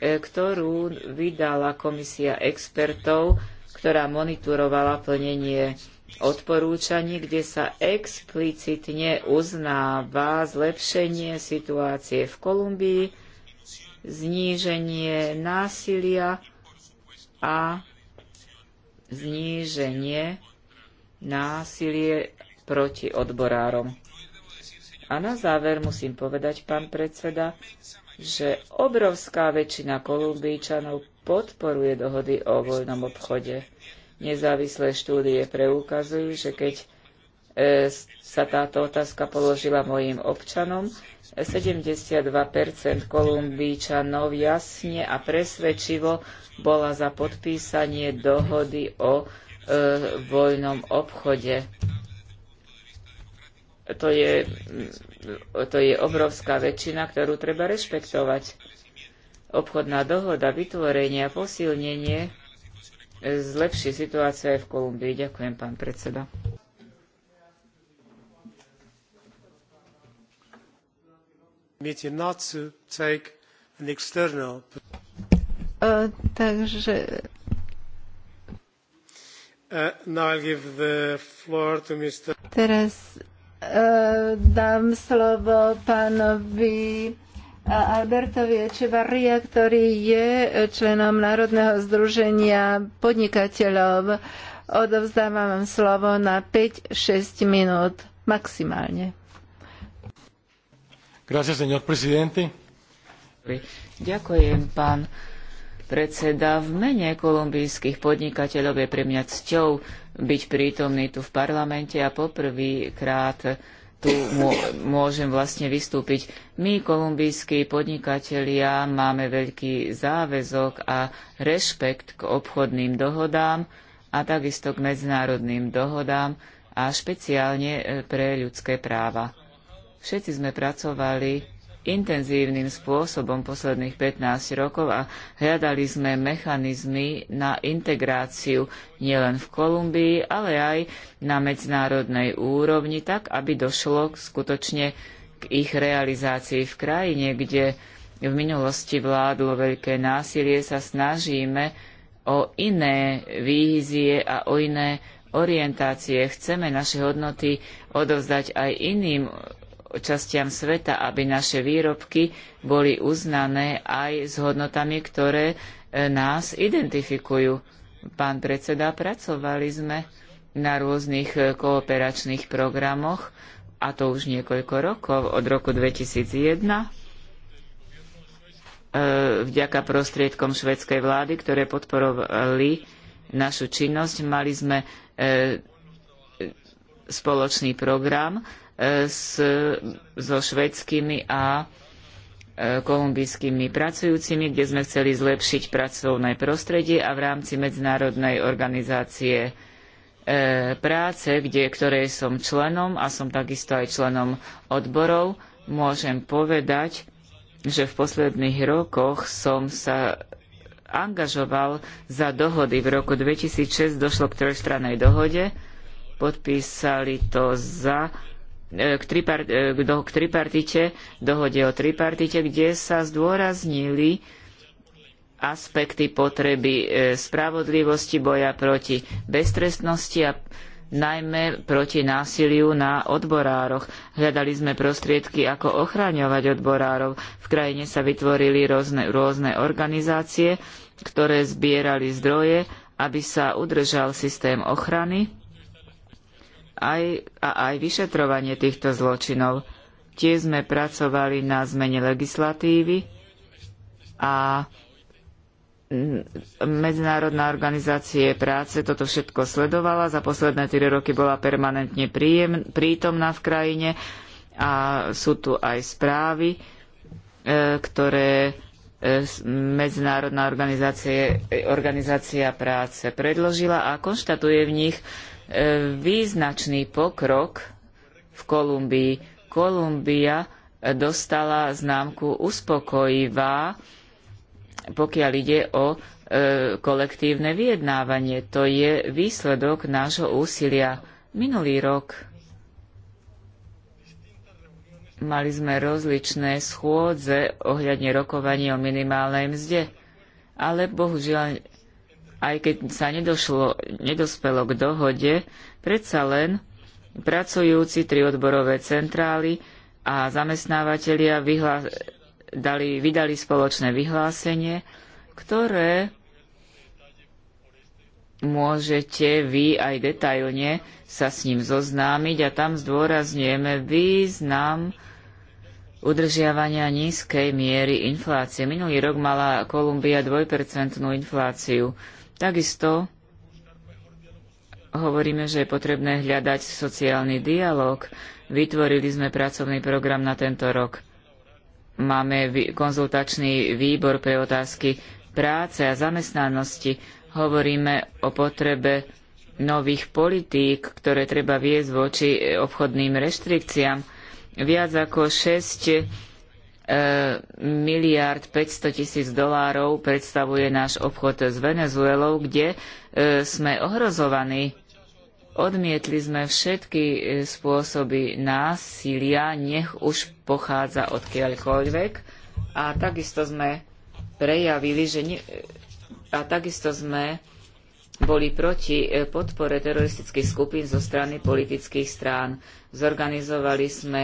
e, ktorú vydala komisia expertov, ktorá monitorovala plnenie odporúčaní, kde sa explicitne uznáva zlepšenie situácie v Kolumbii, zníženie násilia a zníženie násilie proti odborárom. A na záver musím povedať, pán predseda, že obrovská väčšina Kolumbíčanov podporuje dohody o voľnom obchode. Nezávislé štúdie preukazujú, že keď e, sa táto otázka položila mojim občanom. 72% Kolumbíčanov jasne a presvedčivo bola za podpísanie dohody o e, voľnom obchode. To je, to je obrovská väčšina, ktorú treba rešpektovať. Obchodná dohoda, vytvorenie a posilnenie zlepší situácia aj v Kolumbii. Ďakujem, pán predseda. External... Uh, eh, takže uh, Teraz uh, dám slovo pánovi Albertovi Echevarria, ktorý je členom Národného združenia podnikateľov. Odovzdávam vám slovo na 5-6 minút maximálne. Gracias, señor presidente. Ďakujem, pán predseda. V mene kolumbijských podnikateľov je pre mňa cťou byť prítomný tu v parlamente a poprvýkrát krát tu môžem vlastne vystúpiť. My, kolumbijskí podnikatelia, máme veľký záväzok a rešpekt k obchodným dohodám a takisto k medzinárodným dohodám a špeciálne e, pre ľudské práva. Všetci sme pracovali intenzívnym spôsobom posledných 15 rokov a hľadali sme mechanizmy na integráciu nielen v Kolumbii, ale aj na medzinárodnej úrovni, tak aby došlo skutočne k ich realizácii v krajine, kde v minulosti vládlo veľké násilie, sa snažíme o iné vízie a o iné orientácie. Chceme naše hodnoty odovzdať aj iným častiam sveta, aby naše výrobky boli uznané aj s hodnotami, ktoré e, nás identifikujú. Pán predseda, pracovali sme na rôznych e, kooperačných programoch, a to už niekoľko rokov, od roku 2001, e, vďaka prostriedkom švedskej vlády, ktoré podporovali našu činnosť, mali sme spoločný program s, so švedskými a e, kolumbijskými pracujúcimi, kde sme chceli zlepšiť pracovné prostredie a v rámci Medzinárodnej organizácie e, práce, kde, ktorej som členom a som takisto aj členom odborov, môžem povedať, že v posledných rokoch som sa angažoval za dohody. V roku 2006 došlo k trojstrannej dohode, podpísali to za E, k, tripart, e, do, k tripartite, dohode o tripartite, kde sa zdôraznili aspekty potreby e, spravodlivosti, boja proti beztrestnosti a najmä proti násiliu na odborároch. Hľadali sme prostriedky, ako ochraňovať odborárov. V krajine sa vytvorili rôzne, rôzne organizácie, ktoré zbierali zdroje, aby sa udržal systém ochrany aj, a aj vyšetrovanie týchto zločinov. Tiež sme pracovali na zmene legislatívy a Medzinárodná organizácie práce toto všetko sledovala. Za posledné 3 roky bola permanentne príjem, prítomná v krajine a sú tu aj správy, e, ktoré e, Medzinárodná organizácia, organizácia práce predložila a konštatuje v nich význačný pokrok v Kolumbii. Kolumbia dostala známku uspokojivá, pokiaľ ide o e, kolektívne vyjednávanie. To je výsledok nášho úsilia. Minulý rok mali sme rozličné schôdze ohľadne rokovania o minimálnej mzde, ale bohužiaľ aj keď sa nedošlo, nedospelo k dohode, predsa len pracujúci tri odborové centrály a zamestnávateľia dali, vydali spoločné vyhlásenie, ktoré môžete vy aj detailne sa s ním zoznámiť a tam zdôrazňujeme význam udržiavania nízkej miery inflácie. Minulý rok mala Kolumbia dvojpercentnú infláciu. Takisto hovoríme, že je potrebné hľadať sociálny dialog. Vytvorili sme pracovný program na tento rok. Máme konzultačný výbor pre otázky práce a zamestnanosti. Hovoríme o potrebe nových politík, ktoré treba viesť voči obchodným reštrikciám. Viac ako 6 miliard 500 tisíc dolárov predstavuje náš obchod s Venezuelou, kde e, sme ohrozovaní. Odmietli sme všetky e, spôsoby násilia, nech už pochádza odkiaľkoľvek. A takisto sme prejavili, že ne... E, a takisto sme boli proti podpore teroristických skupín zo strany politických strán. Zorganizovali sme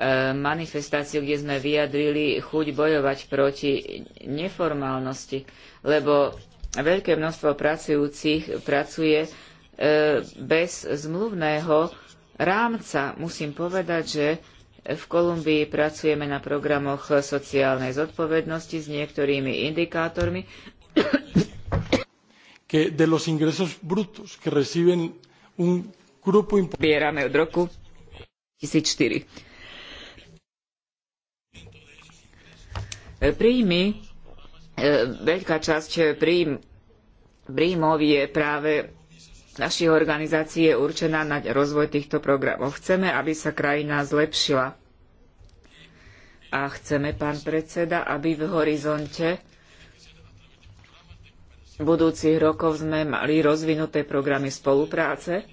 E, manifestáciu, kde sme vyjadrili chuť bojovať proti neformálnosti, lebo veľké množstvo pracujúcich pracuje e, bez zmluvného rámca. Musím povedať, že v Kolumbii pracujeme na programoch sociálnej zodpovednosti s niektorými indikátormi. [COUGHS] Que de los ingresos brutos que reciben un grupo... od roku 2004 príjmy, e, veľká časť príjm, príjmov je práve našich organizácií je určená na rozvoj týchto programov. Chceme, aby sa krajina zlepšila. A chceme, pán predseda, aby v horizonte budúcich rokov sme mali rozvinuté programy spolupráce,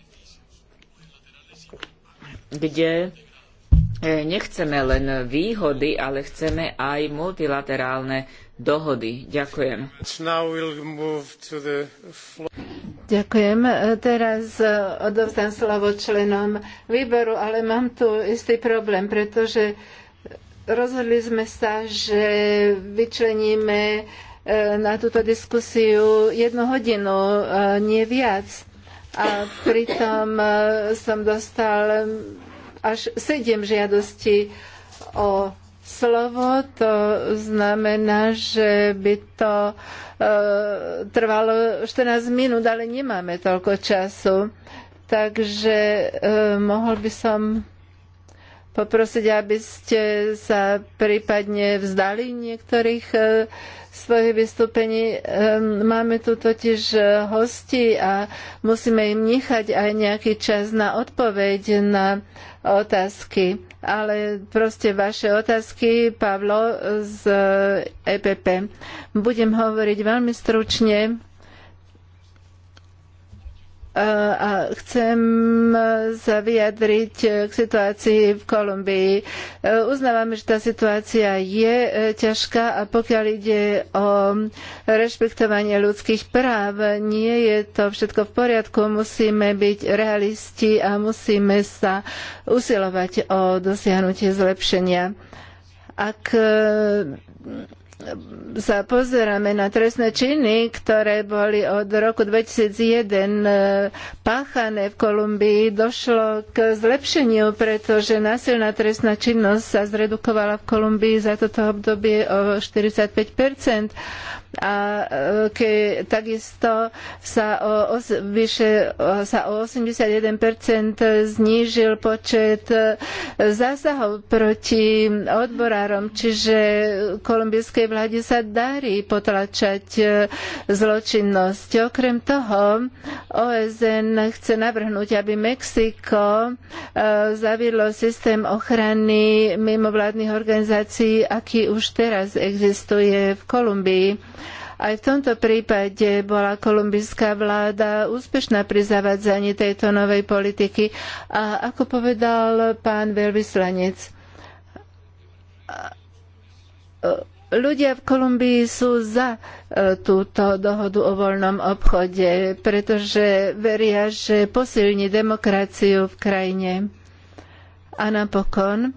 kde E, nechceme len výhody, ale chceme aj multilaterálne dohody. Ďakujem. Ďakujem. E, teraz e, odovzdám slovo členom výboru, ale mám tu istý problém, pretože rozhodli sme sa, že vyčleníme na túto diskusiu jednu hodinu, nie viac. A pritom som dostal až sedem žiadostí o slovo, to znamená, že by to e, trvalo 14 minút, ale nemáme toľko času. Takže e, mohol by som poprosiť, aby ste sa prípadne vzdali niektorých e, svojich vystúpení. E, máme tu totiž hosti a musíme im nechať aj nejaký čas na odpoveď na otázky, ale proste vaše otázky, Pavlo z EPP. Budem hovoriť veľmi stručne a chcem sa vyjadriť k situácii v Kolumbii. E, uznávame, že tá situácia je e, ťažká a pokiaľ ide o rešpektovanie ľudských práv, nie je to všetko v poriadku. Musíme byť realisti a musíme sa usilovať o dosiahnutie zlepšenia. Ak e, sa pozeráme na trestné činy, ktoré boli od roku 2001 e, páchané v Kolumbii, došlo k zlepšeniu, pretože násilná trestná činnosť sa zredukovala v Kolumbii za toto obdobie o 45 a e, ke, takisto sa o, os, vyše, sa o 81% znížil počet e, zásahov proti odborárom, čiže kolumbijskej vláde sa darí potlačať e, zločinnosť. Okrem toho OSN chce navrhnúť, aby Mexiko zaviedlo systém ochrany mimovládnych organizácií, aký už teraz existuje v Kolumbii. Aj v tomto prípade bola kolumbijská vláda úspešná pri zavádzaní tejto novej politiky. A ako povedal pán veľvyslanec, ľudia v Kolumbii sú za e, túto dohodu o voľnom obchode, pretože veria, že posilní demokraciu v krajine. A napokon,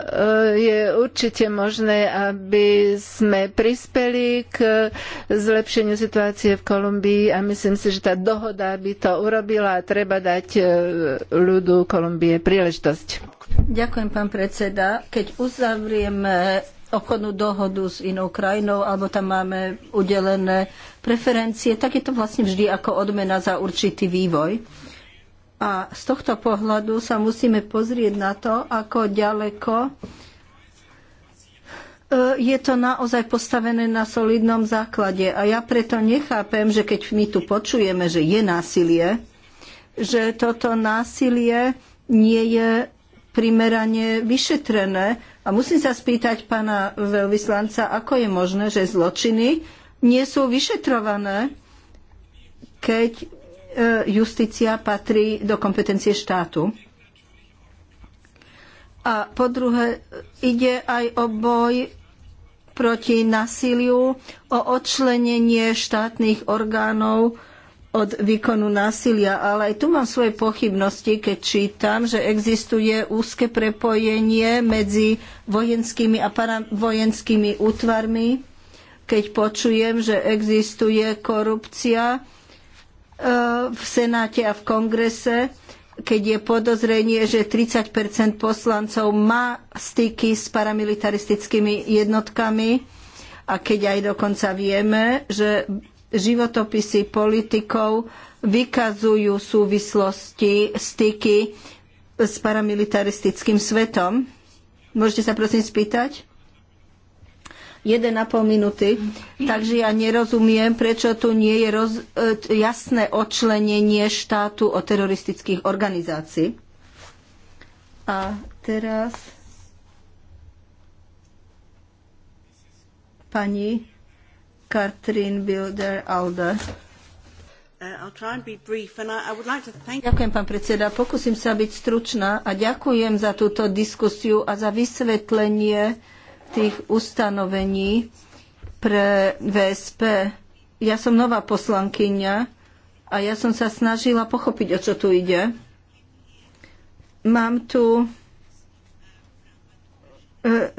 E, je určite možné, aby sme prispeli k zlepšeniu situácie v Kolumbii a myslím si, že tá dohoda by to urobila a treba dať e, ľudu Kolumbie príležitosť. Ďakujem, pán predseda. Keď uzavrieme obchodnú dohodu s inou krajinou alebo tam máme udelené preferencie, tak je to vlastne vždy ako odmena za určitý vývoj. A z tohto pohľadu sa musíme pozrieť na to, ako ďaleko e, je to naozaj postavené na solidnom základe. A ja preto nechápem, že keď my tu počujeme, že je násilie, že toto násilie nie je primerane vyšetrené. A musím sa spýtať pána veľvyslanca, ako je možné, že zločiny nie sú vyšetrované, keď E, justícia patrí do kompetencie štátu. A po druhé, ide aj o boj proti nasíliu, o odčlenenie štátnych orgánov od výkonu násilia, ale aj tu mám svoje pochybnosti, keď čítam, že existuje úzke prepojenie medzi vojenskými a paravojenskými útvarmi, keď počujem, že existuje korupcia, v Senáte a v Kongrese, keď je podozrenie, že 30 poslancov má styky s paramilitaristickými jednotkami a keď aj dokonca vieme, že životopisy politikov vykazujú súvislosti, styky s paramilitaristickým svetom. Môžete sa prosím spýtať? 1,5 minúty. Takže ja nerozumiem, prečo tu nie je roz, e, jasné odčlenenie štátu od teroristických organizácií. A teraz pani Katrin Bilder Alda. Uh, ďakujem, pán predseda. Pokúsim sa byť stručná a ďakujem za túto diskusiu a za vysvetlenie uh, tých ustanovení pre VSP. Ja som nová poslankyňa a ja som sa snažila pochopiť, o čo tu ide. Mám tu e,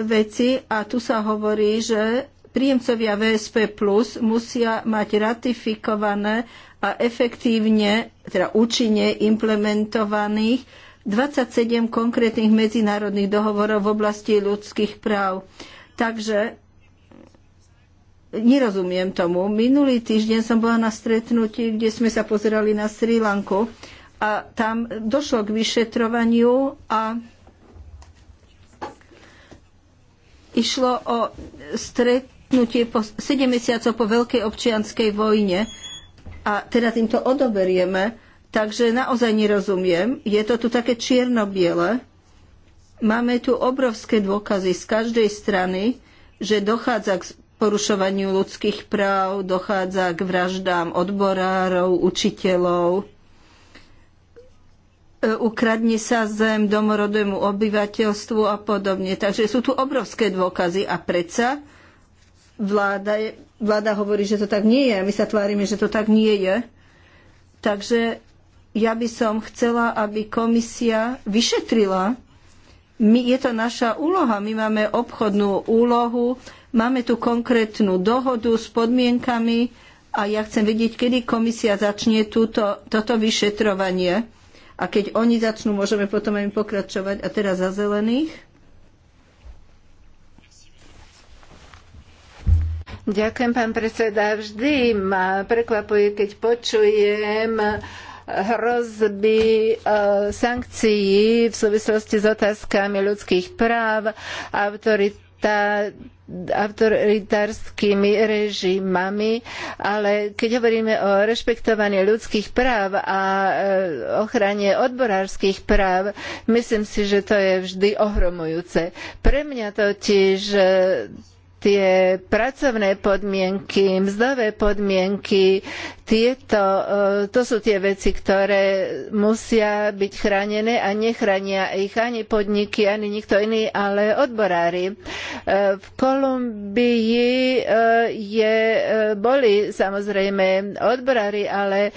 veci a tu sa hovorí, že príjemcovia VSP Plus musia mať ratifikované a efektívne, teda účinne implementovaných 27 konkrétnych medzinárodných dohovorov v oblasti ľudských práv. Takže nerozumiem tomu. Minulý týždeň som bola na stretnutí, kde sme sa pozerali na Sri Lanku a tam došlo k vyšetrovaniu a išlo o stretnutie po 7 mesiacov po veľkej občianskej vojne a teda týmto odoberieme Takže naozaj nerozumiem. Je to tu také čierno-biele. Máme tu obrovské dôkazy z každej strany, že dochádza k porušovaniu ľudských práv, dochádza k vraždám odborárov, učiteľov, e, ukradne sa zem domorodému obyvateľstvu a podobne. Takže sú tu obrovské dôkazy a predsa vláda, je, vláda hovorí, že to tak nie je a my sa tvárime, že to tak nie je. Takže ja by som chcela, aby komisia vyšetrila. My, je to naša úloha, my máme obchodnú úlohu, máme tu konkrétnu dohodu s podmienkami a ja chcem vedieť, kedy komisia začne túto, toto vyšetrovanie. A keď oni začnú, môžeme potom aj pokračovať. A teraz za zelených. Ďakujem, pán predseda. Vždy ma prekvapuje, keď počujem uh, hrozby e, sankcií v súvislosti s otázkami ľudských práv, autorita autoritárskymi režimami, ale keď hovoríme o rešpektovaní ľudských práv a e, ochrane odborárskych práv, myslím si, že to je vždy ohromujúce. Pre mňa totiž e, tie pracovné podmienky, mzdové podmienky, tieto, e, to sú tie veci, ktoré musia byť chránené a nechránia ich ani podniky, ani nikto iný, ale odborári. E, v Kolumbii e, je, boli samozrejme odborári, ale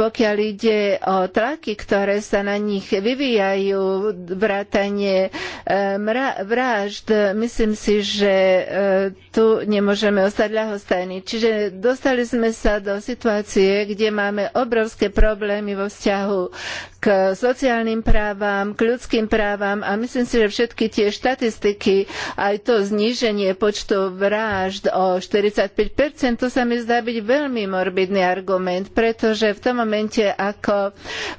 pokiaľ ide o tlaky, ktoré sa na nich vyvíjajú, vrátanie eh, vražd, myslím si, že eh, tu nemôžeme ostať ľahostajní. Čiže dostali sme sa do situácie, kde máme obrovské problémy vo vzťahu k sociálnym právam, k ľudským právam a myslím si, že všetky tie štatistiky, aj to zníženie počtu vražd o 45%, to sa mi zdá byť veľmi morbidný argument, pretože v tom momente, ako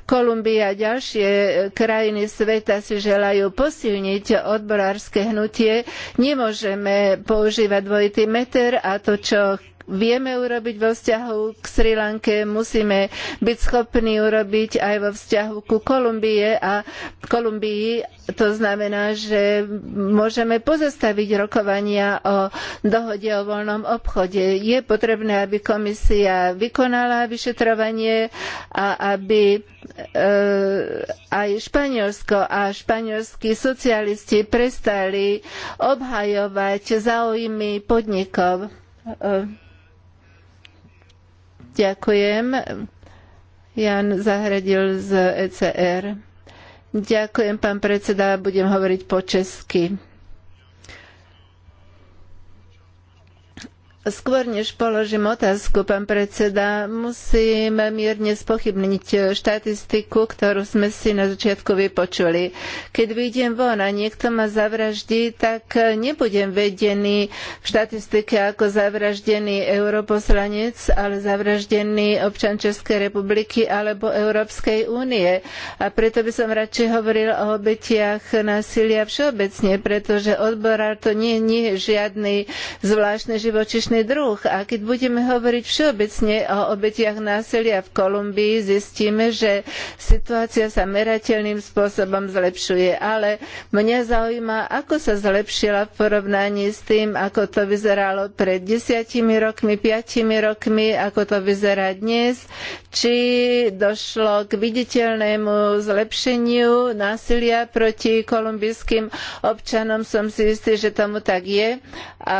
Kolumbia a ďalšie e, krajiny sveta si želajú posilniť odborárske hnutie, nemôžeme používať dvojitý meter a to, čo vieme urobiť vo vzťahu k Sri Lanke, musíme byť schopní urobiť aj vo vzťahu ku Kolumbie a Kolumbii. To znamená, že môžeme pozastaviť rokovania o dohode o voľnom obchode. Je potrebné, aby komisia vykonala vyšetrovanie a aby e, aj Španielsko a španielskí socialisti prestali obhajovať záujmy podnikov. E, Ďakujem. Jan Zahradil z ECR. Ďakujem, pán predseda, budem hovoriť po česky. Skôr než položím otázku, pán predseda, musím mierne spochybniť štatistiku, ktorú sme si na začiatku vypočuli. Keď vyjdem von a niekto ma zavraždí, tak nebudem vedený v štatistike ako zavraždený europoslanec, ale zavraždený občan Českej republiky alebo Európskej únie. A preto by som radšej hovoril o obetiach násilia všeobecne, pretože odborár to nie, nie je žiadny zvláštny živočišný príslušný druh. A keď budeme hovoriť všeobecne o obetiach násilia v Kolumbii, zistíme, že situácia sa merateľným spôsobom zlepšuje. Ale mňa zaujíma, ako sa zlepšila v porovnaní s tým, ako to vyzeralo pred desiatimi rokmi, piatimi rokmi, ako to vyzerá dnes, či došlo k viditeľnému zlepšeniu násilia proti kolumbijským občanom. Som si istý, že tomu tak je. A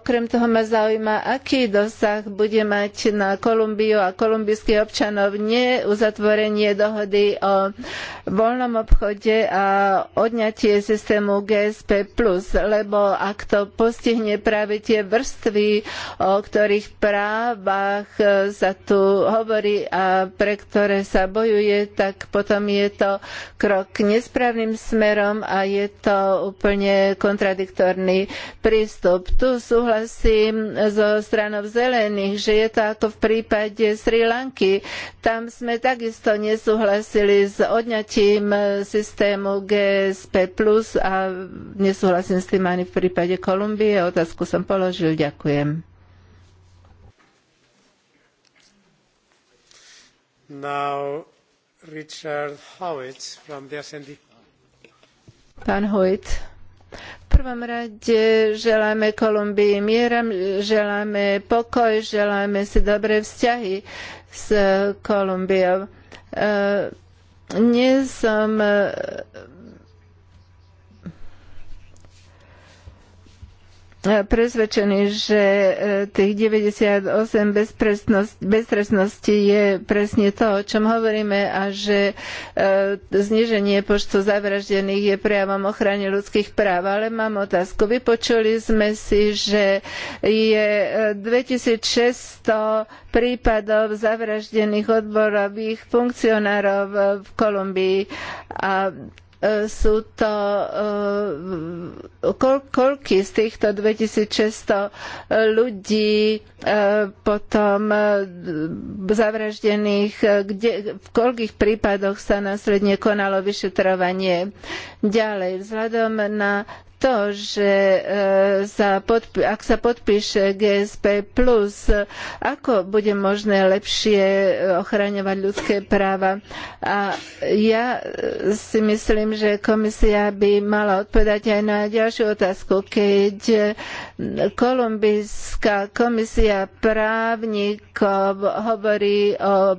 okrem toho ma zaujíma, zaujíma, aký dosah bude mať na Kolumbiu a kolumbijských občanov neuzatvorenie dohody o voľnom obchode a odňatie systému GSP+, lebo ak to postihne práve tie vrstvy, o ktorých právach sa tu hovorí a pre ktoré sa bojuje, tak potom je to krok nesprávnym smerom a je to úplne kontradiktorný prístup. Tu súhlasím zo stranov zelených, že je to ako v prípade Sri Lanky. Tam sme takisto nesúhlasili s odňatím e, systému GSP+, a nesúhlasím s tým ani v prípade Kolumbie. Otázku som položil. Ďakujem. Now, Richard Howitt from the SND. Pán Howitt prvom rade želáme Kolumbii miera, želáme pokoj, želáme si dobré vzťahy s Kolumbiou. E, nie som presvedčený, že e, tých 98 beztrestností je presne to, o čom hovoríme a že e, zníženie počtu zavraždených je prejavom ochrany ľudských práv. Ale mám otázku. Vypočuli sme si, že je 2600 e, prípadov zavraždených odborových funkcionárov v Kolumbii a E, sú to e, koľky z týchto 2600 ľudí e, potom zavraždených, kde, v koľkých prípadoch sa následne konalo vyšetrovanie. Ďalej, vzhľadom na to, že e, sa podp- ak sa podpíše GSP+, ako bude možné lepšie e, ochraňovať ľudské práva. A ja e, si myslím, že komisia by mala odpovedať aj na ďalšiu otázku. Keď kolumbijská komisia právnikov hovorí o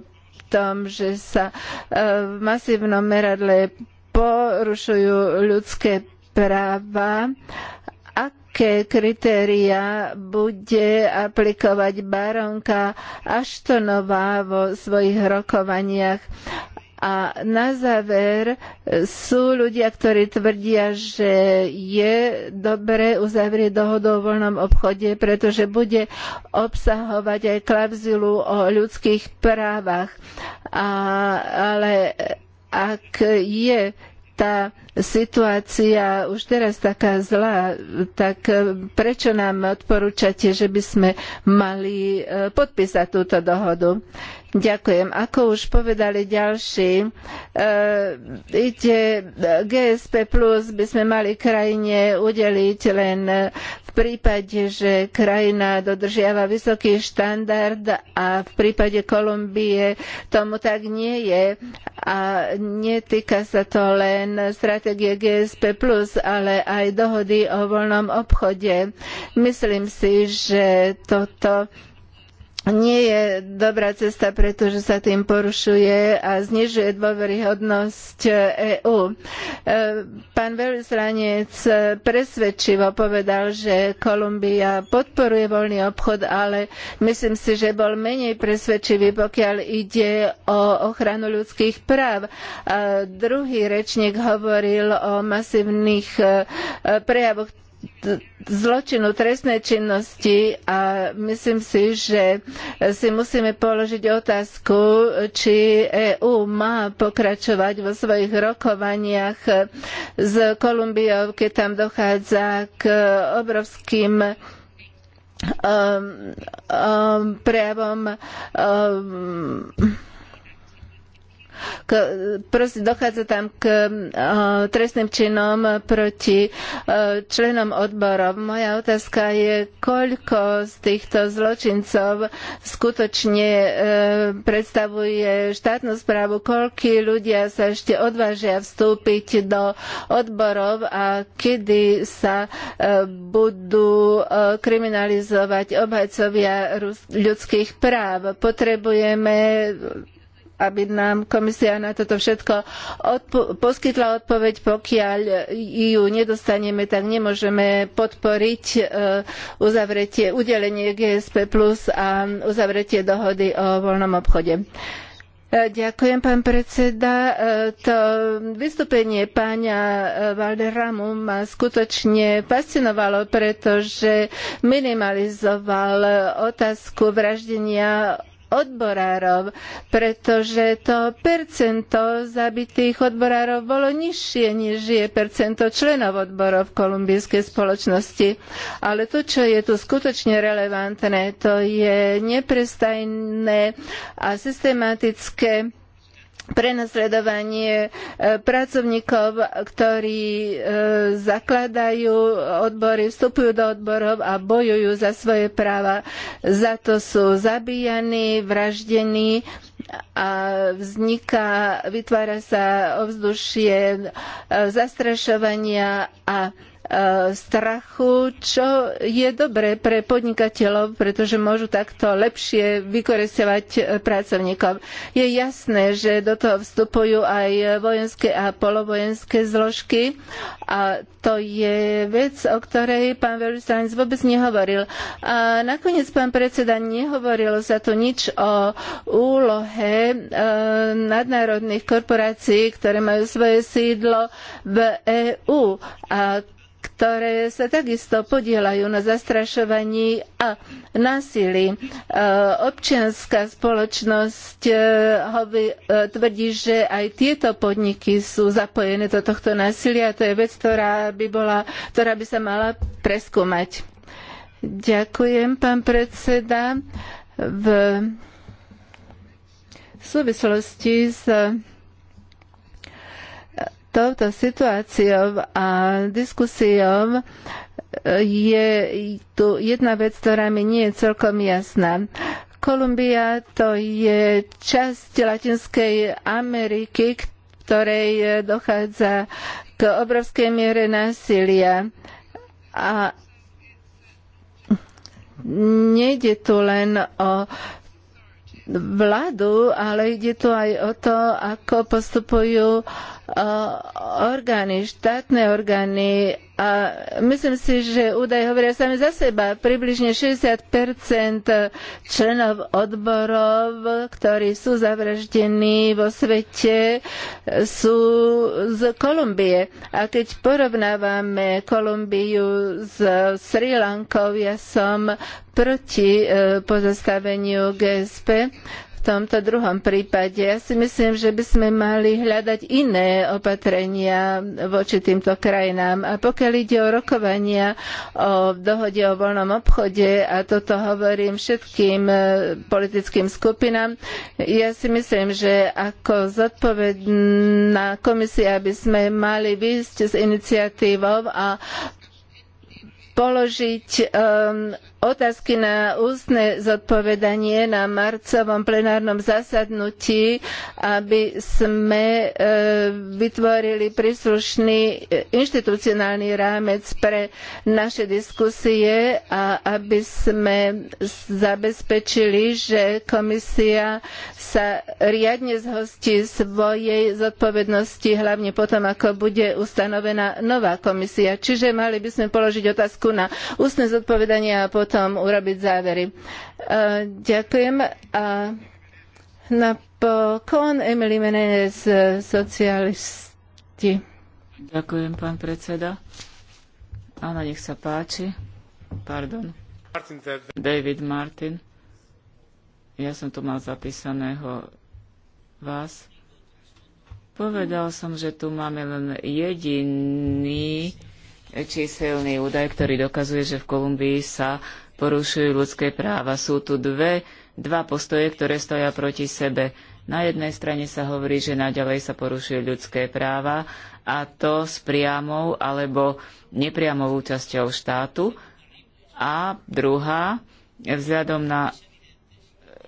tom, že sa v masívnom meradle porušujú ľudské práva aké kritéria bude aplikovať baronka Aštonová vo svojich rokovaniach. A na záver sú ľudia, ktorí tvrdia, že je dobre uzavrieť dohodu o voľnom obchode, pretože bude obsahovať aj klauzulu o ľudských právach. A, ale ak je tá situácia už teraz taká zlá, tak e, prečo nám odporúčate, že by sme mali e, podpísať túto dohodu? Ďakujem. Ako už povedali ďalší, e, ide, e, GSP plus by sme mali krajine udeliť len v prípade, že krajina dodržiava vysoký štandard a v prípade Kolumbie tomu tak nie je a netýka sa to len stratégie GSP plus, ale aj dohody o voľnom obchode. Myslím si, že toto nie je dobrá cesta, pretože sa tým porušuje a znižuje dôveryhodnosť EÚ. E, pán veľvyslanec presvedčivo povedal, že Kolumbia podporuje voľný obchod, ale myslím si, že bol menej presvedčivý, pokiaľ ide o ochranu ľudských práv. A druhý rečník hovoril o masívnych e, prejavoch zločinu trestnej činnosti a myslím si, že si musíme položiť otázku, či EÚ má pokračovať vo svojich rokovaniach s Kolumbiou, keď tam dochádza k obrovským um, um, prejavom um, k, proste dochádza tam k eh, trestným činom proti eh, členom odborov. Moja otázka je, koľko z týchto zločincov skutočne eh, predstavuje štátnu správu, koľko ľudia sa ešte odvážia vstúpiť do odborov a kedy sa budú kriminalizovať obhajcovia ľudských práv. Potrebujeme aby nám komisia na toto všetko odpo poskytla odpoveď. Pokiaľ ju nedostaneme, tak nemôžeme podporiť e, uzavretie, udelenie GSP plus a uzavretie dohody o voľnom obchode. E, ďakujem, pán predseda. E, to vystúpenie pána Valderamu ma skutočne fascinovalo, pretože minimalizoval otázku vraždenia odborárov, pretože to percento zabitých odborárov bolo nižšie, než je percento členov odborov kolumbijskej spoločnosti. Ale to, čo je tu skutočne relevantné, to je neprestajné a systematické prenasledovanie e, pracovníkov, ktorí e, zakladajú odbory, vstupujú do odborov a bojujú za svoje práva. Za to sú zabíjani, vraždení a vzniká, vytvára sa ovzdušie e, zastrašovania a E, strachu, čo je dobré pre podnikateľov, pretože môžu takto lepšie vykoresťovať e, pracovníkov. Je jasné, že do toho vstupujú aj vojenské a polovojenské zložky a to je vec, o ktorej pán veľvyslanec vôbec nehovoril. A nakoniec pán predseda nehovorilo sa tu nič o úlohe e, nadnárodných korporácií, ktoré majú svoje sídlo v EÚ a ktoré sa takisto podielajú na zastrašovaní a násilí. E, občianská spoločnosť e, e, tvrdí, že aj tieto podniky sú zapojené do tohto násilia a to je vec, ktorá by, bola, ktorá by sa mala preskúmať. Ďakujem, pán predseda. V súvislosti s touto situáciou a diskusiou e, je tu jedna vec, ktorá mi nie je celkom jasná. Kolumbia to je časť Latinskej Ameriky, ktorej dochádza k obrovskej miere násilia. A nejde tu len o vládu, ale ide tu aj o to, ako postupujú orgány, štátne orgány a myslím si, že údaje hovoria sami za seba. Približne 60 členov odborov, ktorí sú zavraždení vo svete, sú z Kolumbie. A keď porovnávame Kolumbiu s Sri Lankou, ja som proti e, pozastaveniu GSP, tomto druhom prípade. Ja si myslím, že by sme mali hľadať iné opatrenia voči týmto krajinám. A pokiaľ ide o rokovania o dohode o voľnom obchode, a toto hovorím všetkým e, politickým skupinám, ja si myslím, že ako zodpovedná komisia by sme mali výjsť s iniciatívou a položiť um, Otázky na ústne zodpovedanie na marcovom plenárnom zasadnutí, aby sme e, vytvorili príslušný e, inštitucionálny rámec pre naše diskusie a aby sme zabezpečili, že komisia sa riadne zhostí svojej zodpovednosti, hlavne potom, ako bude ustanovená nová komisia. Čiže mali by sme položiť otázku na ústne zodpovedanie a potom potom urobiť závery. E, ďakujem a napokon Emily Menendez, socialisti. Ďakujem, pán predseda. Áno, nech sa páči. Pardon. David Martin. Ja som tu mal zapísaného vás. Povedal som, že tu máme len jediný číselný údaj, ktorý dokazuje, že v Kolumbii sa porušujú ľudské práva. Sú tu dve, dva postoje, ktoré stoja proti sebe. Na jednej strane sa hovorí, že naďalej sa porušujú ľudské práva a to s priamou alebo nepriamou účasťou štátu. A druhá, vzhľadom na,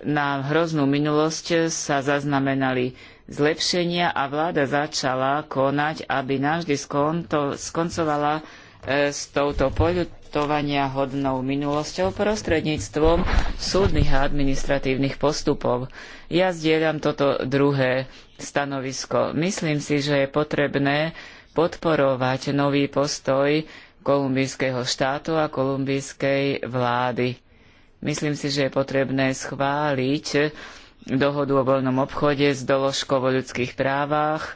na hroznú minulosť sa zaznamenali zlepšenia a vláda začala konať, aby navždy skonto, skoncovala E, s touto poľutovania hodnou minulosťou prostredníctvom súdnych a administratívnych postupov. Ja zdieľam toto druhé stanovisko. Myslím si, že je potrebné podporovať nový postoj kolumbijského štátu a kolumbijskej vlády. Myslím si, že je potrebné schváliť dohodu o voľnom obchode s doložkou o ľudských právach,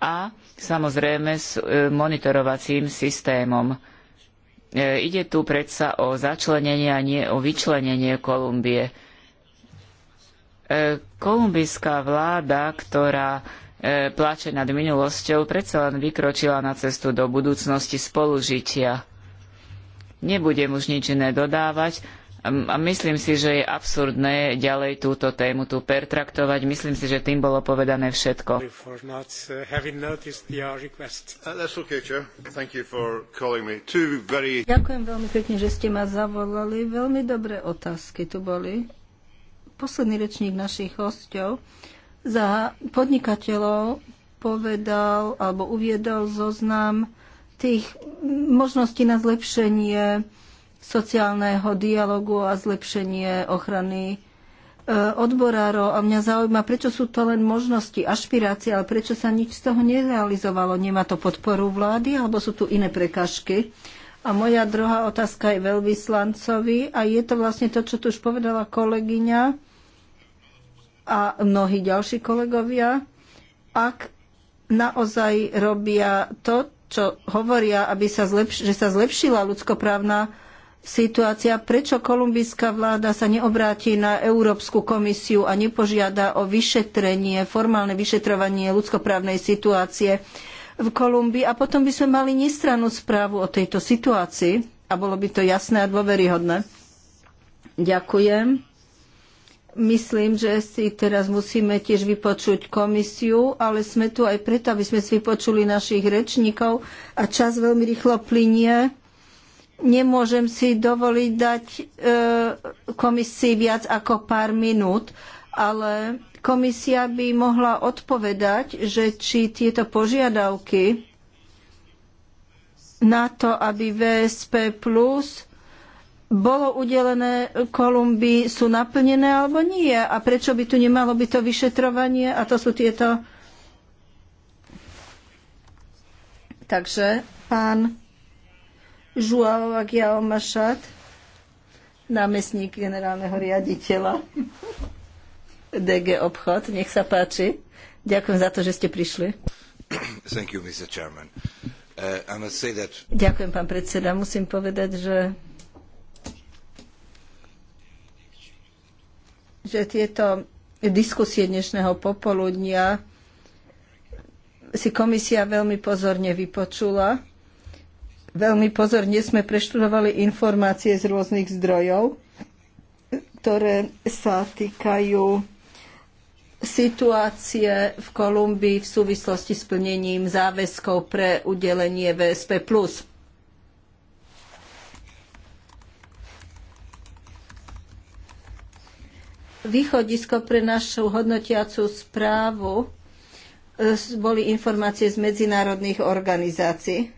a samozrejme s e, monitorovacím systémom. E, ide tu predsa o začlenenie a nie o vyčlenenie Kolumbie. E, kolumbijská vláda, ktorá plače nad minulosťou, predsa len vykročila na cestu do budúcnosti spolužitia. Nebudem už nič iné dodávať, a myslím si, že je absurdné ďalej túto tému tu pertraktovať. Myslím si, že tým bolo povedané všetko. Uh, uh, Ďakujem veľmi pekne, že ste ma zavolali. Veľmi dobré otázky tu boli. Posledný rečník našich hostov za podnikateľov povedal alebo uviedol zoznam tých možností na zlepšenie sociálneho dialogu a zlepšenie ochrany e, odborárov a mňa zaujíma, prečo sú to len možnosti, ašpirácie, ale prečo sa nič z toho nerealizovalo. Nemá to podporu vlády, alebo sú tu iné prekažky? A moja druhá otázka je veľvyslancovi a je to vlastne to, čo tu už povedala kolegyňa a mnohí ďalší kolegovia. Ak naozaj robia to, čo hovoria, aby sa zlepš- že sa zlepšila ľudskoprávna situácia, prečo kolumbijská vláda sa neobráti na Európsku komisiu a nepožiada o vyšetrenie, formálne vyšetrovanie ľudskoprávnej situácie v Kolumbii a potom by sme mali nestrannú správu o tejto situácii a bolo by to jasné a dôveryhodné. Ďakujem. Myslím, že si teraz musíme tiež vypočuť komisiu, ale sme tu aj preto, aby sme si vypočuli našich rečníkov a čas veľmi rýchlo plinie nemôžem si dovoliť dať e, komisii viac ako pár minút, ale komisia by mohla odpovedať, že či tieto požiadavky na to, aby VSP plus bolo udelené Kolumbii, sú naplnené alebo nie. A prečo by tu nemalo byť to vyšetrovanie? A to sú tieto. Takže pán Joao Aguial Machad, námestník generálneho riaditeľa DG Obchod. Nech sa páči. Ďakujem za to, že ste prišli. You, uh, that... Ďakujem, pán predseda. Musím povedať, že že tieto diskusie dnešného popoludnia si komisia veľmi pozorne vypočula Veľmi pozorne sme preštudovali informácie z rôznych zdrojov, ktoré sa týkajú situácie v Kolumbii v súvislosti s plnením záväzkov pre udelenie VSP+. Východisko pre našu hodnotiacu správu e, boli informácie z medzinárodných organizácií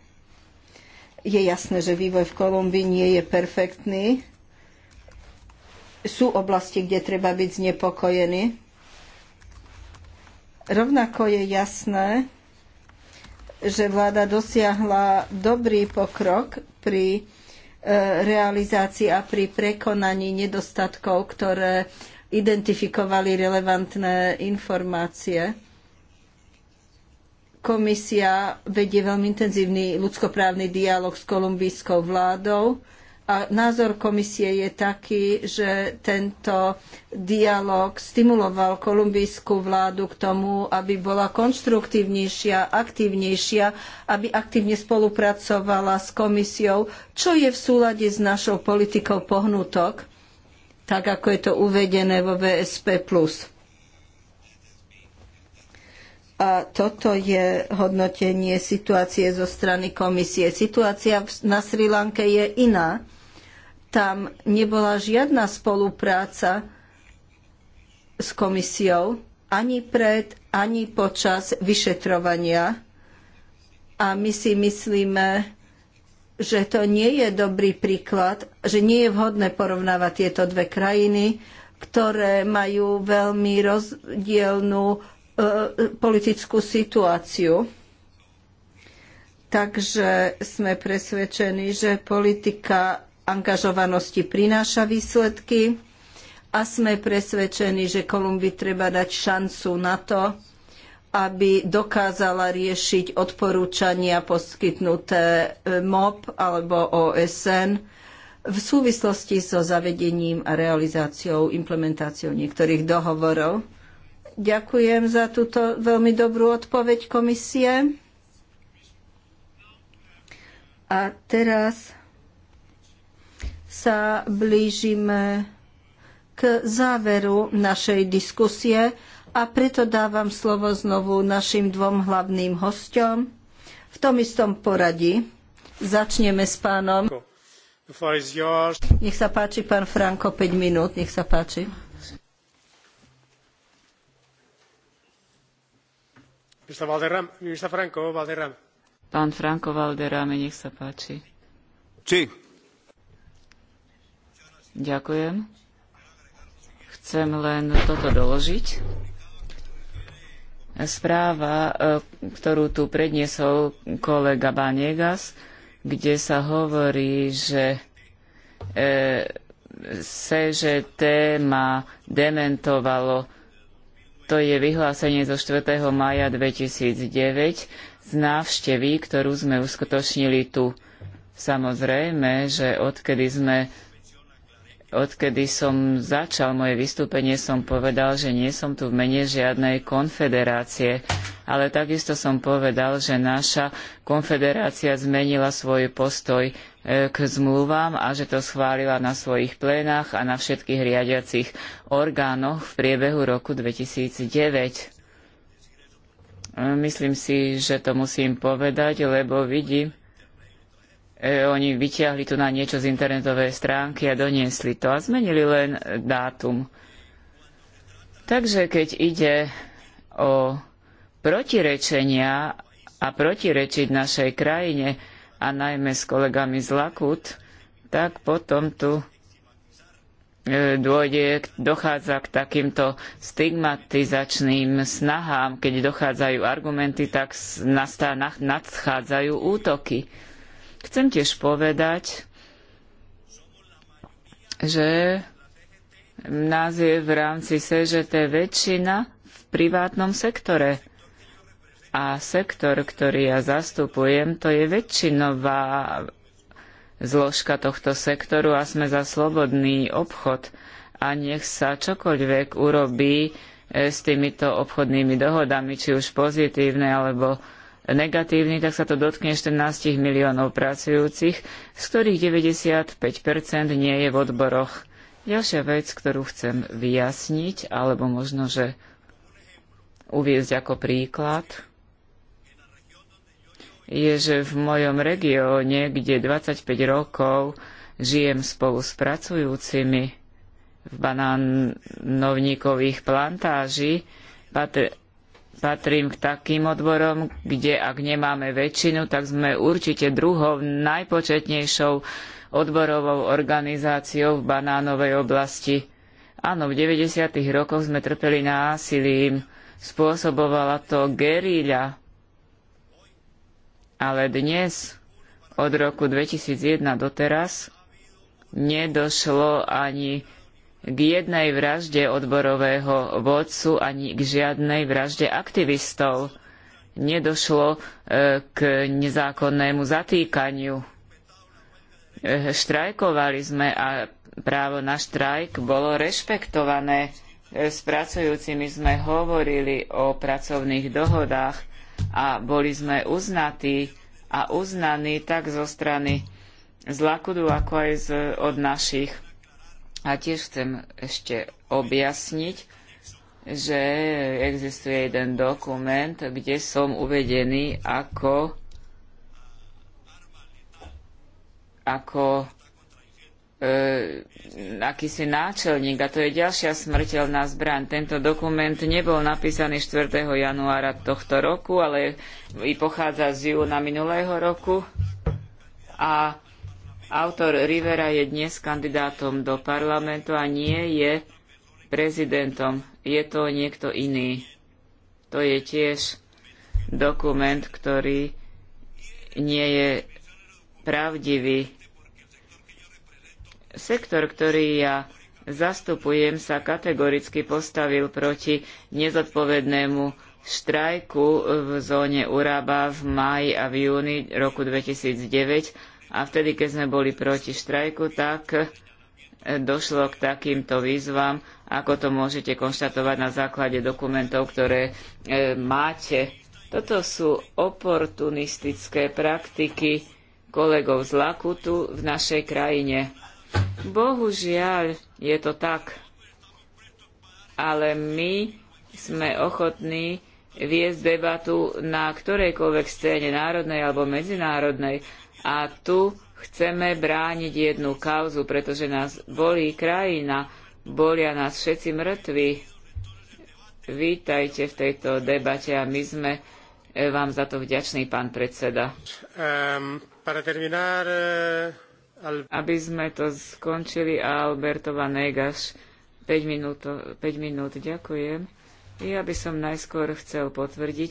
je jasné, že vývoj v Kolumbii nie je perfektný. Sú oblasti, kde treba byť znepokojený. Rovnako je jasné, že vláda dosiahla dobrý pokrok pri e, realizácii a pri prekonaní nedostatkov, ktoré identifikovali relevantné informácie. Komisia vedie veľmi intenzívny ľudskoprávny dialog s kolumbijskou vládou a názor komisie je taký, že tento dialog stimuloval kolumbijskú vládu k tomu, aby bola konštruktívnejšia, aktívnejšia, aby aktívne spolupracovala s komisiou, čo je v súlade s našou politikou pohnutok, tak ako je to uvedené vo VSP+. A toto je hodnotenie situácie zo strany komisie. Situácia na Sri Lanke je iná. Tam nebola žiadna spolupráca s komisiou ani pred, ani počas vyšetrovania. A my si myslíme, že to nie je dobrý príklad, že nie je vhodné porovnávať tieto dve krajiny, ktoré majú veľmi rozdielnú E, politickú situáciu. Takže sme presvedčení, že politika angažovanosti prináša výsledky a sme presvedčení, že Kolumbii treba dať šancu na to, aby dokázala riešiť odporúčania poskytnuté e, MOP alebo OSN v súvislosti so zavedením a realizáciou, implementáciou niektorých dohovorov. Ďakujem za túto veľmi dobrú odpoveď komisie. A teraz sa blížime k záveru našej diskusie a preto dávam slovo znovu našim dvom hlavným hostom v tom istom poradí. Začneme s pánom. Nech sa páči, pán Franko, 5 minút, nech sa páči. Pán Franco Valderrame, nech sa páči. Ďakujem. Chcem len toto doložiť. Správa, e, ktorú tu predniesol kolega Banegas, kde sa hovorí, že e, CŽT ma dementovalo to je vyhlásenie zo 4. maja 2009 z návštevy, ktorú sme uskutočnili tu. Samozrejme, že odkedy sme Odkedy som začal moje vystúpenie, som povedal, že nie som tu v mene žiadnej konfederácie, ale takisto som povedal, že naša konfederácia zmenila svoj postoj e, k zmluvám a že to schválila na svojich plénach a na všetkých riadiacich orgánoch v priebehu roku 2009. E, myslím si, že to musím povedať, lebo vidím, E, oni vyťahli tu na niečo z internetovej stránky a doniesli to a zmenili len dátum. Takže keď ide o protirečenia a protirečiť našej krajine a najmä s kolegami z Lakut, tak potom tu e, dôjde, dochádza k takýmto stigmatizačným snahám. Keď dochádzajú argumenty, tak nadchádzajú útoky. Chcem tiež povedať, že nás je v rámci CŽT väčšina v privátnom sektore. A sektor, ktorý ja zastupujem, to je väčšinová zložka tohto sektoru a sme za slobodný obchod. A nech sa čokoľvek urobí eh, s týmito obchodnými dohodami, či už pozitívne alebo negatívny, tak sa to dotkne 14 miliónov pracujúcich, z ktorých 95% nie je v odboroch. Ďalšia vec, ktorú chcem vyjasniť, alebo možno, že uviezť ako príklad, je, že v mojom regióne, kde 25 rokov žijem spolu s pracujúcimi v banánovníkových plantáži, patrím k takým odborom, kde ak nemáme väčšinu, tak sme určite druhou najpočetnejšou odborovou organizáciou v banánovej oblasti. Áno, v 90. rokoch sme trpeli násilím, spôsobovala to gerilla. Ale dnes, od roku 2001 doteraz, nedošlo ani k jednej vražde odborového vodcu ani k žiadnej vražde aktivistov. Nedošlo e, k nezákonnému zatýkaniu. E, štrajkovali sme a právo na štrajk bolo rešpektované. E, s pracujúcimi sme hovorili o pracovných dohodách a boli sme uznatí a uznaní tak zo strany z Lakudu, ako aj z, od našich a tiež chcem ešte objasniť, že existuje jeden dokument, kde som uvedený ako ako e, akýsi náčelník a to je ďalšia smrteľná zbraň. Tento dokument nebol napísaný 4. januára tohto roku, ale i pochádza z júna minulého roku a Autor Rivera je dnes kandidátom do parlamentu a nie je prezidentom. Je to niekto iný. To je tiež dokument, ktorý nie je pravdivý. Sektor, ktorý ja zastupujem, sa kategoricky postavil proti nezodpovednému štrajku v zóne Uraba v máji a v júni roku 2009 a vtedy, keď sme boli proti štrajku, tak eh, došlo k takýmto výzvam, ako to môžete konštatovať na základe dokumentov, ktoré e, máte. Toto sú oportunistické praktiky kolegov z Lakutu v našej krajine. Bohužiaľ je to tak, ale my sme ochotní viesť debatu na ktorejkoľvek scéne národnej alebo medzinárodnej a tu chceme brániť jednu kauzu, pretože nás bolí krajina, bolia nás všetci mŕtvi. Vítajte v tejto debate a my sme eh, vám za to vďačný, pán predseda. Um, terminar, uh, al... Aby sme to skončili, Albertova Negaš, 5 minút, 5 minút, ďakujem. Ja by som najskôr chcel potvrdiť,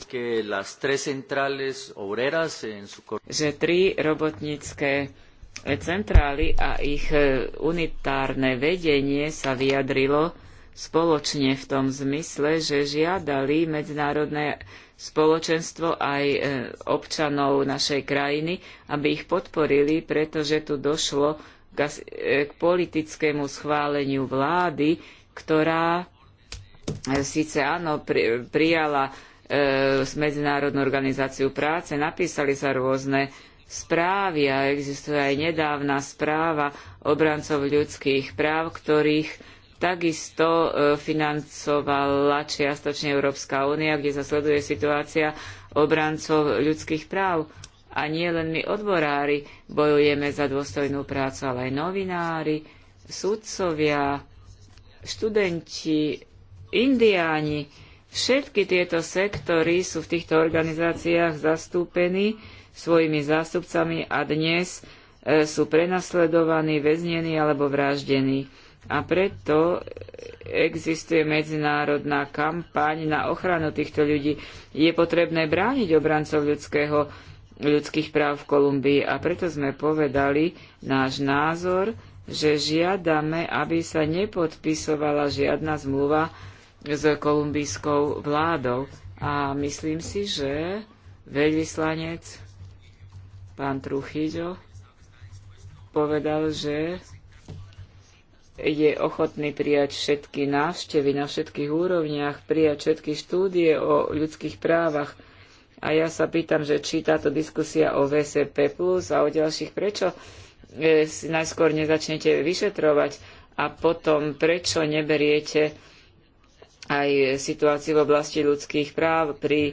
že tri robotnícke e, centrály a ich e, unitárne vedenie sa vyjadrilo spoločne v tom zmysle, že žiadali medzinárodné spoločenstvo aj e, občanov našej krajiny, aby ich podporili, pretože tu došlo k politickému schváleniu vlády, ktorá síce áno, pri, prijala e, Medzinárodnú organizáciu práce, napísali sa rôzne správy a existuje aj nedávna správa obrancov ľudských práv, ktorých takisto e, financovala čiastočne Európska únia, kde sa sleduje situácia obrancov ľudských práv. A nie len my odborári bojujeme za dôstojnú prácu, ale aj novinári, sudcovia, študenti, indiáni. Všetky tieto sektory sú v týchto organizáciách zastúpení svojimi zástupcami a dnes e, sú prenasledovaní, väznení alebo vraždení. A preto existuje medzinárodná kampaň na ochranu týchto ľudí. Je potrebné brániť obrancov ľudského, ľudských práv v Kolumbii a preto sme povedali náš názor, že žiadame, aby sa nepodpisovala žiadna zmluva s kolumbijskou vládou. A myslím si, že veľvyslanec pán Truchyďo povedal, že je ochotný prijať všetky návštevy na všetkých úrovniach, prijať všetky štúdie o ľudských právach. A ja sa pýtam, že či táto diskusia o VSP plus a o ďalších, prečo e, si najskôr nezačnete vyšetrovať a potom prečo neberiete aj situáciu v oblasti ľudských práv pri e,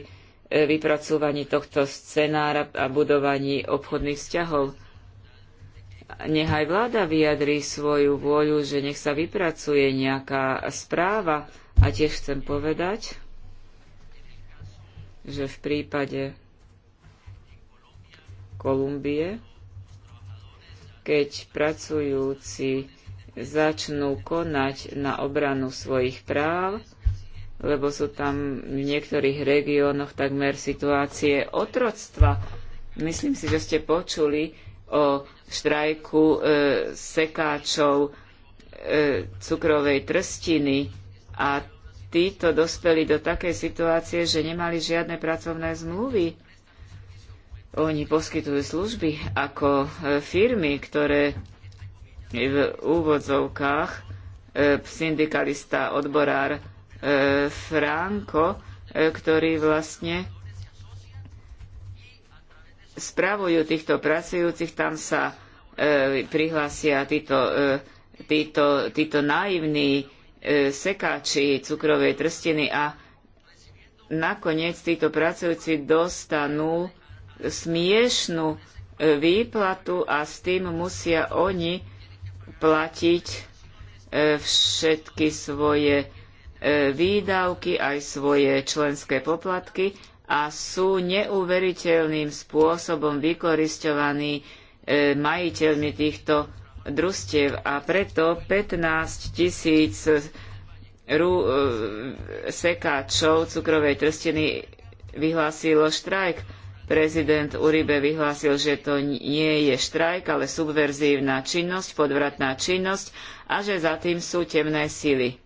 vypracúvaní tohto scenára a budovaní obchodných vzťahov. Nech aj vláda vyjadrí svoju vôľu, že nech sa vypracuje nejaká správa. A tiež chcem povedať, že v prípade Kolumbie, keď pracujúci začnú konať na obranu svojich práv, lebo sú tam v niektorých regiónoch takmer situácie otroctva. Myslím si, že ste počuli o štrajku e, sekáčov e, cukrovej trstiny a títo dospeli do takej situácie, že nemali žiadne pracovné zmluvy. Oni poskytujú služby ako e, firmy, ktoré v úvodzovkách e, syndikalista, odborár E, Franco, e, ktorí vlastne spravujú týchto pracujúcich, tam sa e, prihlásia títo, títo, títo naivní sekáči cukrovej trstiny a nakoniec títo pracujúci dostanú smiešnú výplatu a s tým musia oni platiť všetky svoje E, výdavky, aj svoje členské poplatky a sú neuveriteľným spôsobom vykorisťovaní e, majiteľmi týchto družstiev a preto 15 tisíc e, sekáčov cukrovej trstiny vyhlásilo štrajk. Prezident Uribe vyhlásil, že to nie je štrajk, ale subverzívna činnosť, podvratná činnosť a že za tým sú temné sily.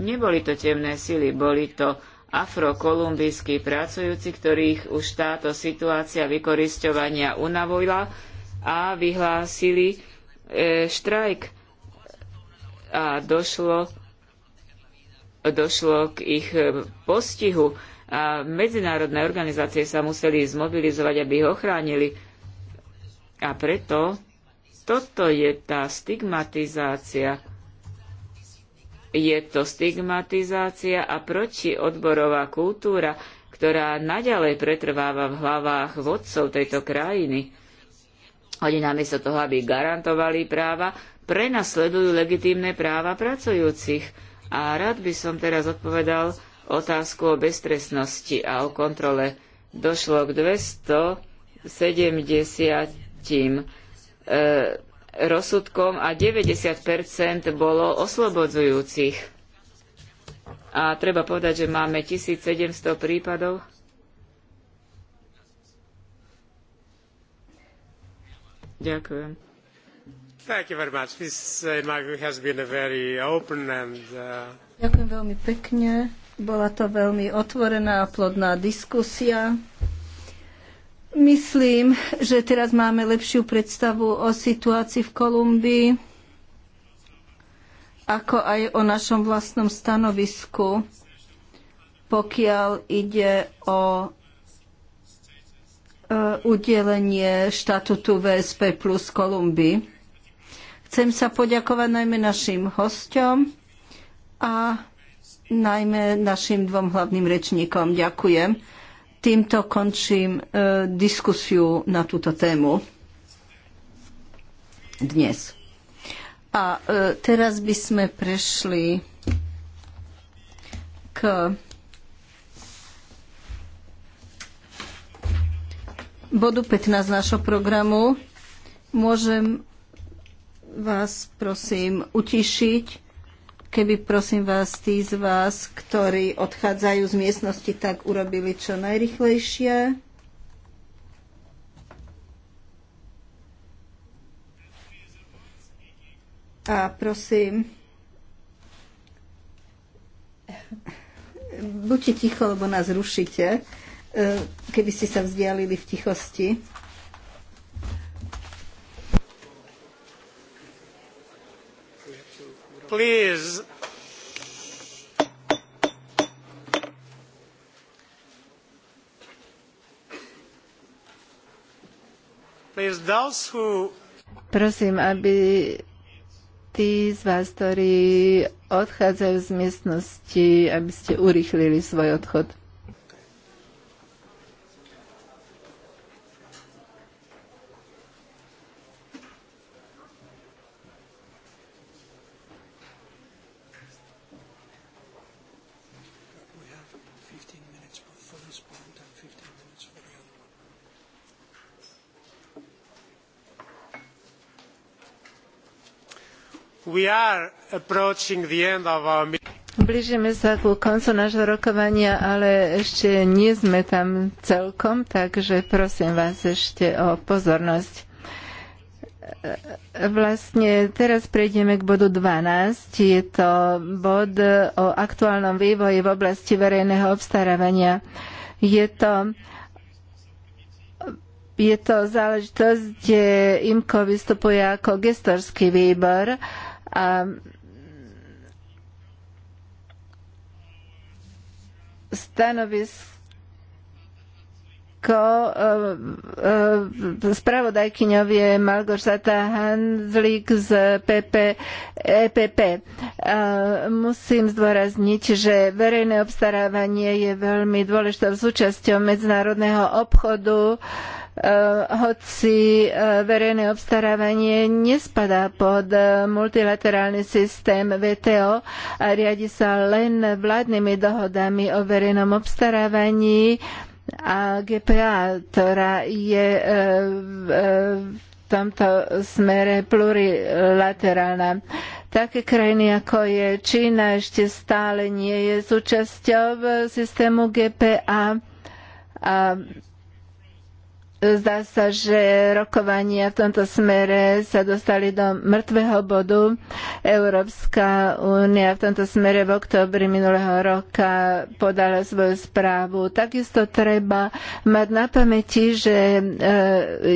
Neboli to temné sily, boli to afrokolumbijskí pracujúci, ktorých už táto situácia vykorisťovania unavila a vyhlásili e, štrajk. A došlo, došlo k ich e, postihu a medzinárodné organizácie sa museli zmobilizovať, aby ich ochránili. A preto toto je tá stigmatizácia je to stigmatizácia a protiodborová kultúra, ktorá naďalej pretrváva v hlavách vodcov tejto krajiny. Oni namiesto toho, aby garantovali práva, prenasledujú legitímne práva pracujúcich. A rád by som teraz odpovedal otázku o beztrestnosti a o kontrole. Došlo k 270 e, rozsudkom a 90% bolo oslobodzujúcich. A treba povedať, že máme 1700 prípadov. Ďakujem. Uh, Ďakujem veľmi pekne. Bola to veľmi otvorená a plodná diskusia. Myslím, že teraz máme lepšiu predstavu o situácii v Kolumbii, ako aj o našom vlastnom stanovisku, pokiaľ ide o e, udelenie štatutu VSP plus Kolumbii. Chcem sa poďakovať najmä našim hosťom a najmä našim dvom hlavným rečníkom. Ďakujem. Týmto končím e, diskusiu na túto tému dnes. A e, teraz by sme prešli k bodu 15 nášho programu. Môžem vás prosím utišiť keby prosím vás tí z vás, ktorí odchádzajú z miestnosti, tak urobili čo najrychlejšie. A prosím, buďte ticho, lebo nás rušíte, e, keby ste sa vzdialili v tichosti. please. Please, those who... Prosím, aby tí z vás, ktorí odchádzajú z miestnosti, aby ste urychlili svoj odchod. Blížime sa ku koncu nášho rokovania, ale ešte nie sme tam celkom, takže prosím vás ešte o pozornosť. Vlastne teraz prejdeme k bodu 12. Je to bod o aktuálnom vývoji v oblasti verejného obstarávania. Je to je to záležitosť, kde IMKO vystupuje ako gestorský výbor a ehm, stanovisko ako ehm, ehm, spravodajkyňov je Malgorzata Hanzlik z PP, EPP. Musím zdôrazniť, že verejné obstarávanie je veľmi dôležitou súčasťou medzinárodného obchodu Eh, hoci eh, verejné obstarávanie nespadá pod eh, multilaterálny systém VTO a riadi sa len vládnymi dohodami o verejnom obstarávaní a GPA, ktorá je v tomto smere plurilaterálna. Také krajiny ako je Čína ešte stále nie je súčasťou systému GPA a Zdá sa, že rokovania v tomto smere sa dostali do mŕtvého bodu. Európska únia v tomto smere v oktobri minulého roka podala svoju správu. Takisto treba mať na pamäti, že e,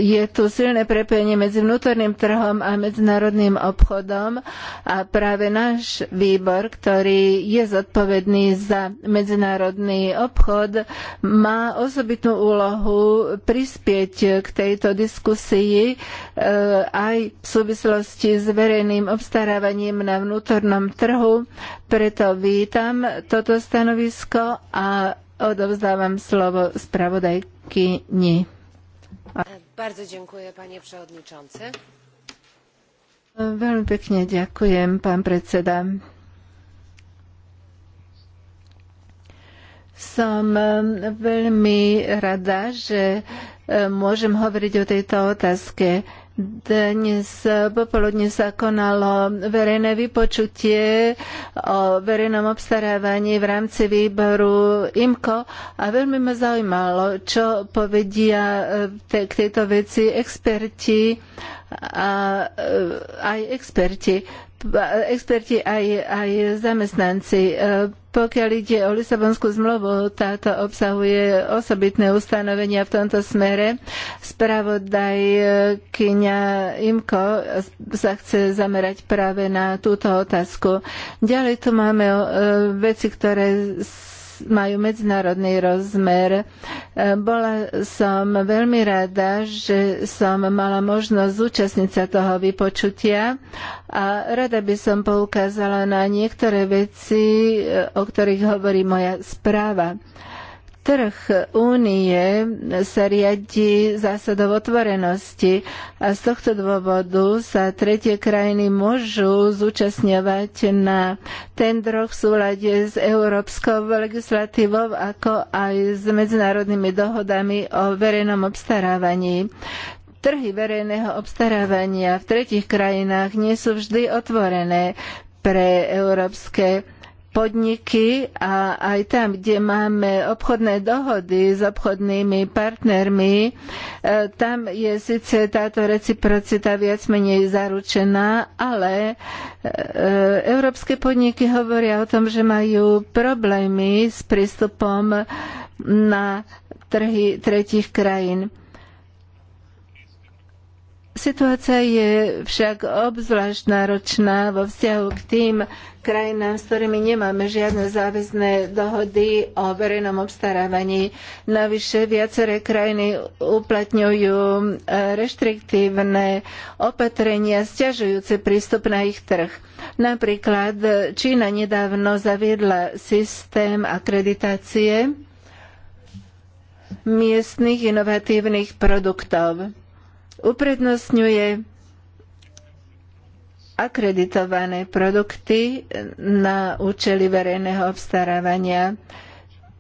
je tu silné prepojenie medzi vnútorným trhom a medzinárodným obchodom a práve náš výbor, ktorý je zodpovedný za medzinárodný obchod, má osobitnú úlohu prispieť prispieť k tejto diskusii e, aj v súvislosti s verejným obstarávaním na vnútornom trhu. Preto vítam toto stanovisko a odovzdávam slovo spravodajkyni. Bardzo dziękuję, panie przewodniczący. Veľmi pekne ďakujem, pán predseda. Som e, veľmi rada, že e, môžem hovoriť o tejto otázke. Dnes popoludne sa konalo verejné vypočutie o verejnom obstarávaní v rámci výboru IMCO a veľmi ma zaujímalo, čo povedia e, k tejto veci experti a aj experti, experti aj, aj zamestnanci. E, pokiaľ ide o Lisabonskú zmluvu, táto obsahuje osobitné ustanovenia v tomto smere. Spravodajkyňa Imko sa chce zamerať práve na túto otázku. Ďalej tu máme e, veci, ktoré majú medzinárodný rozmer. E, bola som veľmi rada, že som mala možnosť zúčastniť sa toho vypočutia a rada by som poukázala na niektoré veci, e, o ktorých hovorí moja správa. Trh únie sa riadi zásadou otvorenosti a z tohto dôvodu sa tretie krajiny môžu zúčastňovať na tendroch v súlade s európskou legislatívou ako aj s medzinárodnými dohodami o verejnom obstarávaní. Trhy verejného obstarávania v tretich krajinách nie sú vždy otvorené pre európske podniky a aj tam, kde máme obchodné dohody s obchodnými partnermi, e, tam je síce táto reciprocita viac menej zaručená, ale e, e, európske podniky hovoria o tom, že majú problémy s prístupom na trhy tretich krajín Situácia je však obzvlášť náročná vo vzťahu k tým krajinám, s ktorými nemáme žiadne záväzné dohody o verejnom obstarávaní. Navyše viaceré krajiny uplatňujú e, reštriktívne opatrenia stiažujúce prístup na ich trh. Napríklad Čína nedávno zaviedla systém akreditácie miestnych inovatívnych produktov uprednostňuje akreditované produkty na účely verejného obstarávania.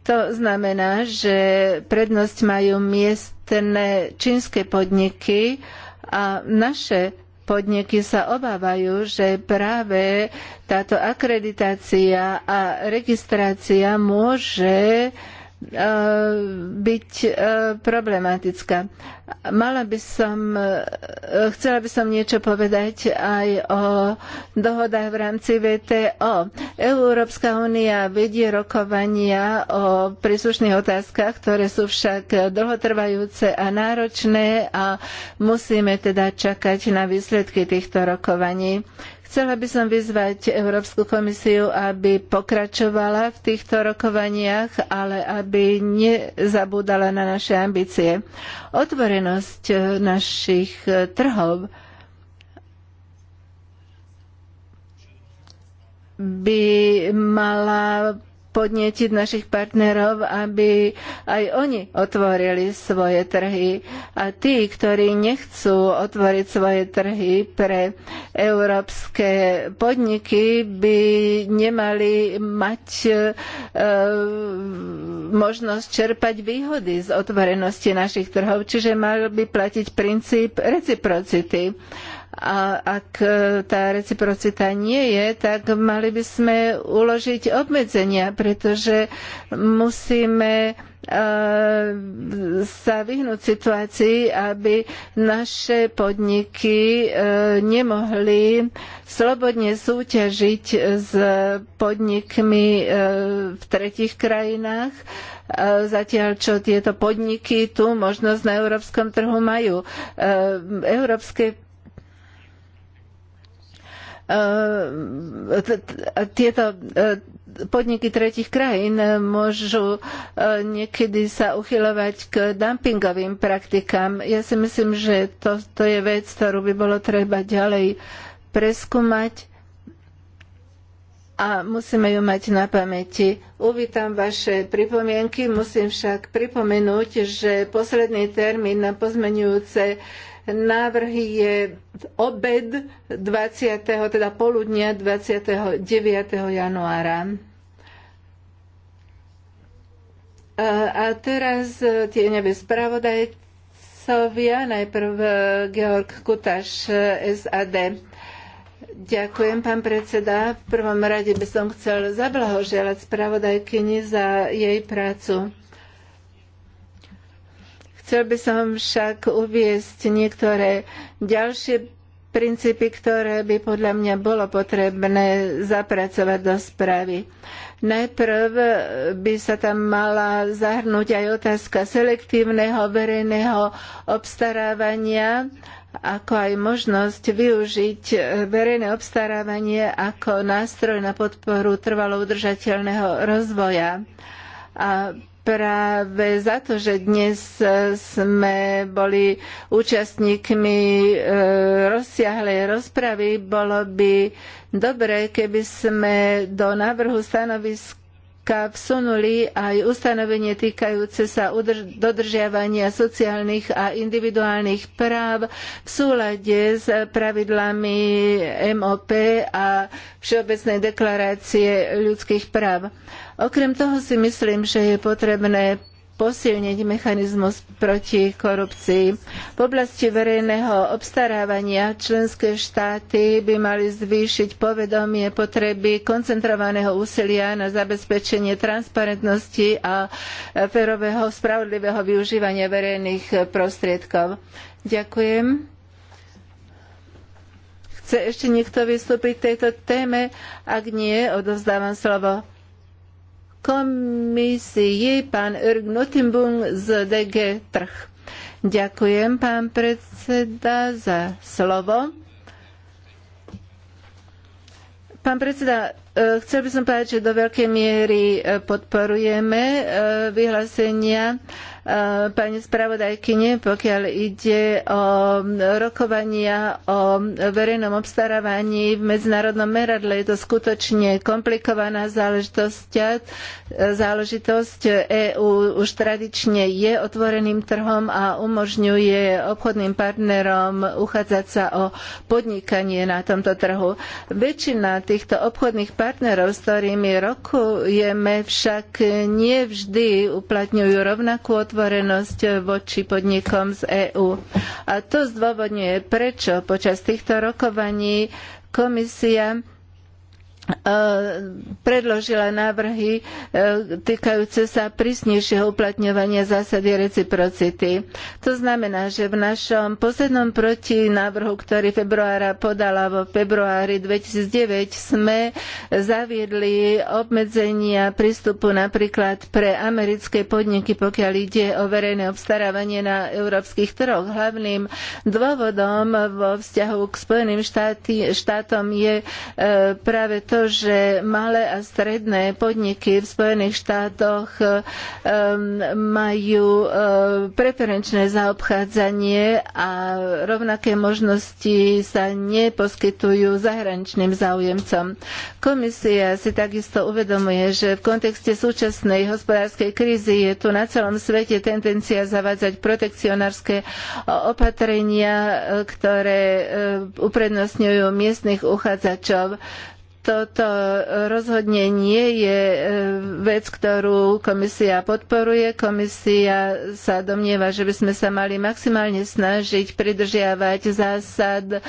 To znamená, že prednosť majú miestne čínske podniky a naše podniky sa obávajú, že práve táto akreditácia a registrácia môže Eh, byť eh, problematická. Mala by som, eh, chcela by som niečo povedať aj o dohodách v rámci VTO. Európska únia vedie rokovania o príslušných otázkach, ktoré sú však dlhotrvajúce a náročné a musíme teda čakať na výsledky týchto rokovaní. Chcela by som vyzvať Európsku komisiu, aby pokračovala v týchto rokovaniach, ale aby nezabúdala na naše ambície. Otvorenosť eh, našich eh, trhov by mala podnietiť našich partnerov, aby aj oni otvorili svoje trhy. A tí, ktorí nechcú otvoriť svoje trhy pre európske podniky, by nemali mať e, možnosť čerpať výhody z otvorenosti našich trhov, čiže mal by platiť princíp reciprocity. A ak e, tá reciprocita nie je, tak mali by sme uložiť obmedzenia, pretože musíme e, sa vyhnúť situácii, aby naše podniky e, nemohli slobodne súťažiť s podnikmi v tretich krajinách, zatiaľ čo tieto podniky tú možnosť na európskom trhu majú. Európske E, tieto e, podniky tretich krajín môžu e, niekedy sa uchyľovať k dumpingovým praktikám. Ja si myslím, že to, to je vec, ktorú by bolo treba ďalej preskúmať a musíme ju mať na pamäti. Uvítam vaše pripomienky, musím však pripomenúť, že posledný termín na pozmenujúce Návrh je obed 20. teda poludnia 29. januára. A teraz e, tieňové spravodajcovia, najprv e, Georg Kutaš, e, SAD. Ďakujem, pán predseda. V prvom rade by som chcel zablahoželať spravodajkyni za jej prácu. Chcel by som však uviesť niektoré ďalšie princípy, ktoré by podľa mňa bolo potrebné zapracovať do správy. Najprv by sa tam mala zahrnúť aj otázka selektívneho verejného obstarávania, ako aj možnosť využiť verejné obstarávanie ako nástroj na podporu trvalo udržateľného rozvoja. A práve za to, že dnes e, sme boli účastníkmi e, rozsiahlej rozpravy. Bolo by dobre, keby sme do návrhu stanoviska vsunuli aj ustanovenie týkajúce sa dodržiavania sociálnych a individuálnych práv v súlade s pravidlami MOP a Všeobecnej deklarácie ľudských práv. Okrem toho si myslím, že je potrebné posilniť mechanizmus proti korupcii. V oblasti verejného obstarávania členské štáty by mali zvýšiť povedomie potreby koncentrovaného úsilia na zabezpečenie transparentnosti a férového, spravodlivého využívania verejných prostriedkov. Ďakujem. Chce ešte niekto vystúpiť k tejto téme? Ak nie, odovzdávam slovo komisii pán Erg Notimbung z DG Trh. Ďakujem, pán predseda, za slovo. Pán predseda, E, chcel by som povedať, že do veľkej miery e, podporujeme e, vyhlásenia pani spravodajkyne, pokiaľ ide o rokovania o verejnom obstarávaní v medzinárodnom meradle. Je to skutočne komplikovaná záležitosť. Záležitosť EÚ už tradične je otvoreným trhom a umožňuje obchodným partnerom uchádzať sa o podnikanie na tomto trhu. Väčšina týchto obchodných partnerov partnerov, s ktorými rokujeme, však nie vždy uplatňujú rovnakú otvorenosť voči podnikom z EÚ. A to zdôvodňuje, prečo počas týchto rokovaní komisia E, predložila návrhy e, týkajúce sa prísnejšieho uplatňovania zásady reciprocity. To znamená, že v našom poslednom protinávrhu, ktorý februára podala vo februári 2009, sme zaviedli obmedzenia prístupu napríklad pre americké podniky, pokiaľ ide o verejné obstarávanie na európskych trhoch. Hlavným dôvodom vo vzťahu k Spojeným štátom je e, práve to, pretože malé a stredné podniky v Spojených štátoch um, majú uh, preferenčné zaobchádzanie a rovnaké možnosti sa neposkytujú zahraničným záujemcom. Komisia si takisto uvedomuje, že v kontexte súčasnej hospodárskej krízy je tu na celom svete tendencia zavádzať protekcionárske opatrenia, uh, ktoré uh, uprednostňujú miestnych uchádzačov toto rozhodne nie je e, vec, ktorú komisia podporuje. Komisia sa domnieva, že by sme sa mali maximálne snažiť pridržiavať zásad e,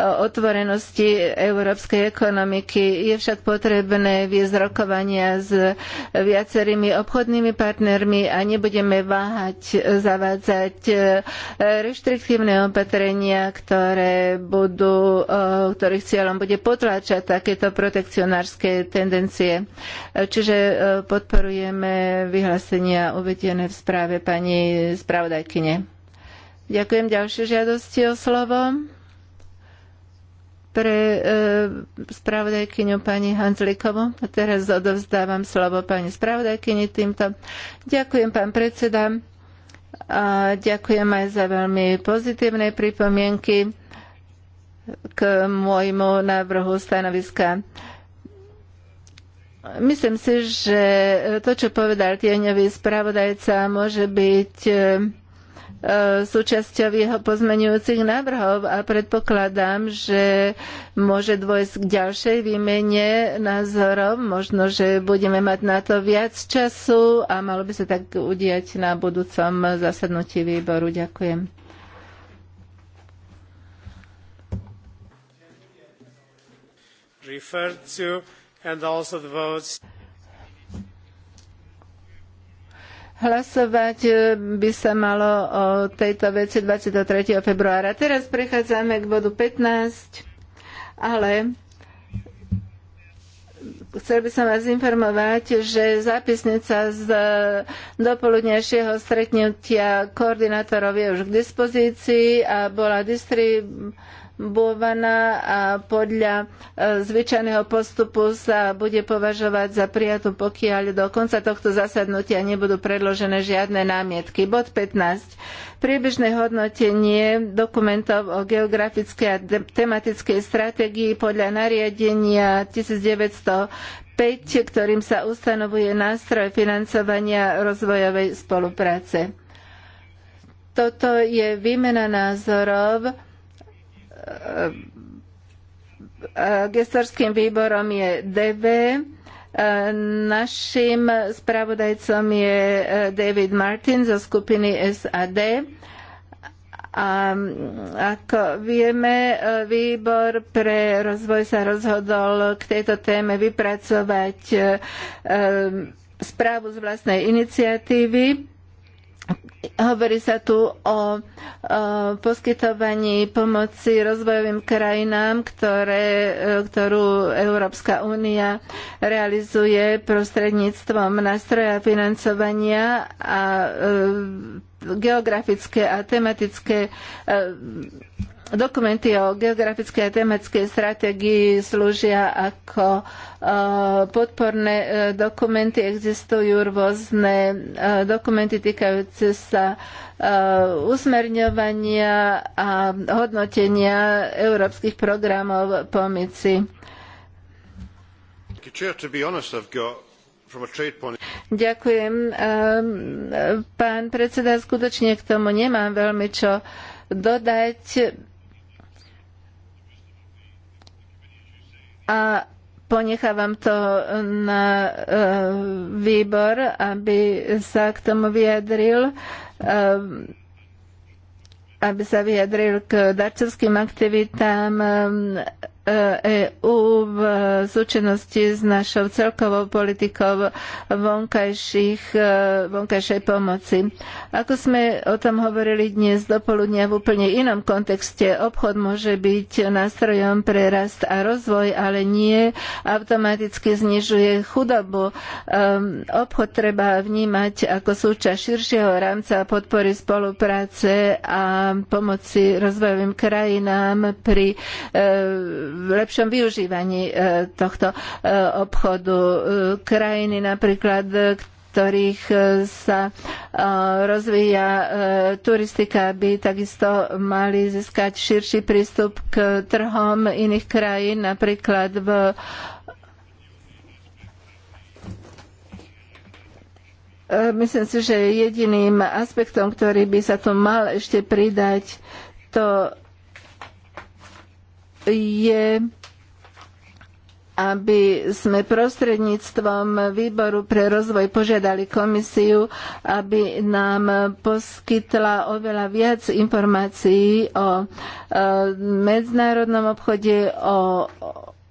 otvorenosti európskej ekonomiky. Je však potrebné viesť rokovania s viacerými obchodnými partnermi a nebudeme váhať zavádzať e, reštriktívne opatrenia, ktoré budú, ktorých cieľom bude potláčať takéto protekcionárske tendencie. Čiže e, podporujeme vyhlásenia uvedené v správe pani spravodajkyne. Ďakujem ďalšie žiadosti o slovo pre e, spravodajkyňu pani Hanzlikovu. A teraz odovzdávam slovo pani spravodajkyni týmto. Ďakujem, pán predseda. A ďakujem aj za veľmi pozitívne pripomienky k môjmu návrhu stanoviska. Myslím si, že to, čo povedal tieňový spravodajca, môže byť e, e, súčasťou jeho pozmenujúcich návrhov a predpokladám, že môže dôjsť k ďalšej výmene názorov. Možno, že budeme mať na to viac času a malo by sa tak udiať na budúcom zasadnutí výboru. Ďakujem. referred to, and also the votes. Hlasovať eh, by sa malo o tejto veci 23. februára. Teraz prechádzame k bodu 15, ale chcel by som vás informovať, že zápisnica z dopoludnejšieho stretnutia koordinátorov je už k dispozícii a bola distribuovaná bovaná a podľa e, zvyčajného postupu sa bude považovať za prijatú, pokiaľ do konca tohto zasadnutia nebudú predložené žiadne námietky. Bod 15 priebežné hodnotenie dokumentov o geografickej a tematickej stratégii podľa nariadenia 1905, ktorým sa ustanovuje nástroj financovania rozvojovej spolupráce. Toto je výmena názorov gestorským výborom je DV. Naším spravodajcom je eh, David Martin zo skupiny SAD. A ako vieme, eh, výbor pre rozvoj sa rozhodol k tejto téme vypracovať eh, správu z vlastnej iniciatívy Hovorí sa tu o, o poskytovaní pomoci rozvojovým krajinám, ktoré, e, ktorú Európska únia realizuje prostredníctvom nástroja financovania a e, geografické a tematické e, Dokumenty o geografickej a tematickej stratégii slúžia ako e, podporné e, dokumenty. Existujú rôzne e, dokumenty týkajúce sa usmerňovania a hodnotenia európskych programov pomoci. Ďakujem. Ehm, pán predseda, skutočne k tomu nemám veľmi čo dodať. a ponechávam to na e, výbor, aby sa k tomu vyjadril e, aby sa vyjadril k darčovským aktivitám EÚ e v súčinnosti s našou celkovou politikou vonkajších, e, vonkajšej pomoci. Ako sme o tom hovorili dnes dopoludnia v úplne inom kontexte, obchod môže byť nástrojom pre rast a rozvoj, ale nie automaticky znižuje chudobu. E, obchod treba vnímať ako súčasť širšieho rámca podpory spolupráce a pomoci rozvojovým krajinám pri v lepšom využívaní e, tohto e, obchodu. E, krajiny napríklad, ktorých sa rozvíja turistika, by takisto mali získať širší prístup k trhom iných krajín, napríklad v Myslím si, že jediným aspektom, ktorý by sa tu mal ešte pridať, to je aby sme prostredníctvom Výboru pre rozvoj požiadali komisiu, aby nám poskytla oveľa viac informácií o e, medzinárodnom obchode, o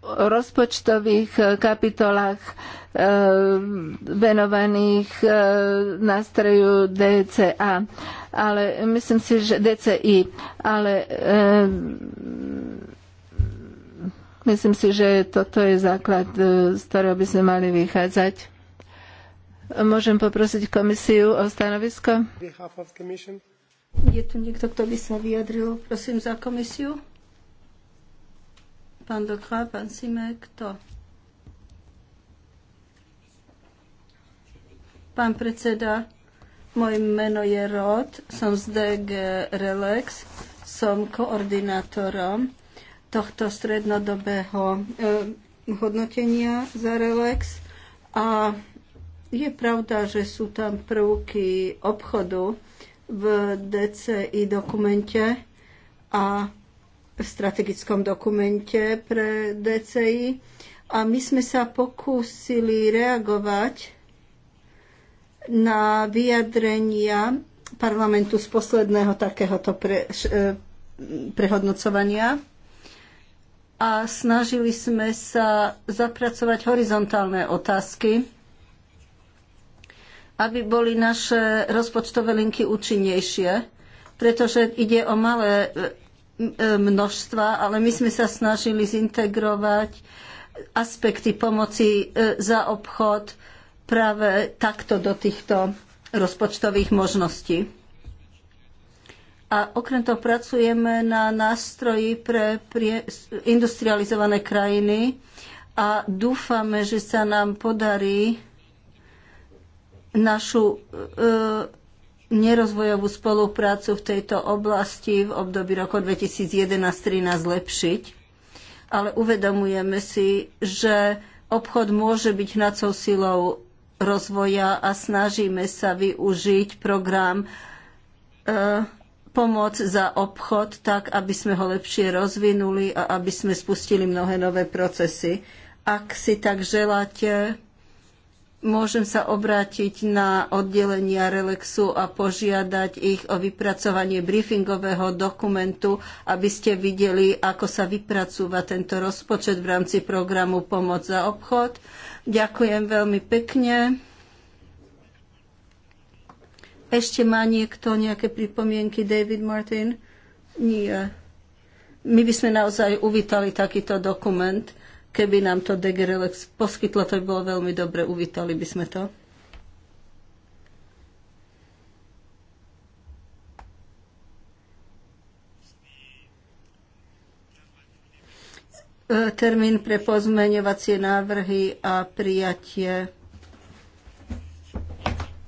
rozpočtových kapitolách e, venovaných e, nástroju DCA. Ale myslím si, že DCI. Ale Myslím si, že toto je základ, e, z ktorého by sme mali vychádzať. Môžem poprosiť komisiu o stanovisko? Je tu niekto, kto by sa vyjadril, prosím, za komisiu? Pán Dokla, pán Sime, kto? Pán predseda, moje meno je Rod, som z DG Relax, som koordinátorom tohto strednodobého e, hodnotenia za relax a je pravda, že sú tam prvky obchodu v DCI dokumente a v strategickom dokumente pre DCI a my sme sa pokúsili reagovať na vyjadrenia parlamentu z posledného takéhoto pre, e, prehodnocovania a snažili sme sa zapracovať horizontálne otázky, aby boli naše rozpočtové linky účinnejšie, pretože ide o malé e, e, množstva, ale my sme sa snažili zintegrovať aspekty pomoci e, za obchod práve takto do týchto rozpočtových možností a okrem toho pracujeme na nástroji pre industrializované krajiny a dúfame, že sa nám podarí našu e, nerozvojovú spoluprácu v tejto oblasti v období roku 2011-2013 zlepšiť. Ale uvedomujeme si, že obchod môže byť hnacou silou rozvoja a snažíme sa využiť program e, pomoc za obchod tak, aby sme ho lepšie rozvinuli a aby sme spustili mnohé nové procesy. Ak si tak želáte, môžem sa obrátiť na oddelenia Relexu a požiadať ich o vypracovanie briefingového dokumentu, aby ste videli, ako sa vypracúva tento rozpočet v rámci programu Pomoc za obchod. Ďakujem veľmi pekne. Ešte má niekto nejaké pripomienky? David Martin? Nie. My by sme naozaj uvítali takýto dokument. Keby nám to degerelex poskytlo, to by bolo veľmi dobre. Uvítali by sme to. E, termín pre pozmeňovacie návrhy a prijatie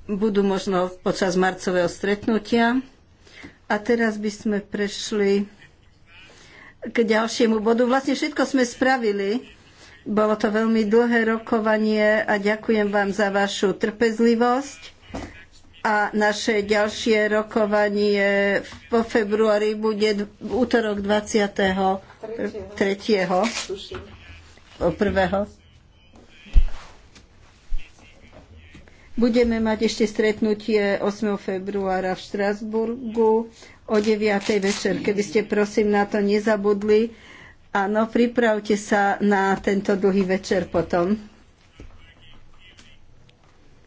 budú možno počas marcového stretnutia. A teraz by sme prešli k ďalšiemu bodu. Vlastne všetko sme spravili. Bolo to veľmi dlhé rokovanie a ďakujem vám za vašu trpezlivosť. A naše ďalšie rokovanie po februári bude útorok 23. 3. 1. Budeme mať ešte stretnutie 8. februára v Štrasburgu o 9. večer, keby ste prosím na to nezabudli. Áno, pripravte sa na tento dlhý večer potom.